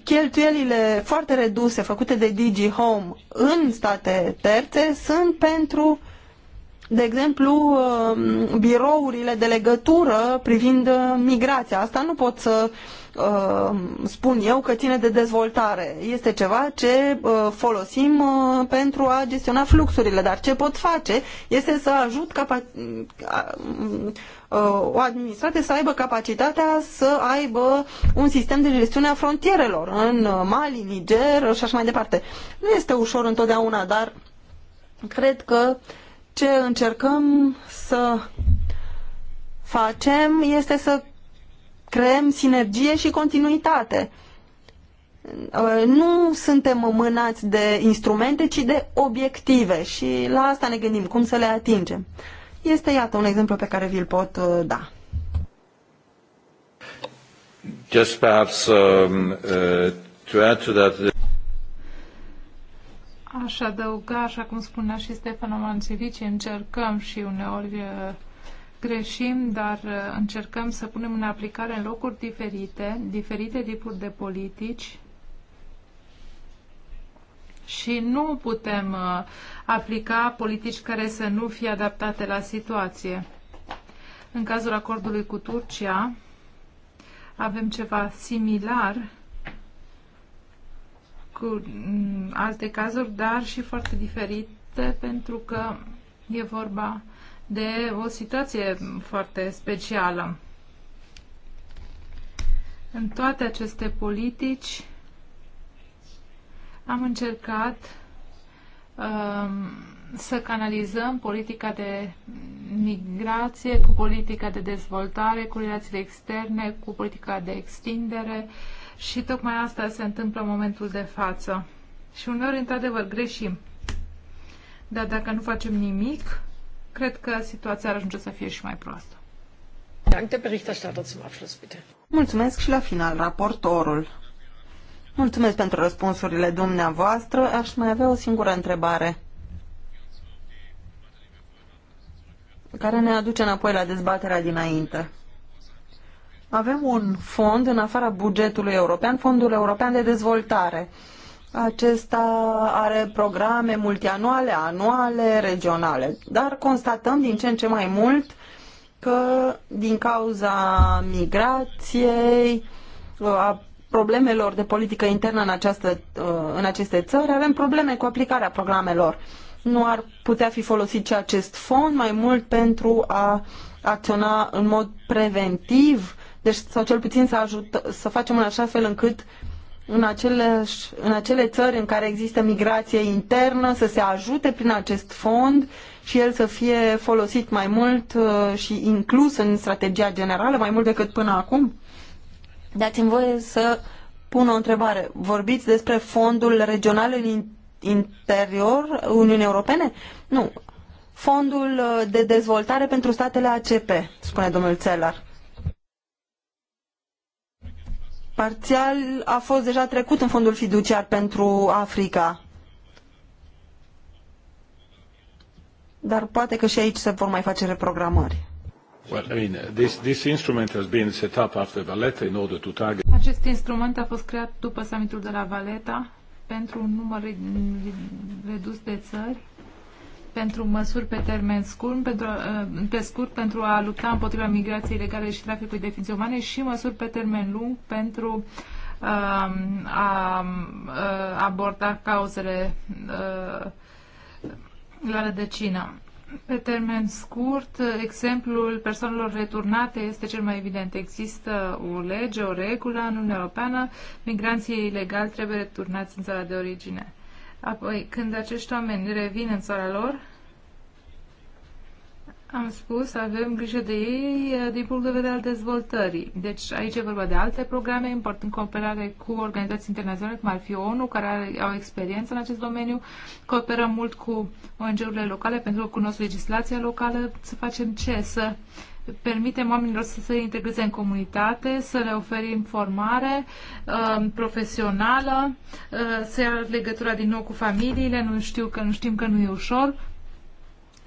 cheltuielile foarte reduse făcute de Digi Home în state terțe sunt pentru uh, de exemplu, um, birourile de legătură privind uh, migrația. Asta nu pot să um, spun eu că ține de dezvoltare. Este ceva ce uh, folosim uh, pentru a gestiona fluxurile, dar ce pot face este să ajut o administrație să aibă capacitatea să aibă un sistem de gestiune a frontierelor în Mali, Niger și așa mai departe. Nu este ușor întotdeauna, dar cred că uh, ce încercăm să facem este să creăm sinergie și continuitate. Nu suntem mânați de instrumente, ci de obiective și la asta ne gândim, cum să le atingem. Este, iată, un exemplu pe care vi-l pot uh, da. Just perhaps um, uh, to add to that... Aș adăuga, așa cum spunea și Stefano Manțevici, încercăm și uneori uh, greșim, dar uh, încercăm să punem în aplicare în locuri diferite, diferite tipuri de politici și nu putem uh, aplica politici care să nu fie adaptate la situație. În cazul acordului cu Turcia avem ceva similar cu mm, alte cazuri, dar și foarte diferite, pentru că e vorba de o situație foarte specială. În toate aceste politici am încercat um, să canalizăm politica de migrație cu politica de dezvoltare, cu relațiile externe, cu politica de extindere, uh, și tocmai asta se întâmplă în momentul de față. Și uneori, într-adevăr, greșim. Dar dacă nu facem nimic, cred că situația ar ajunge să fie și mai proastă. Mulțumesc și la final, raportorul. Mulțumesc pentru răspunsurile dumneavoastră. Aș mai avea o singură întrebare. Care ne aduce înapoi la dezbaterea dinainte. Avem un fond în afara bugetului european, Fondul European de Dezvoltare. Acesta are programe multianuale, anuale, regionale. Dar constatăm din ce în ce mai mult că din cauza migrației, a problemelor de politică internă în, această, în aceste țări, avem probleme cu aplicarea programelor. Nu ar putea fi folosit și acest fond mai mult pentru a acționa în mod preventiv deci, sau cel puțin să, ajut, să facem în așa fel încât în acele, în acele țări în care există migrație internă să se ajute prin acest fond și el să fie folosit mai mult uh, și inclus în strategia generală, mai mult decât până acum? Dați-mi voie să pun o întrebare. Vorbiți despre fondul regional în interior Uniunii Europene? Nu. Fondul uh, de dezvoltare pentru statele ACP, spune domnul Țelar parțial a fost deja trecut în fondul fiduciar pentru Africa. Dar poate că și aici se vor mai face reprogramări. Acest instrument a fost creat după summitul de la Valeta pentru un număr redus de țări pentru măsuri pe termen scurt pentru, uh, pe scurt pentru a lupta împotriva migrației legale și traficului de ființe umane și măsuri pe termen lung pentru um, a, a uh, aborda cauzele uh, la rădăcină. Pe termen scurt, exemplul persoanelor returnate este cel mai evident. Există o lege, o regulă în Uniunea Europeană, migranții ilegali trebuie returnați în țara de origine. Apoi, când acești oameni revin în țara lor, am spus, avem grijă de ei eh, din punct de vedere al dezvoltării. Deci aici e vorba de alte programe, în cooperare cu organizații internaționale, cum ar fi ONU, care are, au experiență în acest domeniu. Cooperăm mult cu ONG-urile locale pentru că cunosc legislația locală. Să facem ce? Să permitem oamenilor să se integreze în comunitate, să le oferim formare uh, profesională, uh, să ia legătura din nou cu familiile, nu știu că nu știm că nu e ușor,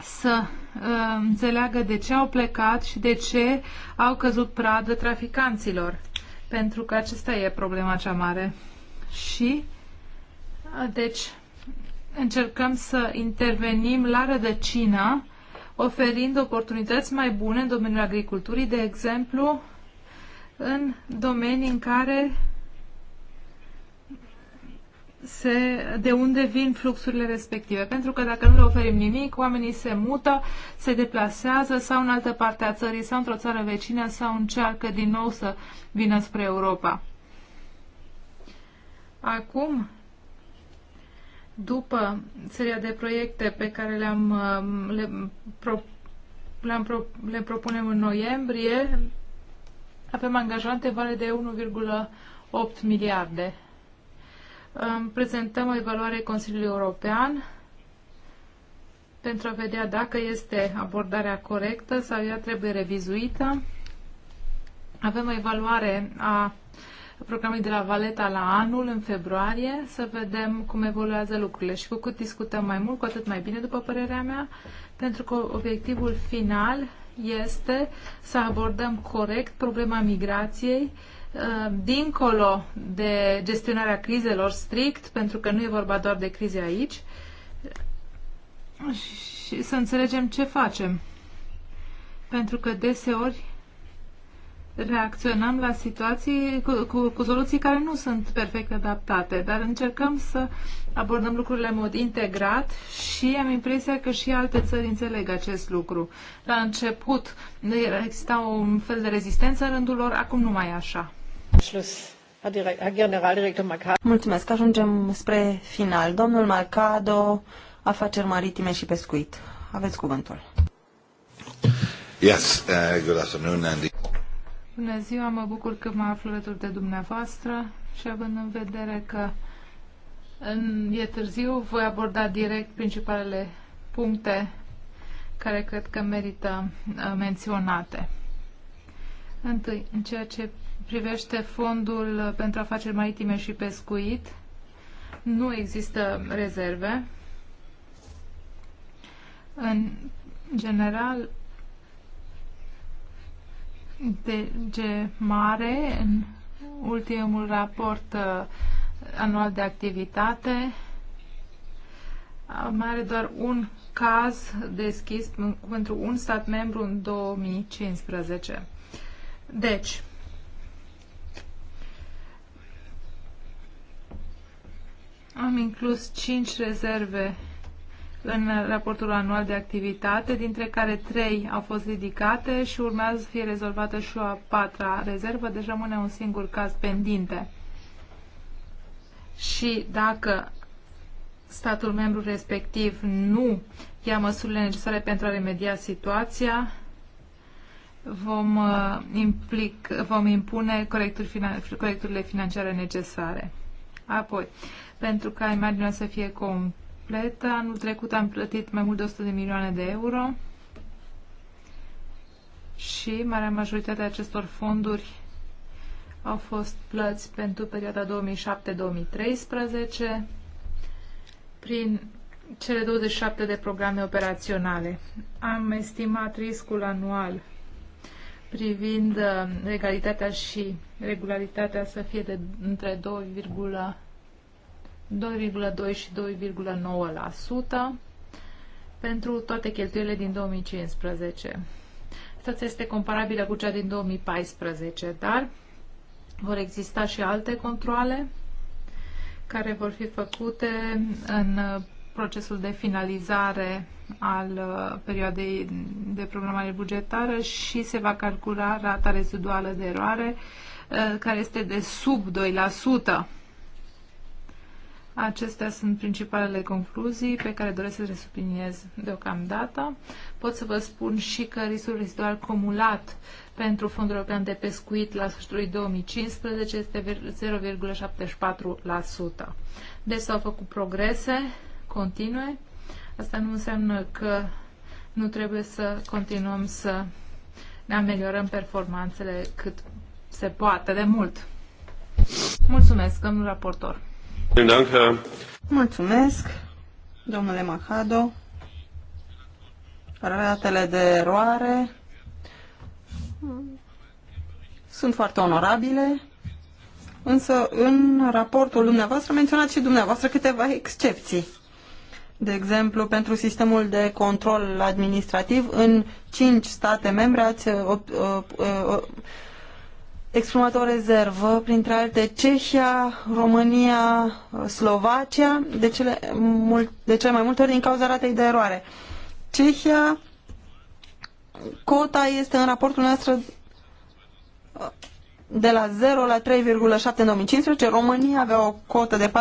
să Uh, înțeleagă de ce au plecat și de ce au căzut pradă traficanților. Pentru că acesta e problema cea mare. Și, uh, deci, încercăm să intervenim la rădăcină, oferind oportunități mai bune în domeniul agriculturii, de exemplu, în domenii în care se, de unde vin fluxurile respective. Pentru că dacă nu le oferim nimic, oamenii se mută, se deplasează sau în altă parte a țării, sau într-o țară vecină, sau încearcă din nou să vină spre Europa. Acum, după seria de proiecte pe care le-am uh, le, pro, le, pro, le propunem în noiembrie, avem angajamente vale de 1,8 miliarde prezentăm o evaluare Consiliului European pentru a vedea dacă este abordarea corectă sau ea trebuie revizuită. Avem o evaluare a programului de la Valeta la anul, în februarie, să vedem cum evoluează lucrurile. Și cu cât discutăm mai mult, cu atât mai bine, după părerea mea, pentru că obiectivul final este să abordăm corect problema migrației Uh, dincolo de gestionarea crizelor strict, pentru că nu e vorba doar de crize aici, și să înțelegem ce facem. Pentru că deseori reacționăm la situații cu, cu, cu soluții care nu sunt perfect adaptate, dar încercăm să abordăm lucrurile în mod integrat și am impresia că și alte țări înțeleg acest lucru. La început exista un fel de rezistență în rândul lor, acum nu mai e așa. Mulțumesc. Ajungem spre final. Domnul Marcado, afaceri maritime și pescuit. Aveți cuvântul. Yes, uh, good afternoon, Andy. Bună ziua, mă bucur că mă aflu alături de dumneavoastră și având în vedere că în, e târziu, voi aborda direct principalele puncte care cred că merită uh, menționate. Întâi, în ceea ce privește fondul pentru afaceri maritime și pescuit, nu există rezerve. În general, DG Mare, în ultimul raport uh, anual de activitate, mai are doar un caz deschis pentru un stat membru în 2015. Deci, Am inclus 5 rezerve în raportul anual de activitate, dintre care 3 au fost ridicate și urmează să fie rezolvată și o a patra rezervă, deci rămâne un singur caz pendinte. Și dacă statul membru respectiv nu ia măsurile necesare pentru a remedia situația, vom, uh, implic, vom impune corecturile financiare necesare. Apoi, pentru ca imaginea să fie completă. Anul trecut am plătit mai mult de 100 de milioane de euro și marea majoritate a acestor fonduri au fost plăți pentru perioada 2007-2013 prin cele 27 de programe operaționale. Am estimat riscul anual privind legalitatea uh, și regularitatea să fie de între 2,2 și 2,9% pentru toate cheltuielile din 2015. Situația este comparabilă cu cea din 2014, dar vor exista și alte controle care vor fi făcute în procesul de finalizare al uh, perioadei de programare bugetară și se va calcula rata reziduală de eroare uh, care este de sub 2%. Acestea sunt principalele concluzii pe care doresc să le subliniez deocamdată. Pot să vă spun și că riscul rezidual cumulat pentru fondul european de pescuit la sfârșitul 2015 este 0,74%. Deci s-au făcut progrese continue. Asta nu înseamnă că nu trebuie să continuăm să ne ameliorăm performanțele cât se poate de mult. Mulțumesc, domnul raportor. Mulțumesc, domnule Mahado. Ratele de eroare sunt foarte onorabile, însă în raportul dumneavoastră menționați și dumneavoastră câteva excepții. De exemplu, pentru sistemul de control administrativ, în cinci state membre ați exprimat o rezervă, printre alte Cehia, România, Slovacia, de cele, mult, de cele mai multe ori din cauza ratei de eroare. Cehia, cota este în raportul nostru de la 0 la 3,7 în 2015. România avea o cotă de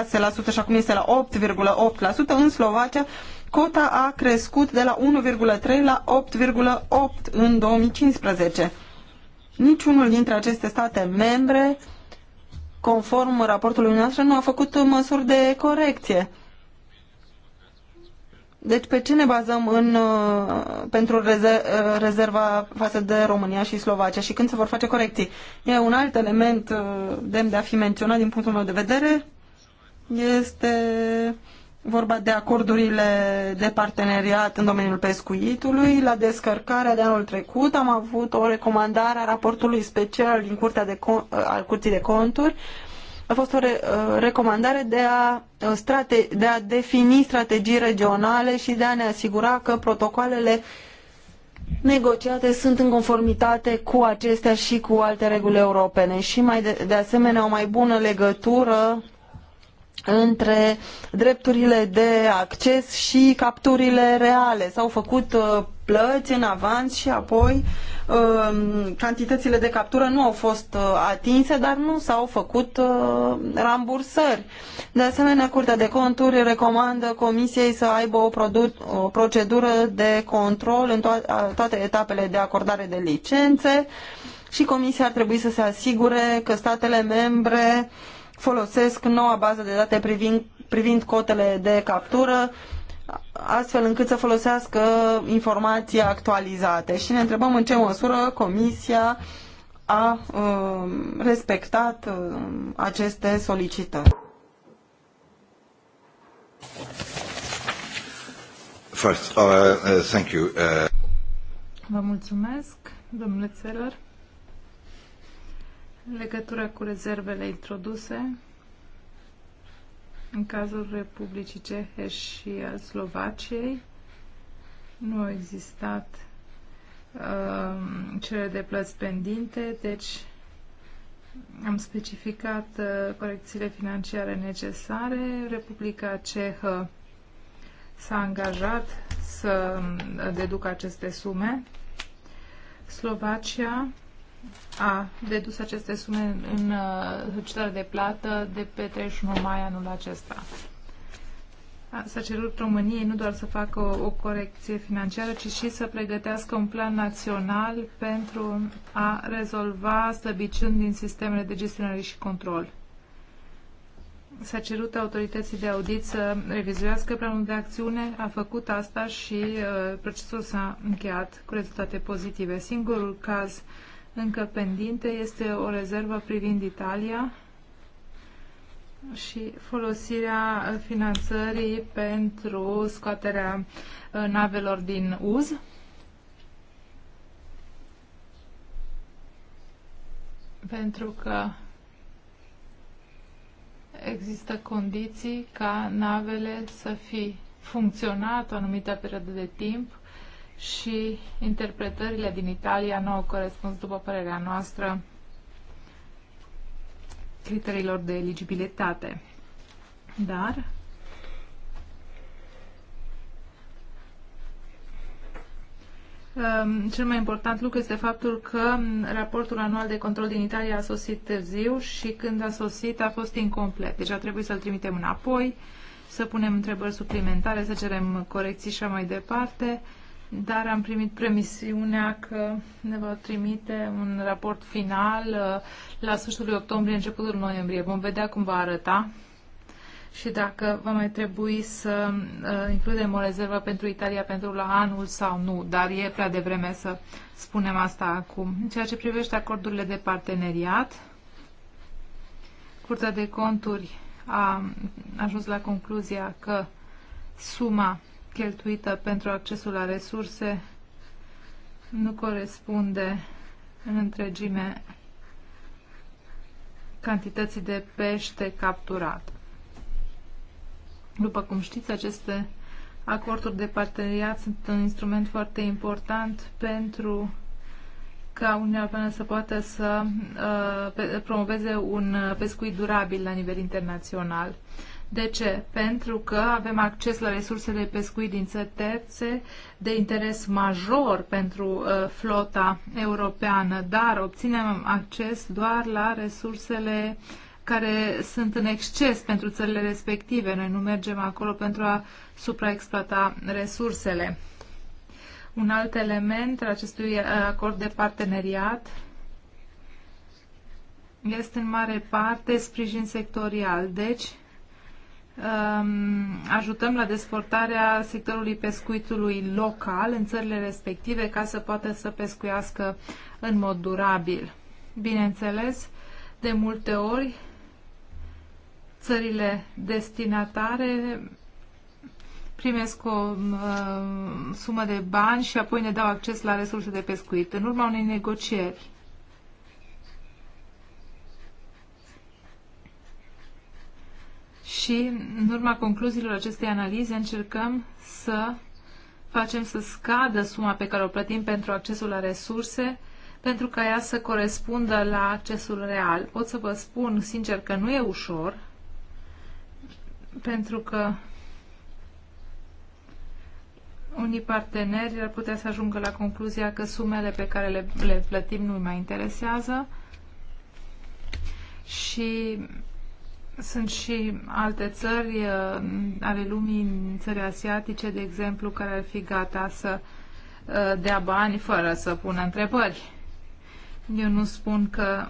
4,6% și acum este la 8,8%. În Slovacia, cota a crescut de la 1,3 la 8,8 în 2015 niciunul dintre aceste state membre, conform raportului noastră, nu a făcut măsuri de corecție. Deci pe ce ne bazăm în, uh, pentru uh, rezerva față de România și Slovacia și când se vor face corecții? E un alt element uh, demn de a fi menționat din punctul meu de vedere, este vorba de acordurile de parteneriat în domeniul pescuitului. La descărcarea de anul trecut am avut o recomandare a raportului special din Curtea de con, al Curții de Conturi. A fost o re uh, recomandare de a, uh, de a defini strategii regionale și de a ne asigura că protocoalele negociate sunt în conformitate cu acestea și cu alte reguli europene și mai de, de asemenea o mai bună legătură între drepturile de acces și capturile reale. S-au făcut uh, plăți în avans și apoi um, cantitățile de captură nu au fost uh, atinse, dar nu s-au făcut uh, rambursări. De asemenea, Curtea de Conturi recomandă Comisiei să aibă o, o procedură de control în to toate etapele de acordare de licențe și Comisia ar trebui să se asigure că statele membre folosesc noua bază de date privind, privind cotele de captură, astfel încât să folosească informații actualizate. Și ne întrebăm în ce măsură Comisia a uh, respectat uh, aceste solicitări. First, uh, uh thank you. Uh, Vă mulțumesc, domnule Țeler în legătură cu rezervele introduse în cazul Republicii Cehe și a Slovaciei. Nu au existat uh, um, cele de plăți pendinte, deci am specificat uh, corecțiile financiare necesare. Republica Cehă s-a angajat să um, deducă aceste sume. Slovacia a dedus aceste sume în uh, solicitare de plată de pe 31 mai anul acesta. S-a cerut României nu doar să facă o, o corecție financiară, ci și să pregătească un plan național pentru a rezolva slăbiciuni din sistemele de gestionare și control. S-a cerut autorității de audit să revizuiască planul de acțiune, a făcut asta și uh, procesul s-a încheiat cu rezultate pozitive. Singurul caz uh, încă pendinte este o rezervă privind Italia și folosirea finanțării pentru scoaterea uh, navelor din uz. Pentru că există condiții ca navele să fi funcționat o anumită perioadă de timp și interpretările din Italia nu au corespuns, după părerea noastră, criteriilor de eligibilitate. Dar um, Cel mai important lucru este faptul că raportul anual de control din Italia a sosit târziu și când a sosit a fost incomplet. Deci a trebuit să-l trimitem înapoi, să punem întrebări suplimentare, să cerem corecții și mai departe dar am primit premisiunea că ne va trimite un raport final uh, la sfârșitul octombrie, începutul noiembrie. Vom vedea cum va arăta și dacă va mai trebui să uh, includem o rezervă pentru Italia pentru la anul sau nu, dar e prea devreme să spunem asta acum. În ceea ce privește acordurile de parteneriat, Curtea de Conturi a ajuns la concluzia că suma cheltuită pentru accesul la resurse nu corespunde în întregime cantității de pește capturat. După cum știți, aceste acorduri de parteneriat sunt un instrument foarte important pentru ca Uniunea Europeană să poată să uh, promoveze un pescuit durabil la nivel internațional. De ce? Pentru că avem acces la resurse de pescuit din țări terțe de interes major pentru uh, flota europeană, dar obținem acces doar la resursele care sunt în exces pentru țările respective. Noi nu mergem acolo pentru a supraexploata resursele. Un alt element al acestui uh, acord de parteneriat este în mare parte sprijin sectorial. Deci, Um, ajutăm la dezvoltarea sectorului pescuitului local în țările respective ca să poată să pescuiască în mod durabil. Bineînțeles, de multe ori țările destinatare primesc o uh, sumă de bani și apoi ne dau acces la resurse de pescuit. În urma unei negocieri și, în urma concluziilor acestei analize, încercăm să facem să scadă suma pe care o plătim pentru accesul la resurse, pentru ca ea să corespundă la accesul real. Pot să vă spun sincer că nu e ușor, pentru că unii parteneri ar putea să ajungă la concluzia că sumele pe care le, le plătim nu-i mai interesează și sunt și alte țări uh, ale lumii, țări asiatice, de exemplu, care ar fi gata să uh, dea bani fără să pună întrebări. Eu nu spun că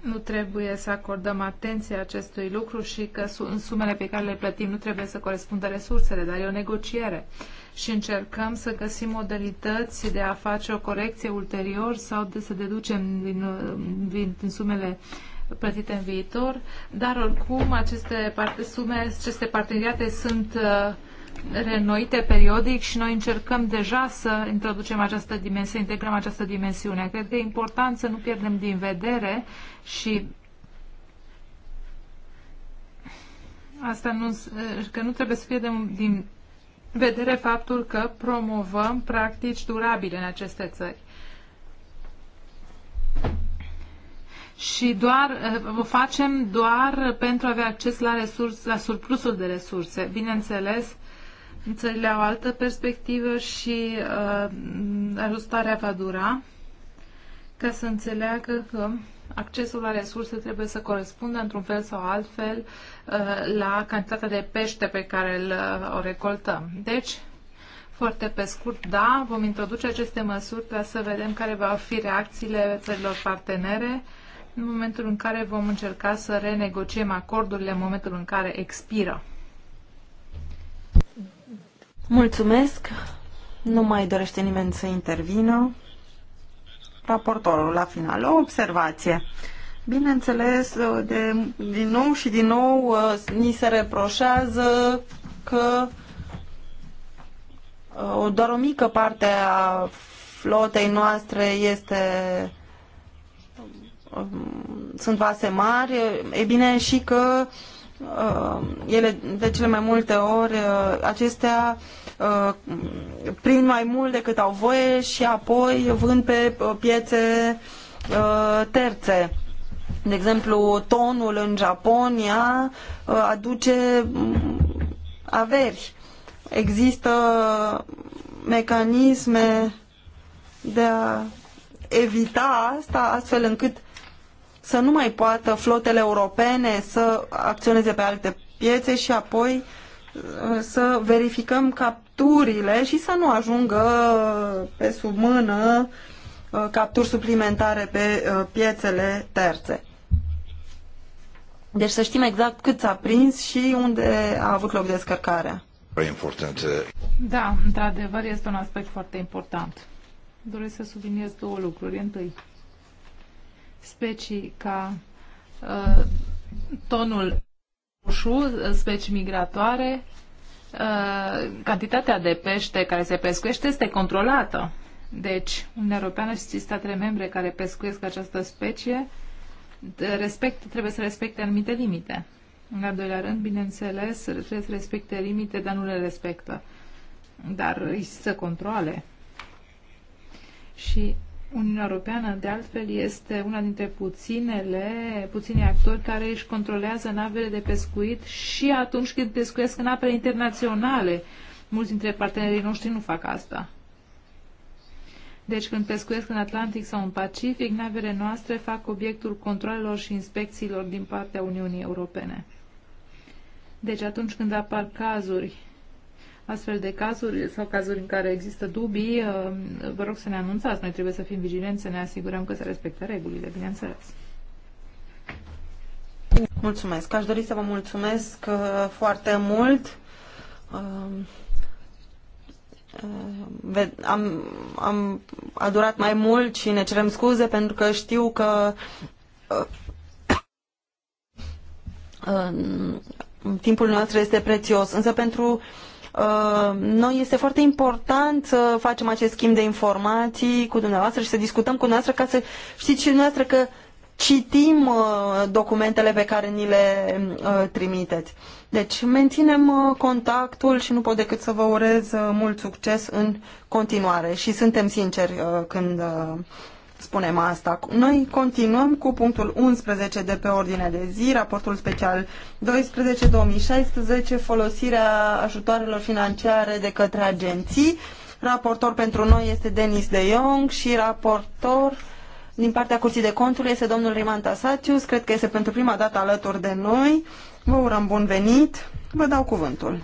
nu trebuie să acordăm atenție acestui lucru și că sumele pe care le plătim nu trebuie să corespundă resursele, dar e o negociere și încercăm să găsim modalități de a face o corecție ulterior sau de să deducem din, uh, din, din sumele plătite în viitor, dar oricum aceste parte, sume, aceste parteneriate sunt uh, renoite periodic și noi încercăm deja să introducem această dimensiune, integrăm această dimensiune. Cred că e important să nu pierdem din vedere și asta nu, uh, că nu trebuie să pierdem din vedere faptul că promovăm practici durabile în aceste țări și doar, eh, o facem doar pentru a avea acces la, resurs, la surplusul de resurse. Bineînțeles, țările au altă perspectivă și uh, ajustarea va dura ca să înțeleagă că accesul la resurse trebuie să corespundă într-un fel sau altfel eh, la cantitatea de pește pe care îl o recoltăm. Deci, foarte pe scurt, da, vom introduce aceste măsuri ca să vedem care va fi reacțiile țărilor partenere în momentul în care vom încerca să renegociem acordurile în momentul în care expiră. Mulțumesc. Nu mai dorește nimeni să intervină. Raportorul la final. O observație. Bineînțeles, de, din nou și din nou uh, ni se reproșează că uh, doar o mică parte a flotei noastre este Um, sunt vase mari, e bine și că uh, ele de cele mai multe ori uh, acestea uh, prind mai mult decât au voie și apoi vând pe piețe terțe. De exemplu, tonul în Japonia aduce mm, averi. Există mecanisme de a evita asta astfel încât să nu mai poată flotele europene să acționeze pe alte piețe și apoi uh, să verificăm capturile și să nu ajungă uh, pe sub mână uh, capturi suplimentare pe piețele terțe. Deci să știm exact cât s-a prins și unde a avut loc descărcarea. Păi, da, într-adevăr este un aspect foarte important. Doresc să subliniez două lucruri. Întâi, specii ca uh, tonul roșu, specii migratoare, uh, cantitatea de pește care se pescuiește este controlată. Deci, Uniunea Europeană și statele membre care pescuiesc această specie respect, trebuie să respecte anumite limite. În al doilea rând, bineînțeles, trebuie să respecte limite, dar nu le respectă. Dar există controle. Și Uniunea Europeană, de altfel, este una dintre puținele, puțini actori care își controlează navele de pescuit și atunci când pescuiesc în apele internaționale. Mulți dintre partenerii noștri nu fac asta. Deci când pescuiesc în Atlantic sau în Pacific, navele noastre fac obiectul controlelor și inspecțiilor din partea Uniunii Europene. Deci atunci când apar cazuri astfel de cazuri sau cazuri în care există dubii, uh, vă rog să ne anunțați. Noi trebuie să fim vigilenți, să ne asigurăm că se respectă regulile, bineînțeles. Mulțumesc. Aș dori să vă mulțumesc uh, foarte mult. Uh, am, am, a durat mai mult și ne cerem scuze pentru că știu că timpul nostru este prețios. Însă pentru uh, Uh, noi este foarte important să facem acest schimb de informații cu dumneavoastră și să discutăm cu dumneavoastră ca să știți și dumneavoastră că citim uh, documentele pe care ni le uh, trimiteți. Deci menținem contactul și nu pot decât să vă urez mult succes în continuare și suntem sinceri când spunem asta. Noi continuăm cu punctul 11 de pe ordine de zi, raportul special 12-2016, folosirea ajutoarelor financiare de către agenții. Raportor pentru noi este Denis de Jong și raportor din partea Curții de Conturi este domnul Riman Tasatius. Cred că este pentru prima dată alături de noi. Vă urăm bun venit. Vă dau cuvântul.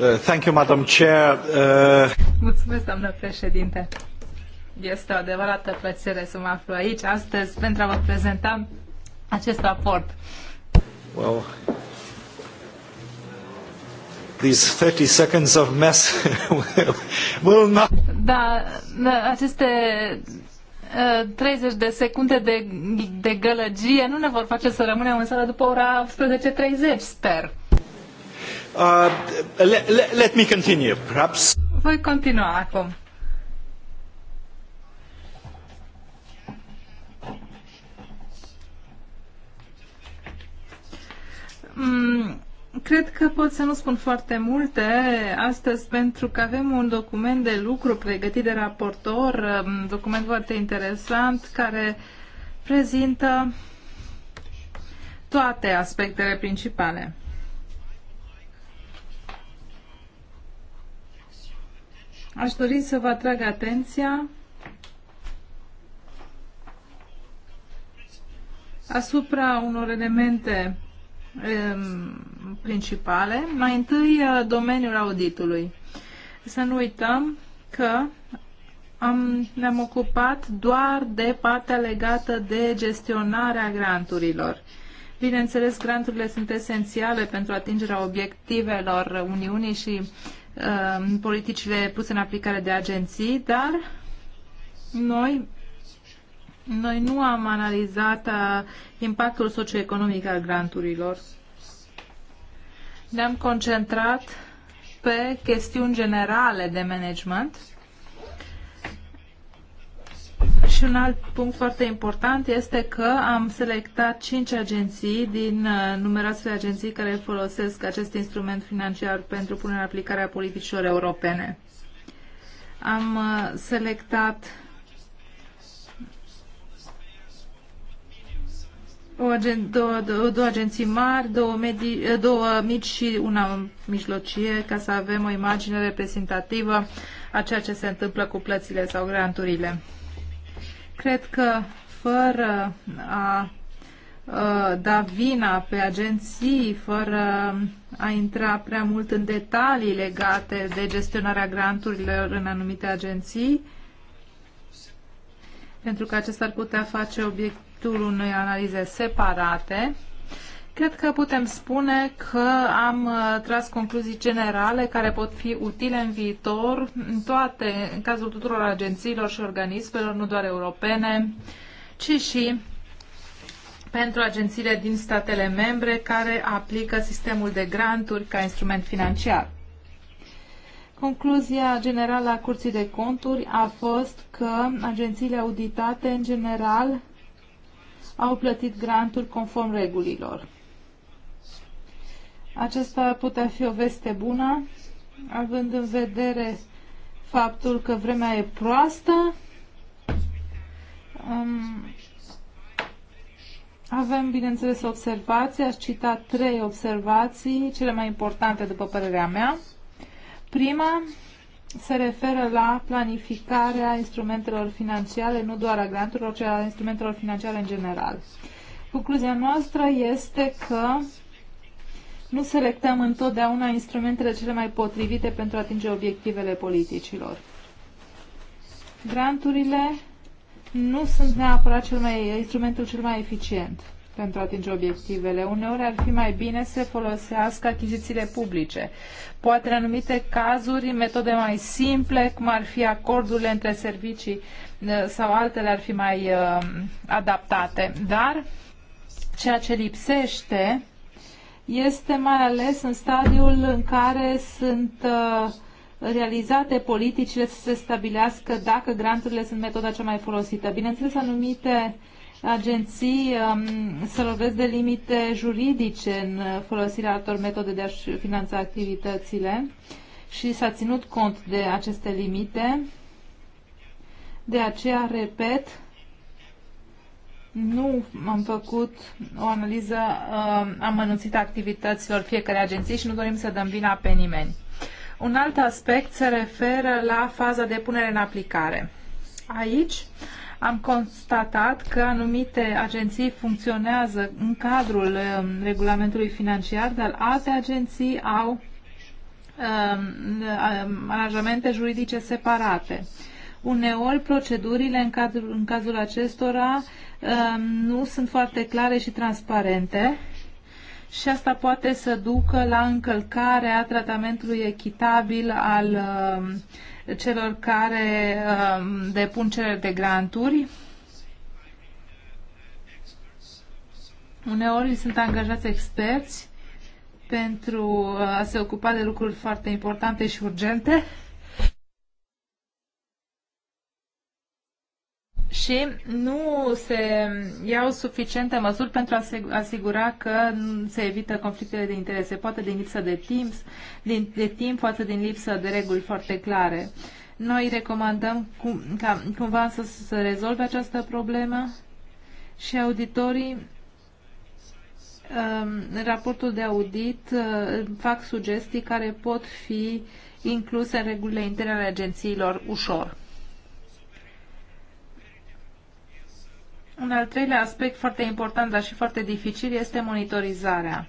Uh, thank you, Madam Chair. Uh... Mulțumesc, doamnă președinte. Este o adevărată plăcere să mă aflu aici astăzi pentru a vă prezenta acest raport. Well, these 30 seconds of mess will not... Da, da aceste 30 ă, de secunde de, de gălăgie nu ne vor face să rămânem în sală după ora 11.30, sper. Uh, let, let, let me continue, perhaps. Voi continua acum. Mm, cred că pot să nu spun foarte multe astăzi pentru că avem un document de lucru pregătit de raportor, un mm, document foarte interesant care prezintă toate aspectele principale. Aș dori să vă atrag atenția asupra unor elemente principale. Mai întâi, eh, domeniul auditului. Să nu uităm că am, ne-am ocupat doar de partea legată de gestionarea granturilor. Bineînțeles, granturile sunt esențiale pentru atingerea obiectivelor Uniunii și uh, politicile puse în aplicare de agenții, dar noi noi nu am analizat uh, impactul socioeconomic al granturilor. Ne-am concentrat pe chestiuni generale de management. Și un alt punct foarte important este că am selectat cinci agenții din uh, numeroasele agenții care folosesc acest instrument financiar pentru punerea aplicarea politicilor europene. Am uh, selectat o agen, două, două, două agenții mari, două, medii, două mici și una mijlocie, ca să avem o imagine reprezentativă a ceea ce se întâmplă cu plățile sau granturile. Cred că fără a da vina pe agenții fără a intra prea mult în detalii legate de gestionarea granturilor în anumite agenții, pentru că acesta ar putea face obiect, obiectul unei analize separate, cred că putem spune că am uh, tras concluzii generale care pot fi utile în viitor, în toate, în cazul tuturor agențiilor și organismelor, nu doar europene, ci și pentru agențiile din statele membre care aplică sistemul de granturi ca instrument financiar. Concluzia generală a Curții de Conturi a fost că agențiile auditate, în general, au plătit granturi conform regulilor. Aceasta ar putea fi o veste bună, având în vedere faptul că vremea e proastă. Um, avem, bineînțeles, observații. Aș cita trei observații, cele mai importante, după părerea mea. Prima se referă la planificarea instrumentelor financiare, nu doar a granturilor, ci a instrumentelor financiare în general. Concluzia noastră este că nu selectăm întotdeauna instrumentele cele mai potrivite pentru a atinge obiectivele politicilor. Granturile nu sunt neapărat cel mai, instrumentul cel mai eficient pentru a atinge obiectivele. Uneori ar fi mai bine să folosească achizițiile publice. Poate în anumite cazuri metode mai simple, cum ar fi acordurile între servicii uh, sau altele ar fi mai uh, adaptate. Dar ceea ce lipsește este mai ales în stadiul în care sunt uh, realizate politicile să se stabilească dacă granturile sunt metoda cea mai folosită. Bineînțeles, anumite uh, agenții um, să lovesc de limite juridice în folosirea altor metode de a-și finanța activitățile și s-a ținut cont de aceste limite. De aceea, repet, nu am făcut o analiză um, amănunțită a activităților fiecare agenții și nu dorim să dăm vina pe nimeni. Un alt aspect se referă la faza de punere în aplicare. Aici, uh, am constatat că anumite agenții funcționează în cadrul um, regulamentului financiar, dar alte agenții au um, um, aranjamente juridice separate. Uneori, procedurile în, cadrul, în cazul acestora nu sunt foarte clare și transparente și asta poate să ducă la încălcarea tratamentului echitabil al celor care um, depun cereri de granturi. Uneori sunt angajați experți pentru uh, a se ocupa de lucruri foarte importante și urgente și nu se iau suficiente măsuri pentru a se asigura că se evită conflictele de interese, poate din lipsă de timp, din, de timp, poate din lipsă de reguli foarte clare. Noi recomandăm cum, ca cumva să se rezolve această problemă și auditorii în um, raportul de audit uh, fac sugestii care pot fi incluse în regulile interne ale agențiilor ușor. Un al treilea aspect foarte important, dar și foarte dificil, este monitorizarea.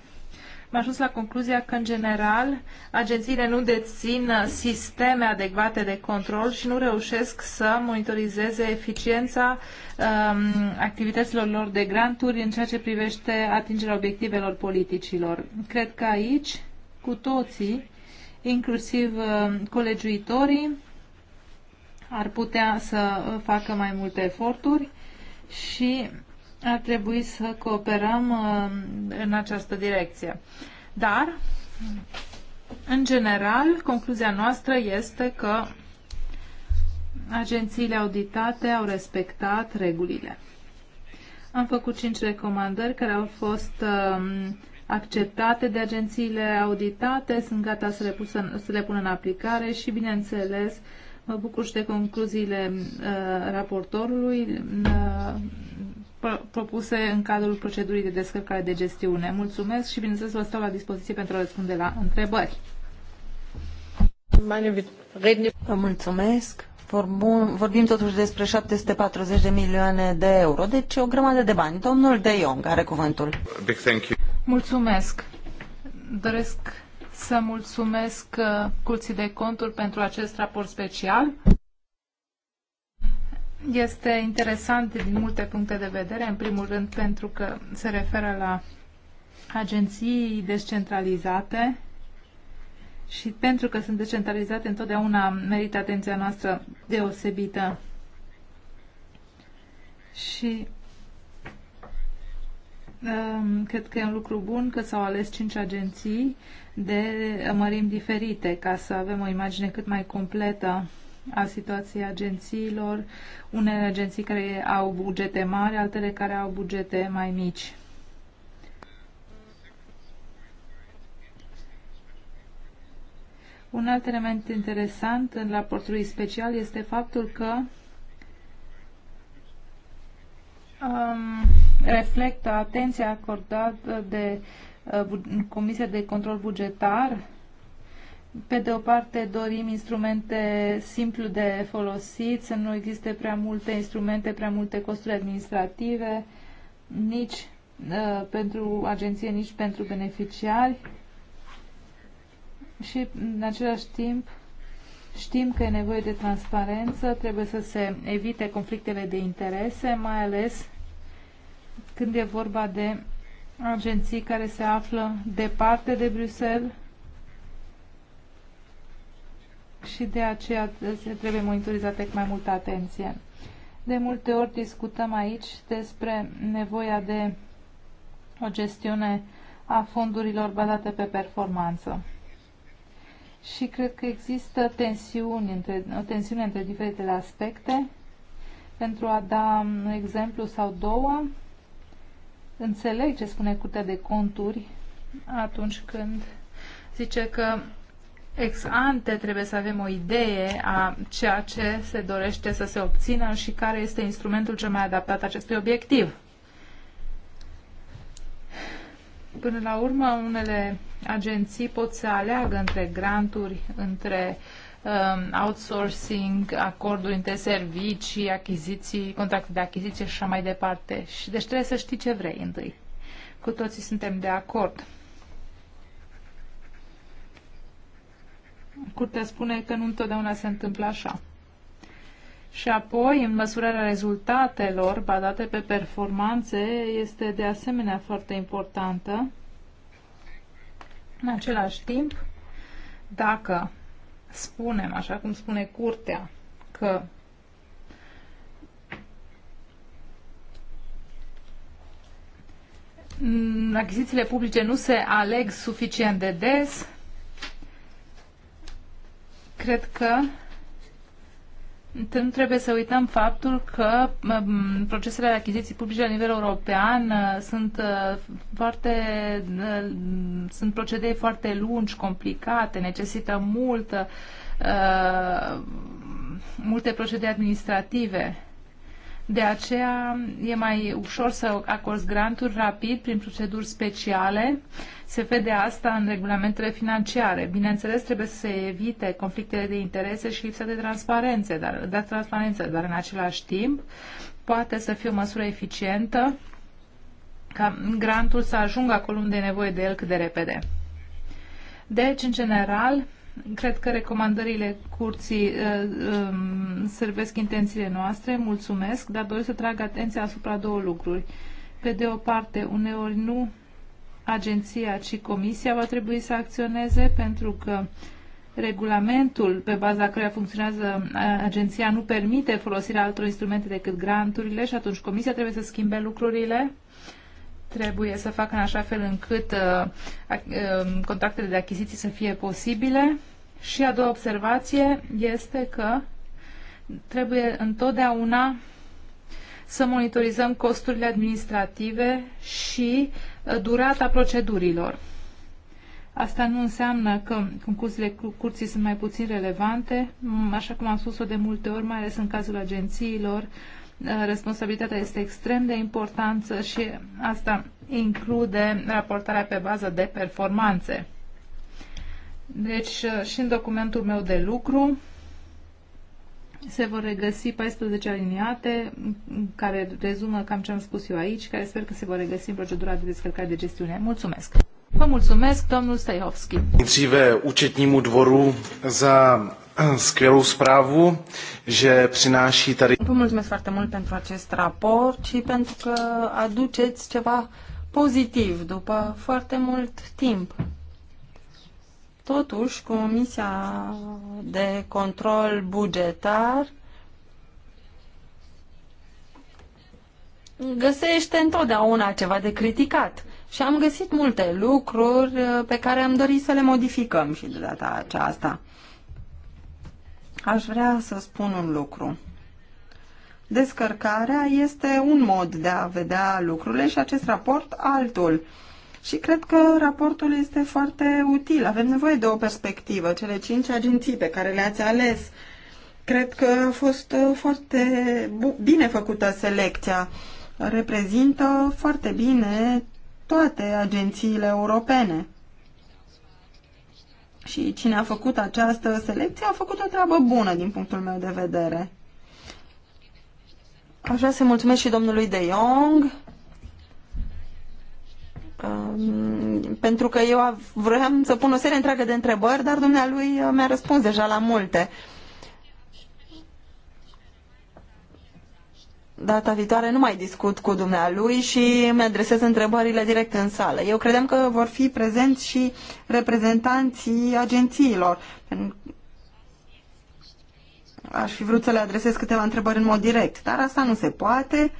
Am ajuns la concluzia că, în general, agențiile nu dețin sisteme adecvate de control și nu reușesc să monitorizeze eficiența um, activităților lor de granturi în ceea ce privește atingerea obiectivelor politicilor. Cred că aici, cu toții, inclusiv um, colegiuitorii, ar putea să facă mai multe eforturi și ar trebui să cooperăm uh, în această direcție. Dar, în general, concluzia noastră este că agențiile auditate au respectat regulile. Am făcut cinci recomandări care au fost um, acceptate de agențiile auditate, sunt gata să le, pus să le pun în aplicare și, bineînțeles, Mă bucur și de concluziile uh, raportorului uh, propuse în cadrul procedurii de descărcare de gestiune. Mulțumesc și, bineînțeles, vă stau la dispoziție pentru a răspunde la întrebări. Vă mulțumesc. Vorbim, vorbim totuși despre 740 de milioane de euro, deci o grămadă de bani. Domnul De Jong are cuvântul. Big thank you. Mulțumesc. Doresc să mulțumesc uh, Curții de Conturi pentru acest raport special. Este interesant din multe puncte de vedere, în primul rând pentru că se referă la agenții descentralizate și pentru că sunt descentralizate întotdeauna merită atenția noastră deosebită. Și Ehm, cred că e un lucru bun că s-au ales cinci agenții de mărimi diferite ca să avem o imagine cât mai completă a situației agențiilor, unele agenții care au bugete mari, altele care au bugete mai mici. Un alt element interesant în raportul special este faptul că um, reflectă atenția acordată de uh, Comisia de Control Bugetar. Pe de o parte dorim instrumente simplu de folosit, să nu existe prea multe instrumente, prea multe costuri administrative, nici uh, pentru agenție, nici pentru beneficiari. Și în același timp Știm că e nevoie de transparență, trebuie să se evite conflictele de interese, mai ales când e vorba de agenții care se află departe de Bruxelles și de aceea se trebuie monitorizate cu mai multă atenție. De multe ori discutăm aici despre nevoia de o gestiune a fondurilor bazate pe performanță și cred că există tensiuni între, o tensiune între diferitele aspecte. Pentru a da un exemplu sau două, înțeleg ce spune Curtea de Conturi atunci când zice că ex ante trebuie să avem o idee a ceea ce se dorește să se obțină și care este instrumentul cel mai adaptat acestui obiectiv. Până la urmă, unele agenții pot să aleagă între granturi, între um, outsourcing, acorduri între servicii, achiziții, contracte de achiziție și așa mai departe. Și deci trebuie să știi ce vrei întâi. Cu toții suntem de acord. Curtea spune că nu întotdeauna se întâmplă așa. Și apoi, în măsurarea rezultatelor bazate pe performanțe, este de asemenea foarte importantă. În același timp, dacă spunem, așa cum spune curtea, că achizițiile publice nu se aleg suficient de des, cred că nu trebuie să uităm faptul că procesele de achiziții publice la nivel european uh, sunt uh, foarte uh, sunt procedee foarte lungi, complicate, necesită multă multe procedee administrative de aceea e mai ușor să acorzi granturi rapid prin proceduri speciale. Se vede asta în regulamentele financiare. Bineînțeles, trebuie să se evite conflictele de interese și lipsa de transparență, dar, de transparență, dar în același timp poate să fie o măsură eficientă ca grantul să ajungă acolo unde e nevoie de el cât de repede. Deci, în general, Cred că recomandările curții uh, um, servesc intențiile noastre, mulțumesc, dar doresc să trag atenția asupra două lucruri. Pe de o parte, uneori nu agenția, ci comisia va trebui să acționeze pentru că regulamentul pe baza căruia funcționează uh, agenția nu permite folosirea altor instrumente decât granturile și atunci comisia trebuie să schimbe lucrurile trebuie să facă în așa fel încât uh, um, contractele de achiziții să fie posibile. Și a doua observație este că trebuie întotdeauna să monitorizăm costurile administrative și uh, durata procedurilor. Asta nu înseamnă că concursurile curții sunt mai puțin relevante, așa cum am spus-o de multe ori, mai ales în cazul agențiilor, Eh, responsabilitatea este extrem de importantă și asta include raportarea pe bază de performanțe. Deci eh, și în documentul meu de lucru se vor regăsi 14 aliniate mm, care rezumă cam ce am spus eu aici, care sper că se vor regăsi în procedura de descărcare de gestiune. Mulțumesc! Vă mulțumesc, domnul Stajovski! Inclusive účetnímu dvoru za skvělou zprávu, že přináší tady... Vă mulțumesc foarte mult pentru acest raport și pentru că aduceți ceva pozitiv după foarte mult timp. Totuși, Comisia de Control Bugetar găsește întotdeauna ceva de criticat. Și am găsit multe lucruri uh, pe care am dorit să le modificăm și de data aceasta aș vrea să spun un lucru. Descărcarea este un mod de a vedea lucrurile și acest raport altul. Și cred că raportul este foarte util. Avem nevoie de o perspectivă. Cele cinci agenții pe care le-ați ales, cred că a fost uh, foarte bine făcută selecția. Reprezintă foarte bine toate agențiile europene. Și cine a făcut această selecție a făcut o treabă bună din punctul meu de vedere. Aș vrea să mulțumesc și domnului De Jong um, pentru că eu vreau să pun o serie întreagă de întrebări, dar dumnealui uh, mi-a răspuns deja la multe. data viitoare nu mai discut cu dumnealui și îmi adresez întrebările direct în sală. Eu credeam că vor fi prezenți și reprezentanții agențiilor. Aș fi vrut să le adresez câteva întrebări în mod direct, dar asta nu se poate.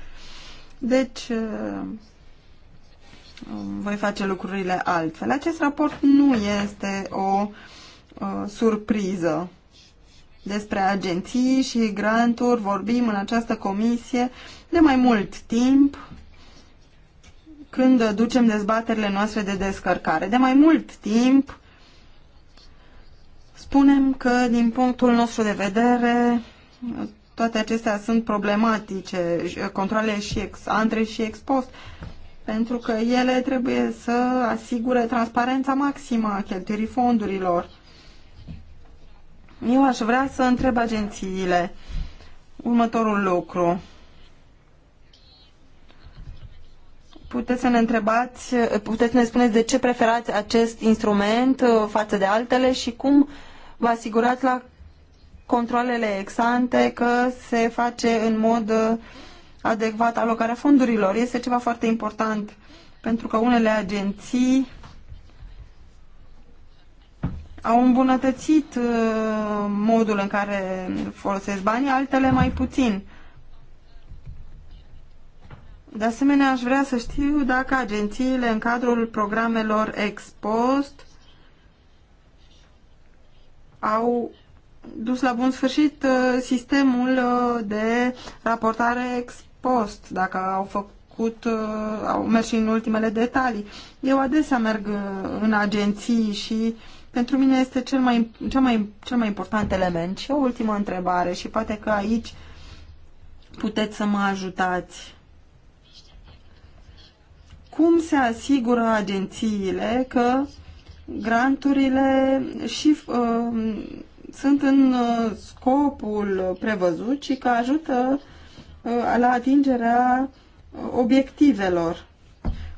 Deci, uh, voi face lucrurile altfel. Acest raport nu este o uh, surpriză despre agenții și granturi, vorbim în această comisie de mai mult timp când ducem dezbaterile noastre de descărcare. De mai mult timp spunem că din punctul nostru de vedere toate acestea sunt problematice, controle și ex antre și ex post, pentru că ele trebuie să asigure transparența maximă a cheltuirii fondurilor. Eu aș vrea să întreb agențiile următorul lucru. Puteți să ne întrebați, puteți să ne spuneți de ce preferați acest instrument uh, față de altele și cum vă asigurați la controlele exante că se face în mod uh, adecvat alocarea fondurilor. Este ceva foarte important pentru că unele agenții au îmbunătățit uh, modul în care folosesc banii, altele mai puțin. De asemenea, aș vrea să știu dacă agențiile în cadrul programelor expost au dus la bun sfârșit uh, sistemul uh, de raportare expost, dacă au făcut au mers și în ultimele detalii. Eu adesea merg în agenții și pentru mine este cel mai, cel mai, cel mai important element. Și o ultimă întrebare și poate că aici puteți să mă ajutați. Cum se asigură agențiile că granturile și uh, sunt în uh, scopul prevăzut și că ajută uh, la atingerea obiectivelor?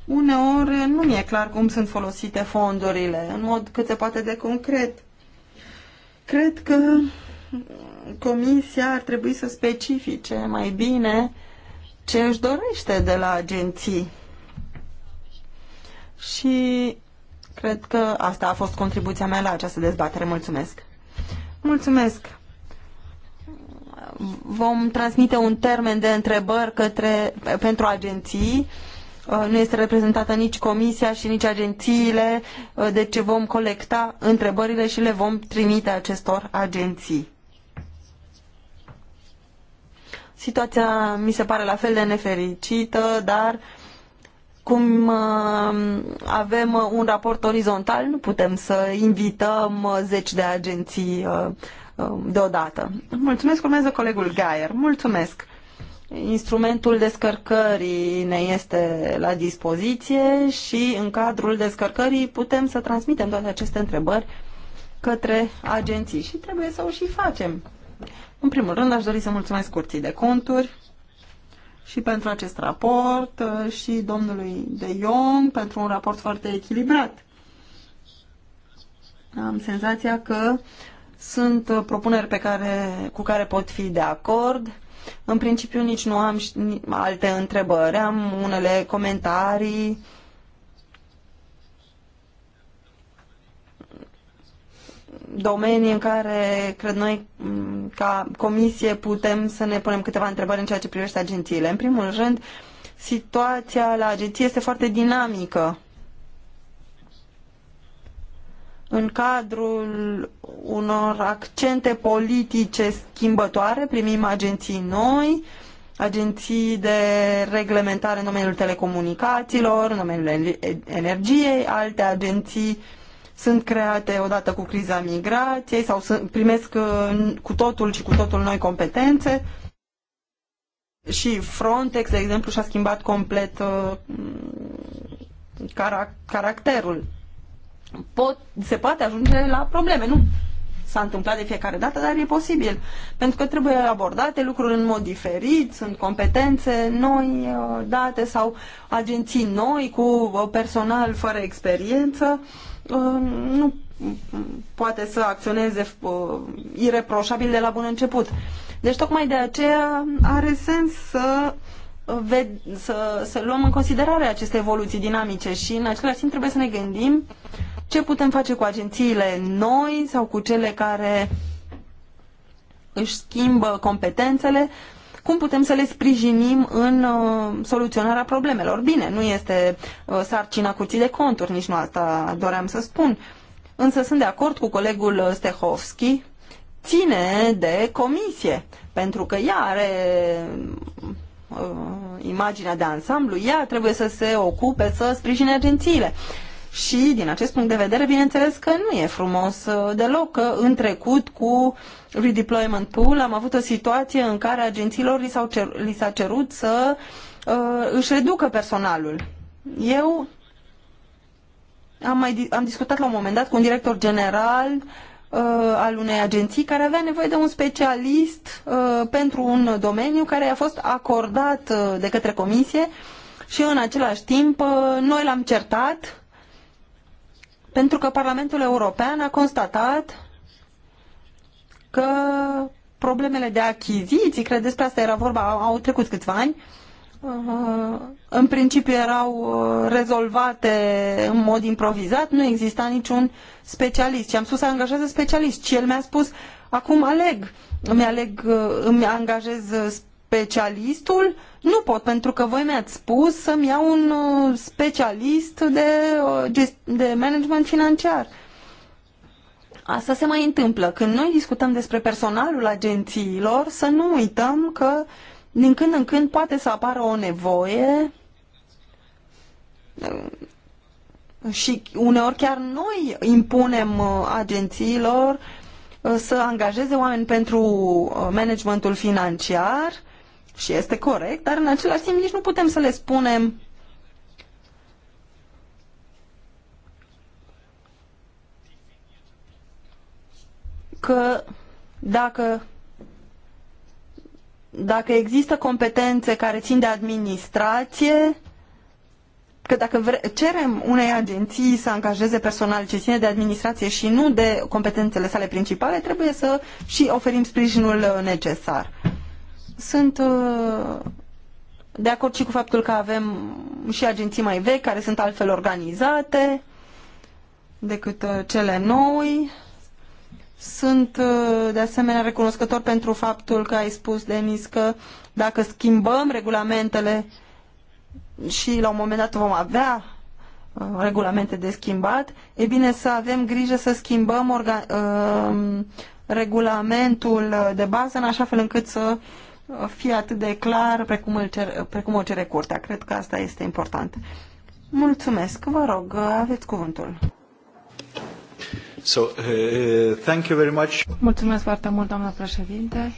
uneori nu mi-e clar cum sunt folosite fondurile, în mod cât se poate de concret. Cred că Comisia ar trebui să specifice mai bine ce își dorește de la agenții. Și cred că asta a fost contribuția mea la această dezbatere. Mulțumesc! Mulțumesc! Vom transmite un termen de întrebări către, pentru agenții Uh, nu este reprezentată nici comisia și nici agențiile, uh, deci vom colecta întrebările și le vom trimite acestor agenții. Situația mi se pare la fel de nefericită, dar cum uh, avem un raport orizontal, nu putem să invităm zeci de agenții deodată. Mulțumesc, urmează colegul Gaier. Mulțumesc! Instrumentul descărcării ne este la dispoziție și în cadrul descărcării putem să transmitem toate aceste întrebări către agenții și trebuie să o și facem. În primul rând aș dori să mulțumesc curții de conturi și pentru acest raport uh, și domnului De Jong pentru un raport foarte echilibrat. Am senzația că sunt uh, propuneri pe care, cu care pot fi de acord în principiu nici nu am alte întrebări, am unele comentarii. domenii în care, cred noi, ca comisie putem să ne punem câteva întrebări în ceea ce privește agențiile. În primul rând, situația la agenție este foarte dinamică în cadrul unor accente politice schimbătoare, primim agenții noi, agenții de reglementare în domeniul telecomunicațiilor, în domeniul energiei, alte agenții sunt create odată cu criza migrației sau primesc uh, cu totul și cu totul noi competențe. Și Frontex, de exemplu, și-a schimbat complet uh, caracterul pot, se poate ajunge la probleme. Nu s-a întâmplat de fiecare dată, dar e posibil. Pentru că trebuie abordate lucruri în mod diferit, sunt competențe noi uh, date sau agenții noi cu uh, personal fără experiență. Uh, nu poate să acționeze ireproșabil de la bun început. Deci tocmai de aceea are sens să să, să luăm în considerare aceste evoluții dinamice și în același timp trebuie să ne gândim ce putem face cu agențiile noi sau cu cele care își schimbă competențele, cum putem să le sprijinim în uh, soluționarea problemelor. Bine, nu este uh, sarcina curții de conturi, nici nu asta doream să spun, însă sunt de acord cu colegul Stehovski, ține de comisie, pentru că ea are Uh, imaginea de ansamblu, ea trebuie să se ocupe să sprijine agențiile. Și din acest punct de vedere, bineînțeles că nu e frumos uh, deloc că în trecut cu redeployment pool am avut o situație în care agențiilor li, s-au cer, li s-a cerut să uh, își reducă personalul. Eu am, mai, am discutat la un moment dat cu un director general uh, uh, al unei agenții care avea nevoie de un specialist uh, pentru un domeniu care a fost acordat uh, de către comisie și în același timp uh, noi l-am certat pentru că Parlamentul European a constatat că problemele de achiziții, cred despre asta era vorba, au, au trecut câțiva ani, uh, Uh, în principiu erau uh, rezolvate în mod improvizat, nu exista niciun specialist. Și am spus să angajeze specialist și el mi-a spus, acum aleg, îmi, aleg, uh, îmi angajez specialistul, nu pot, pentru că voi mi-ați spus să-mi iau un specialist de, de management financiar. Asta se mai întâmplă. Când noi discutăm despre personalul agențiilor, să nu uităm că uh, din când în când poate să apară o nevoie uh, și uneori chiar noi impunem uh, agențiilor uh, să angajeze oameni pentru managementul financiar și este corect, dar în același timp nici nu putem să le spunem că dacă dacă există competențe care țin de administrație, că dacă vre, cerem unei agenții să angajeze personal ce ține de administrație și nu de competențele sale principale, trebuie să și oferim sprijinul necesar. Sunt uh, de acord și cu faptul că avem și agenții mai vechi care sunt altfel organizate decât uh, cele noi sunt uh, de asemenea recunoscător pentru faptul că ai spus, Denis, că dacă schimbăm regulamentele și la un moment dat vom avea uh, regulamente de schimbat, e bine să avem grijă să schimbăm uh, regulamentul de bază în așa fel încât să fie atât de clar precum, îl cer, precum o cere curtea. Cred că asta este important. Mulțumesc. Vă rog, aveți cuvântul. So, uh, thank you very much. Mulțumesc foarte mult, doamnă președinte.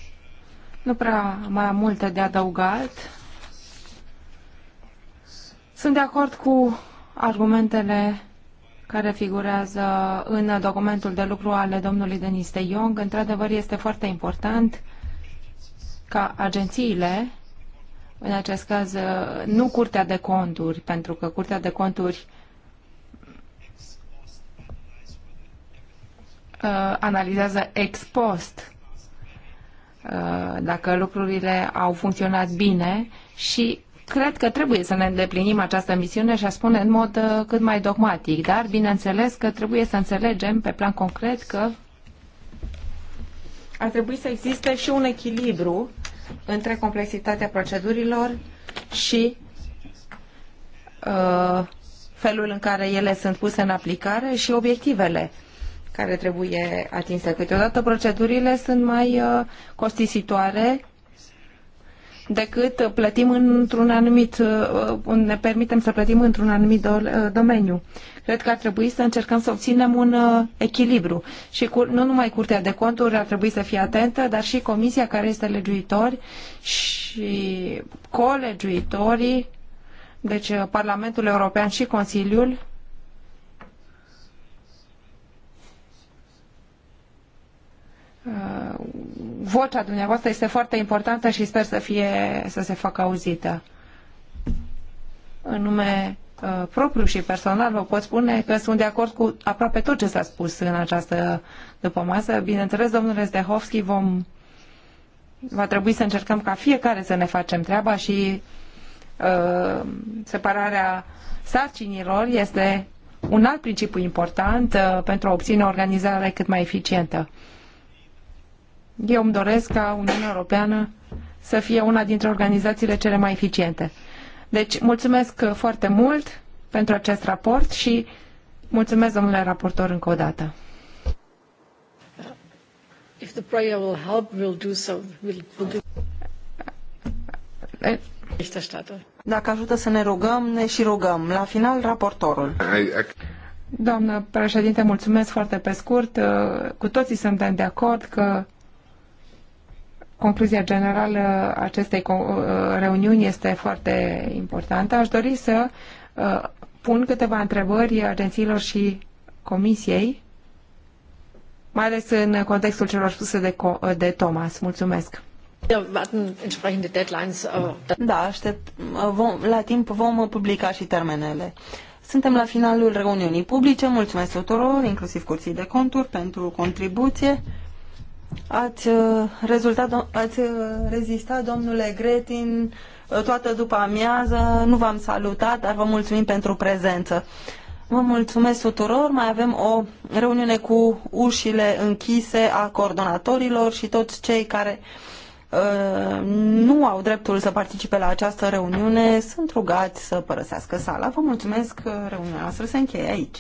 Nu prea mai am multe de adăugat. Sunt de acord cu argumentele care figurează în documentul de lucru ale domnului Denis de Jong. Într-adevăr, este foarte important ca agențiile, în acest caz nu Curtea de Conturi, pentru că Curtea de Conturi uh, uh, analizează ex post uh, dacă lucrurile au funcționat bine și cred că trebuie să ne îndeplinim această misiune și a spune în mod uh, cât mai dogmatic, dar bineînțeles că trebuie să înțelegem pe plan concret că ar trebui să existe și un echilibru între complexitatea procedurilor și uh, felul în care ele sunt puse în aplicare și obiectivele care trebuie atinsă. Câteodată procedurile sunt mai uh, costisitoare decât plătim într-un anumit, uh, ne permitem să plătim într-un anumit uh, domeniu. Cred că ar trebui să încercăm să obținem un echilibru și cu, nu numai Curtea de Conturi ar trebui să fie atentă, dar și Comisia care este legiuitor și colegiuitorii, deci Parlamentul European și Consiliul, Uh, vocea dumneavoastră este foarte importantă și sper să, fie, să se facă auzită. În nume uh, propriu și personal vă pot spune că sunt de acord cu aproape tot ce s-a spus în această dupămasă. Bineînțeles, domnule Zdehovski, vom, va trebui să încercăm ca fiecare să ne facem treaba și uh, separarea sarcinilor este un alt principiu important uh, pentru a obține o organizare cât mai eficientă. Eu îmi doresc ca Uniunea Europeană să fie una dintre organizațiile cele mai eficiente. Deci, mulțumesc foarte mult pentru acest raport și mulțumesc, domnule raportor, încă o dată. If the prayer will help, we'll do so. We'll, we'll do... Eh, Dacă ajută să ne rugăm, ne și rugăm. La final, raportorul. Doamnă președinte, mulțumesc foarte pe scurt. Eh, cu toții suntem de acord că concluzia generală a acestei uh, reuniuni este foarte importantă. Aș dori să uh, pun câteva întrebări agențiilor și comisiei, mai ales în contextul celor spuse de, uh, de Thomas. Mulțumesc! Da. da, aștept. Vom, la timp vom publica și termenele. Suntem la finalul reuniunii publice. Mulțumesc tuturor, inclusiv curții de conturi, pentru contribuție. Ați, uh, rezultat, ați uh, rezistat, domnule Gretin, uh, toată după amiază. Nu v-am salutat, dar vă mulțumim pentru prezență. Vă mulțumesc tuturor. Mai avem o reuniune cu ușile închise a coordonatorilor și toți cei care nu au dreptul să participe la această reuniune, sunt rugați să părăsească sala. Vă mulțumesc, reuniunea noastră se încheie aici.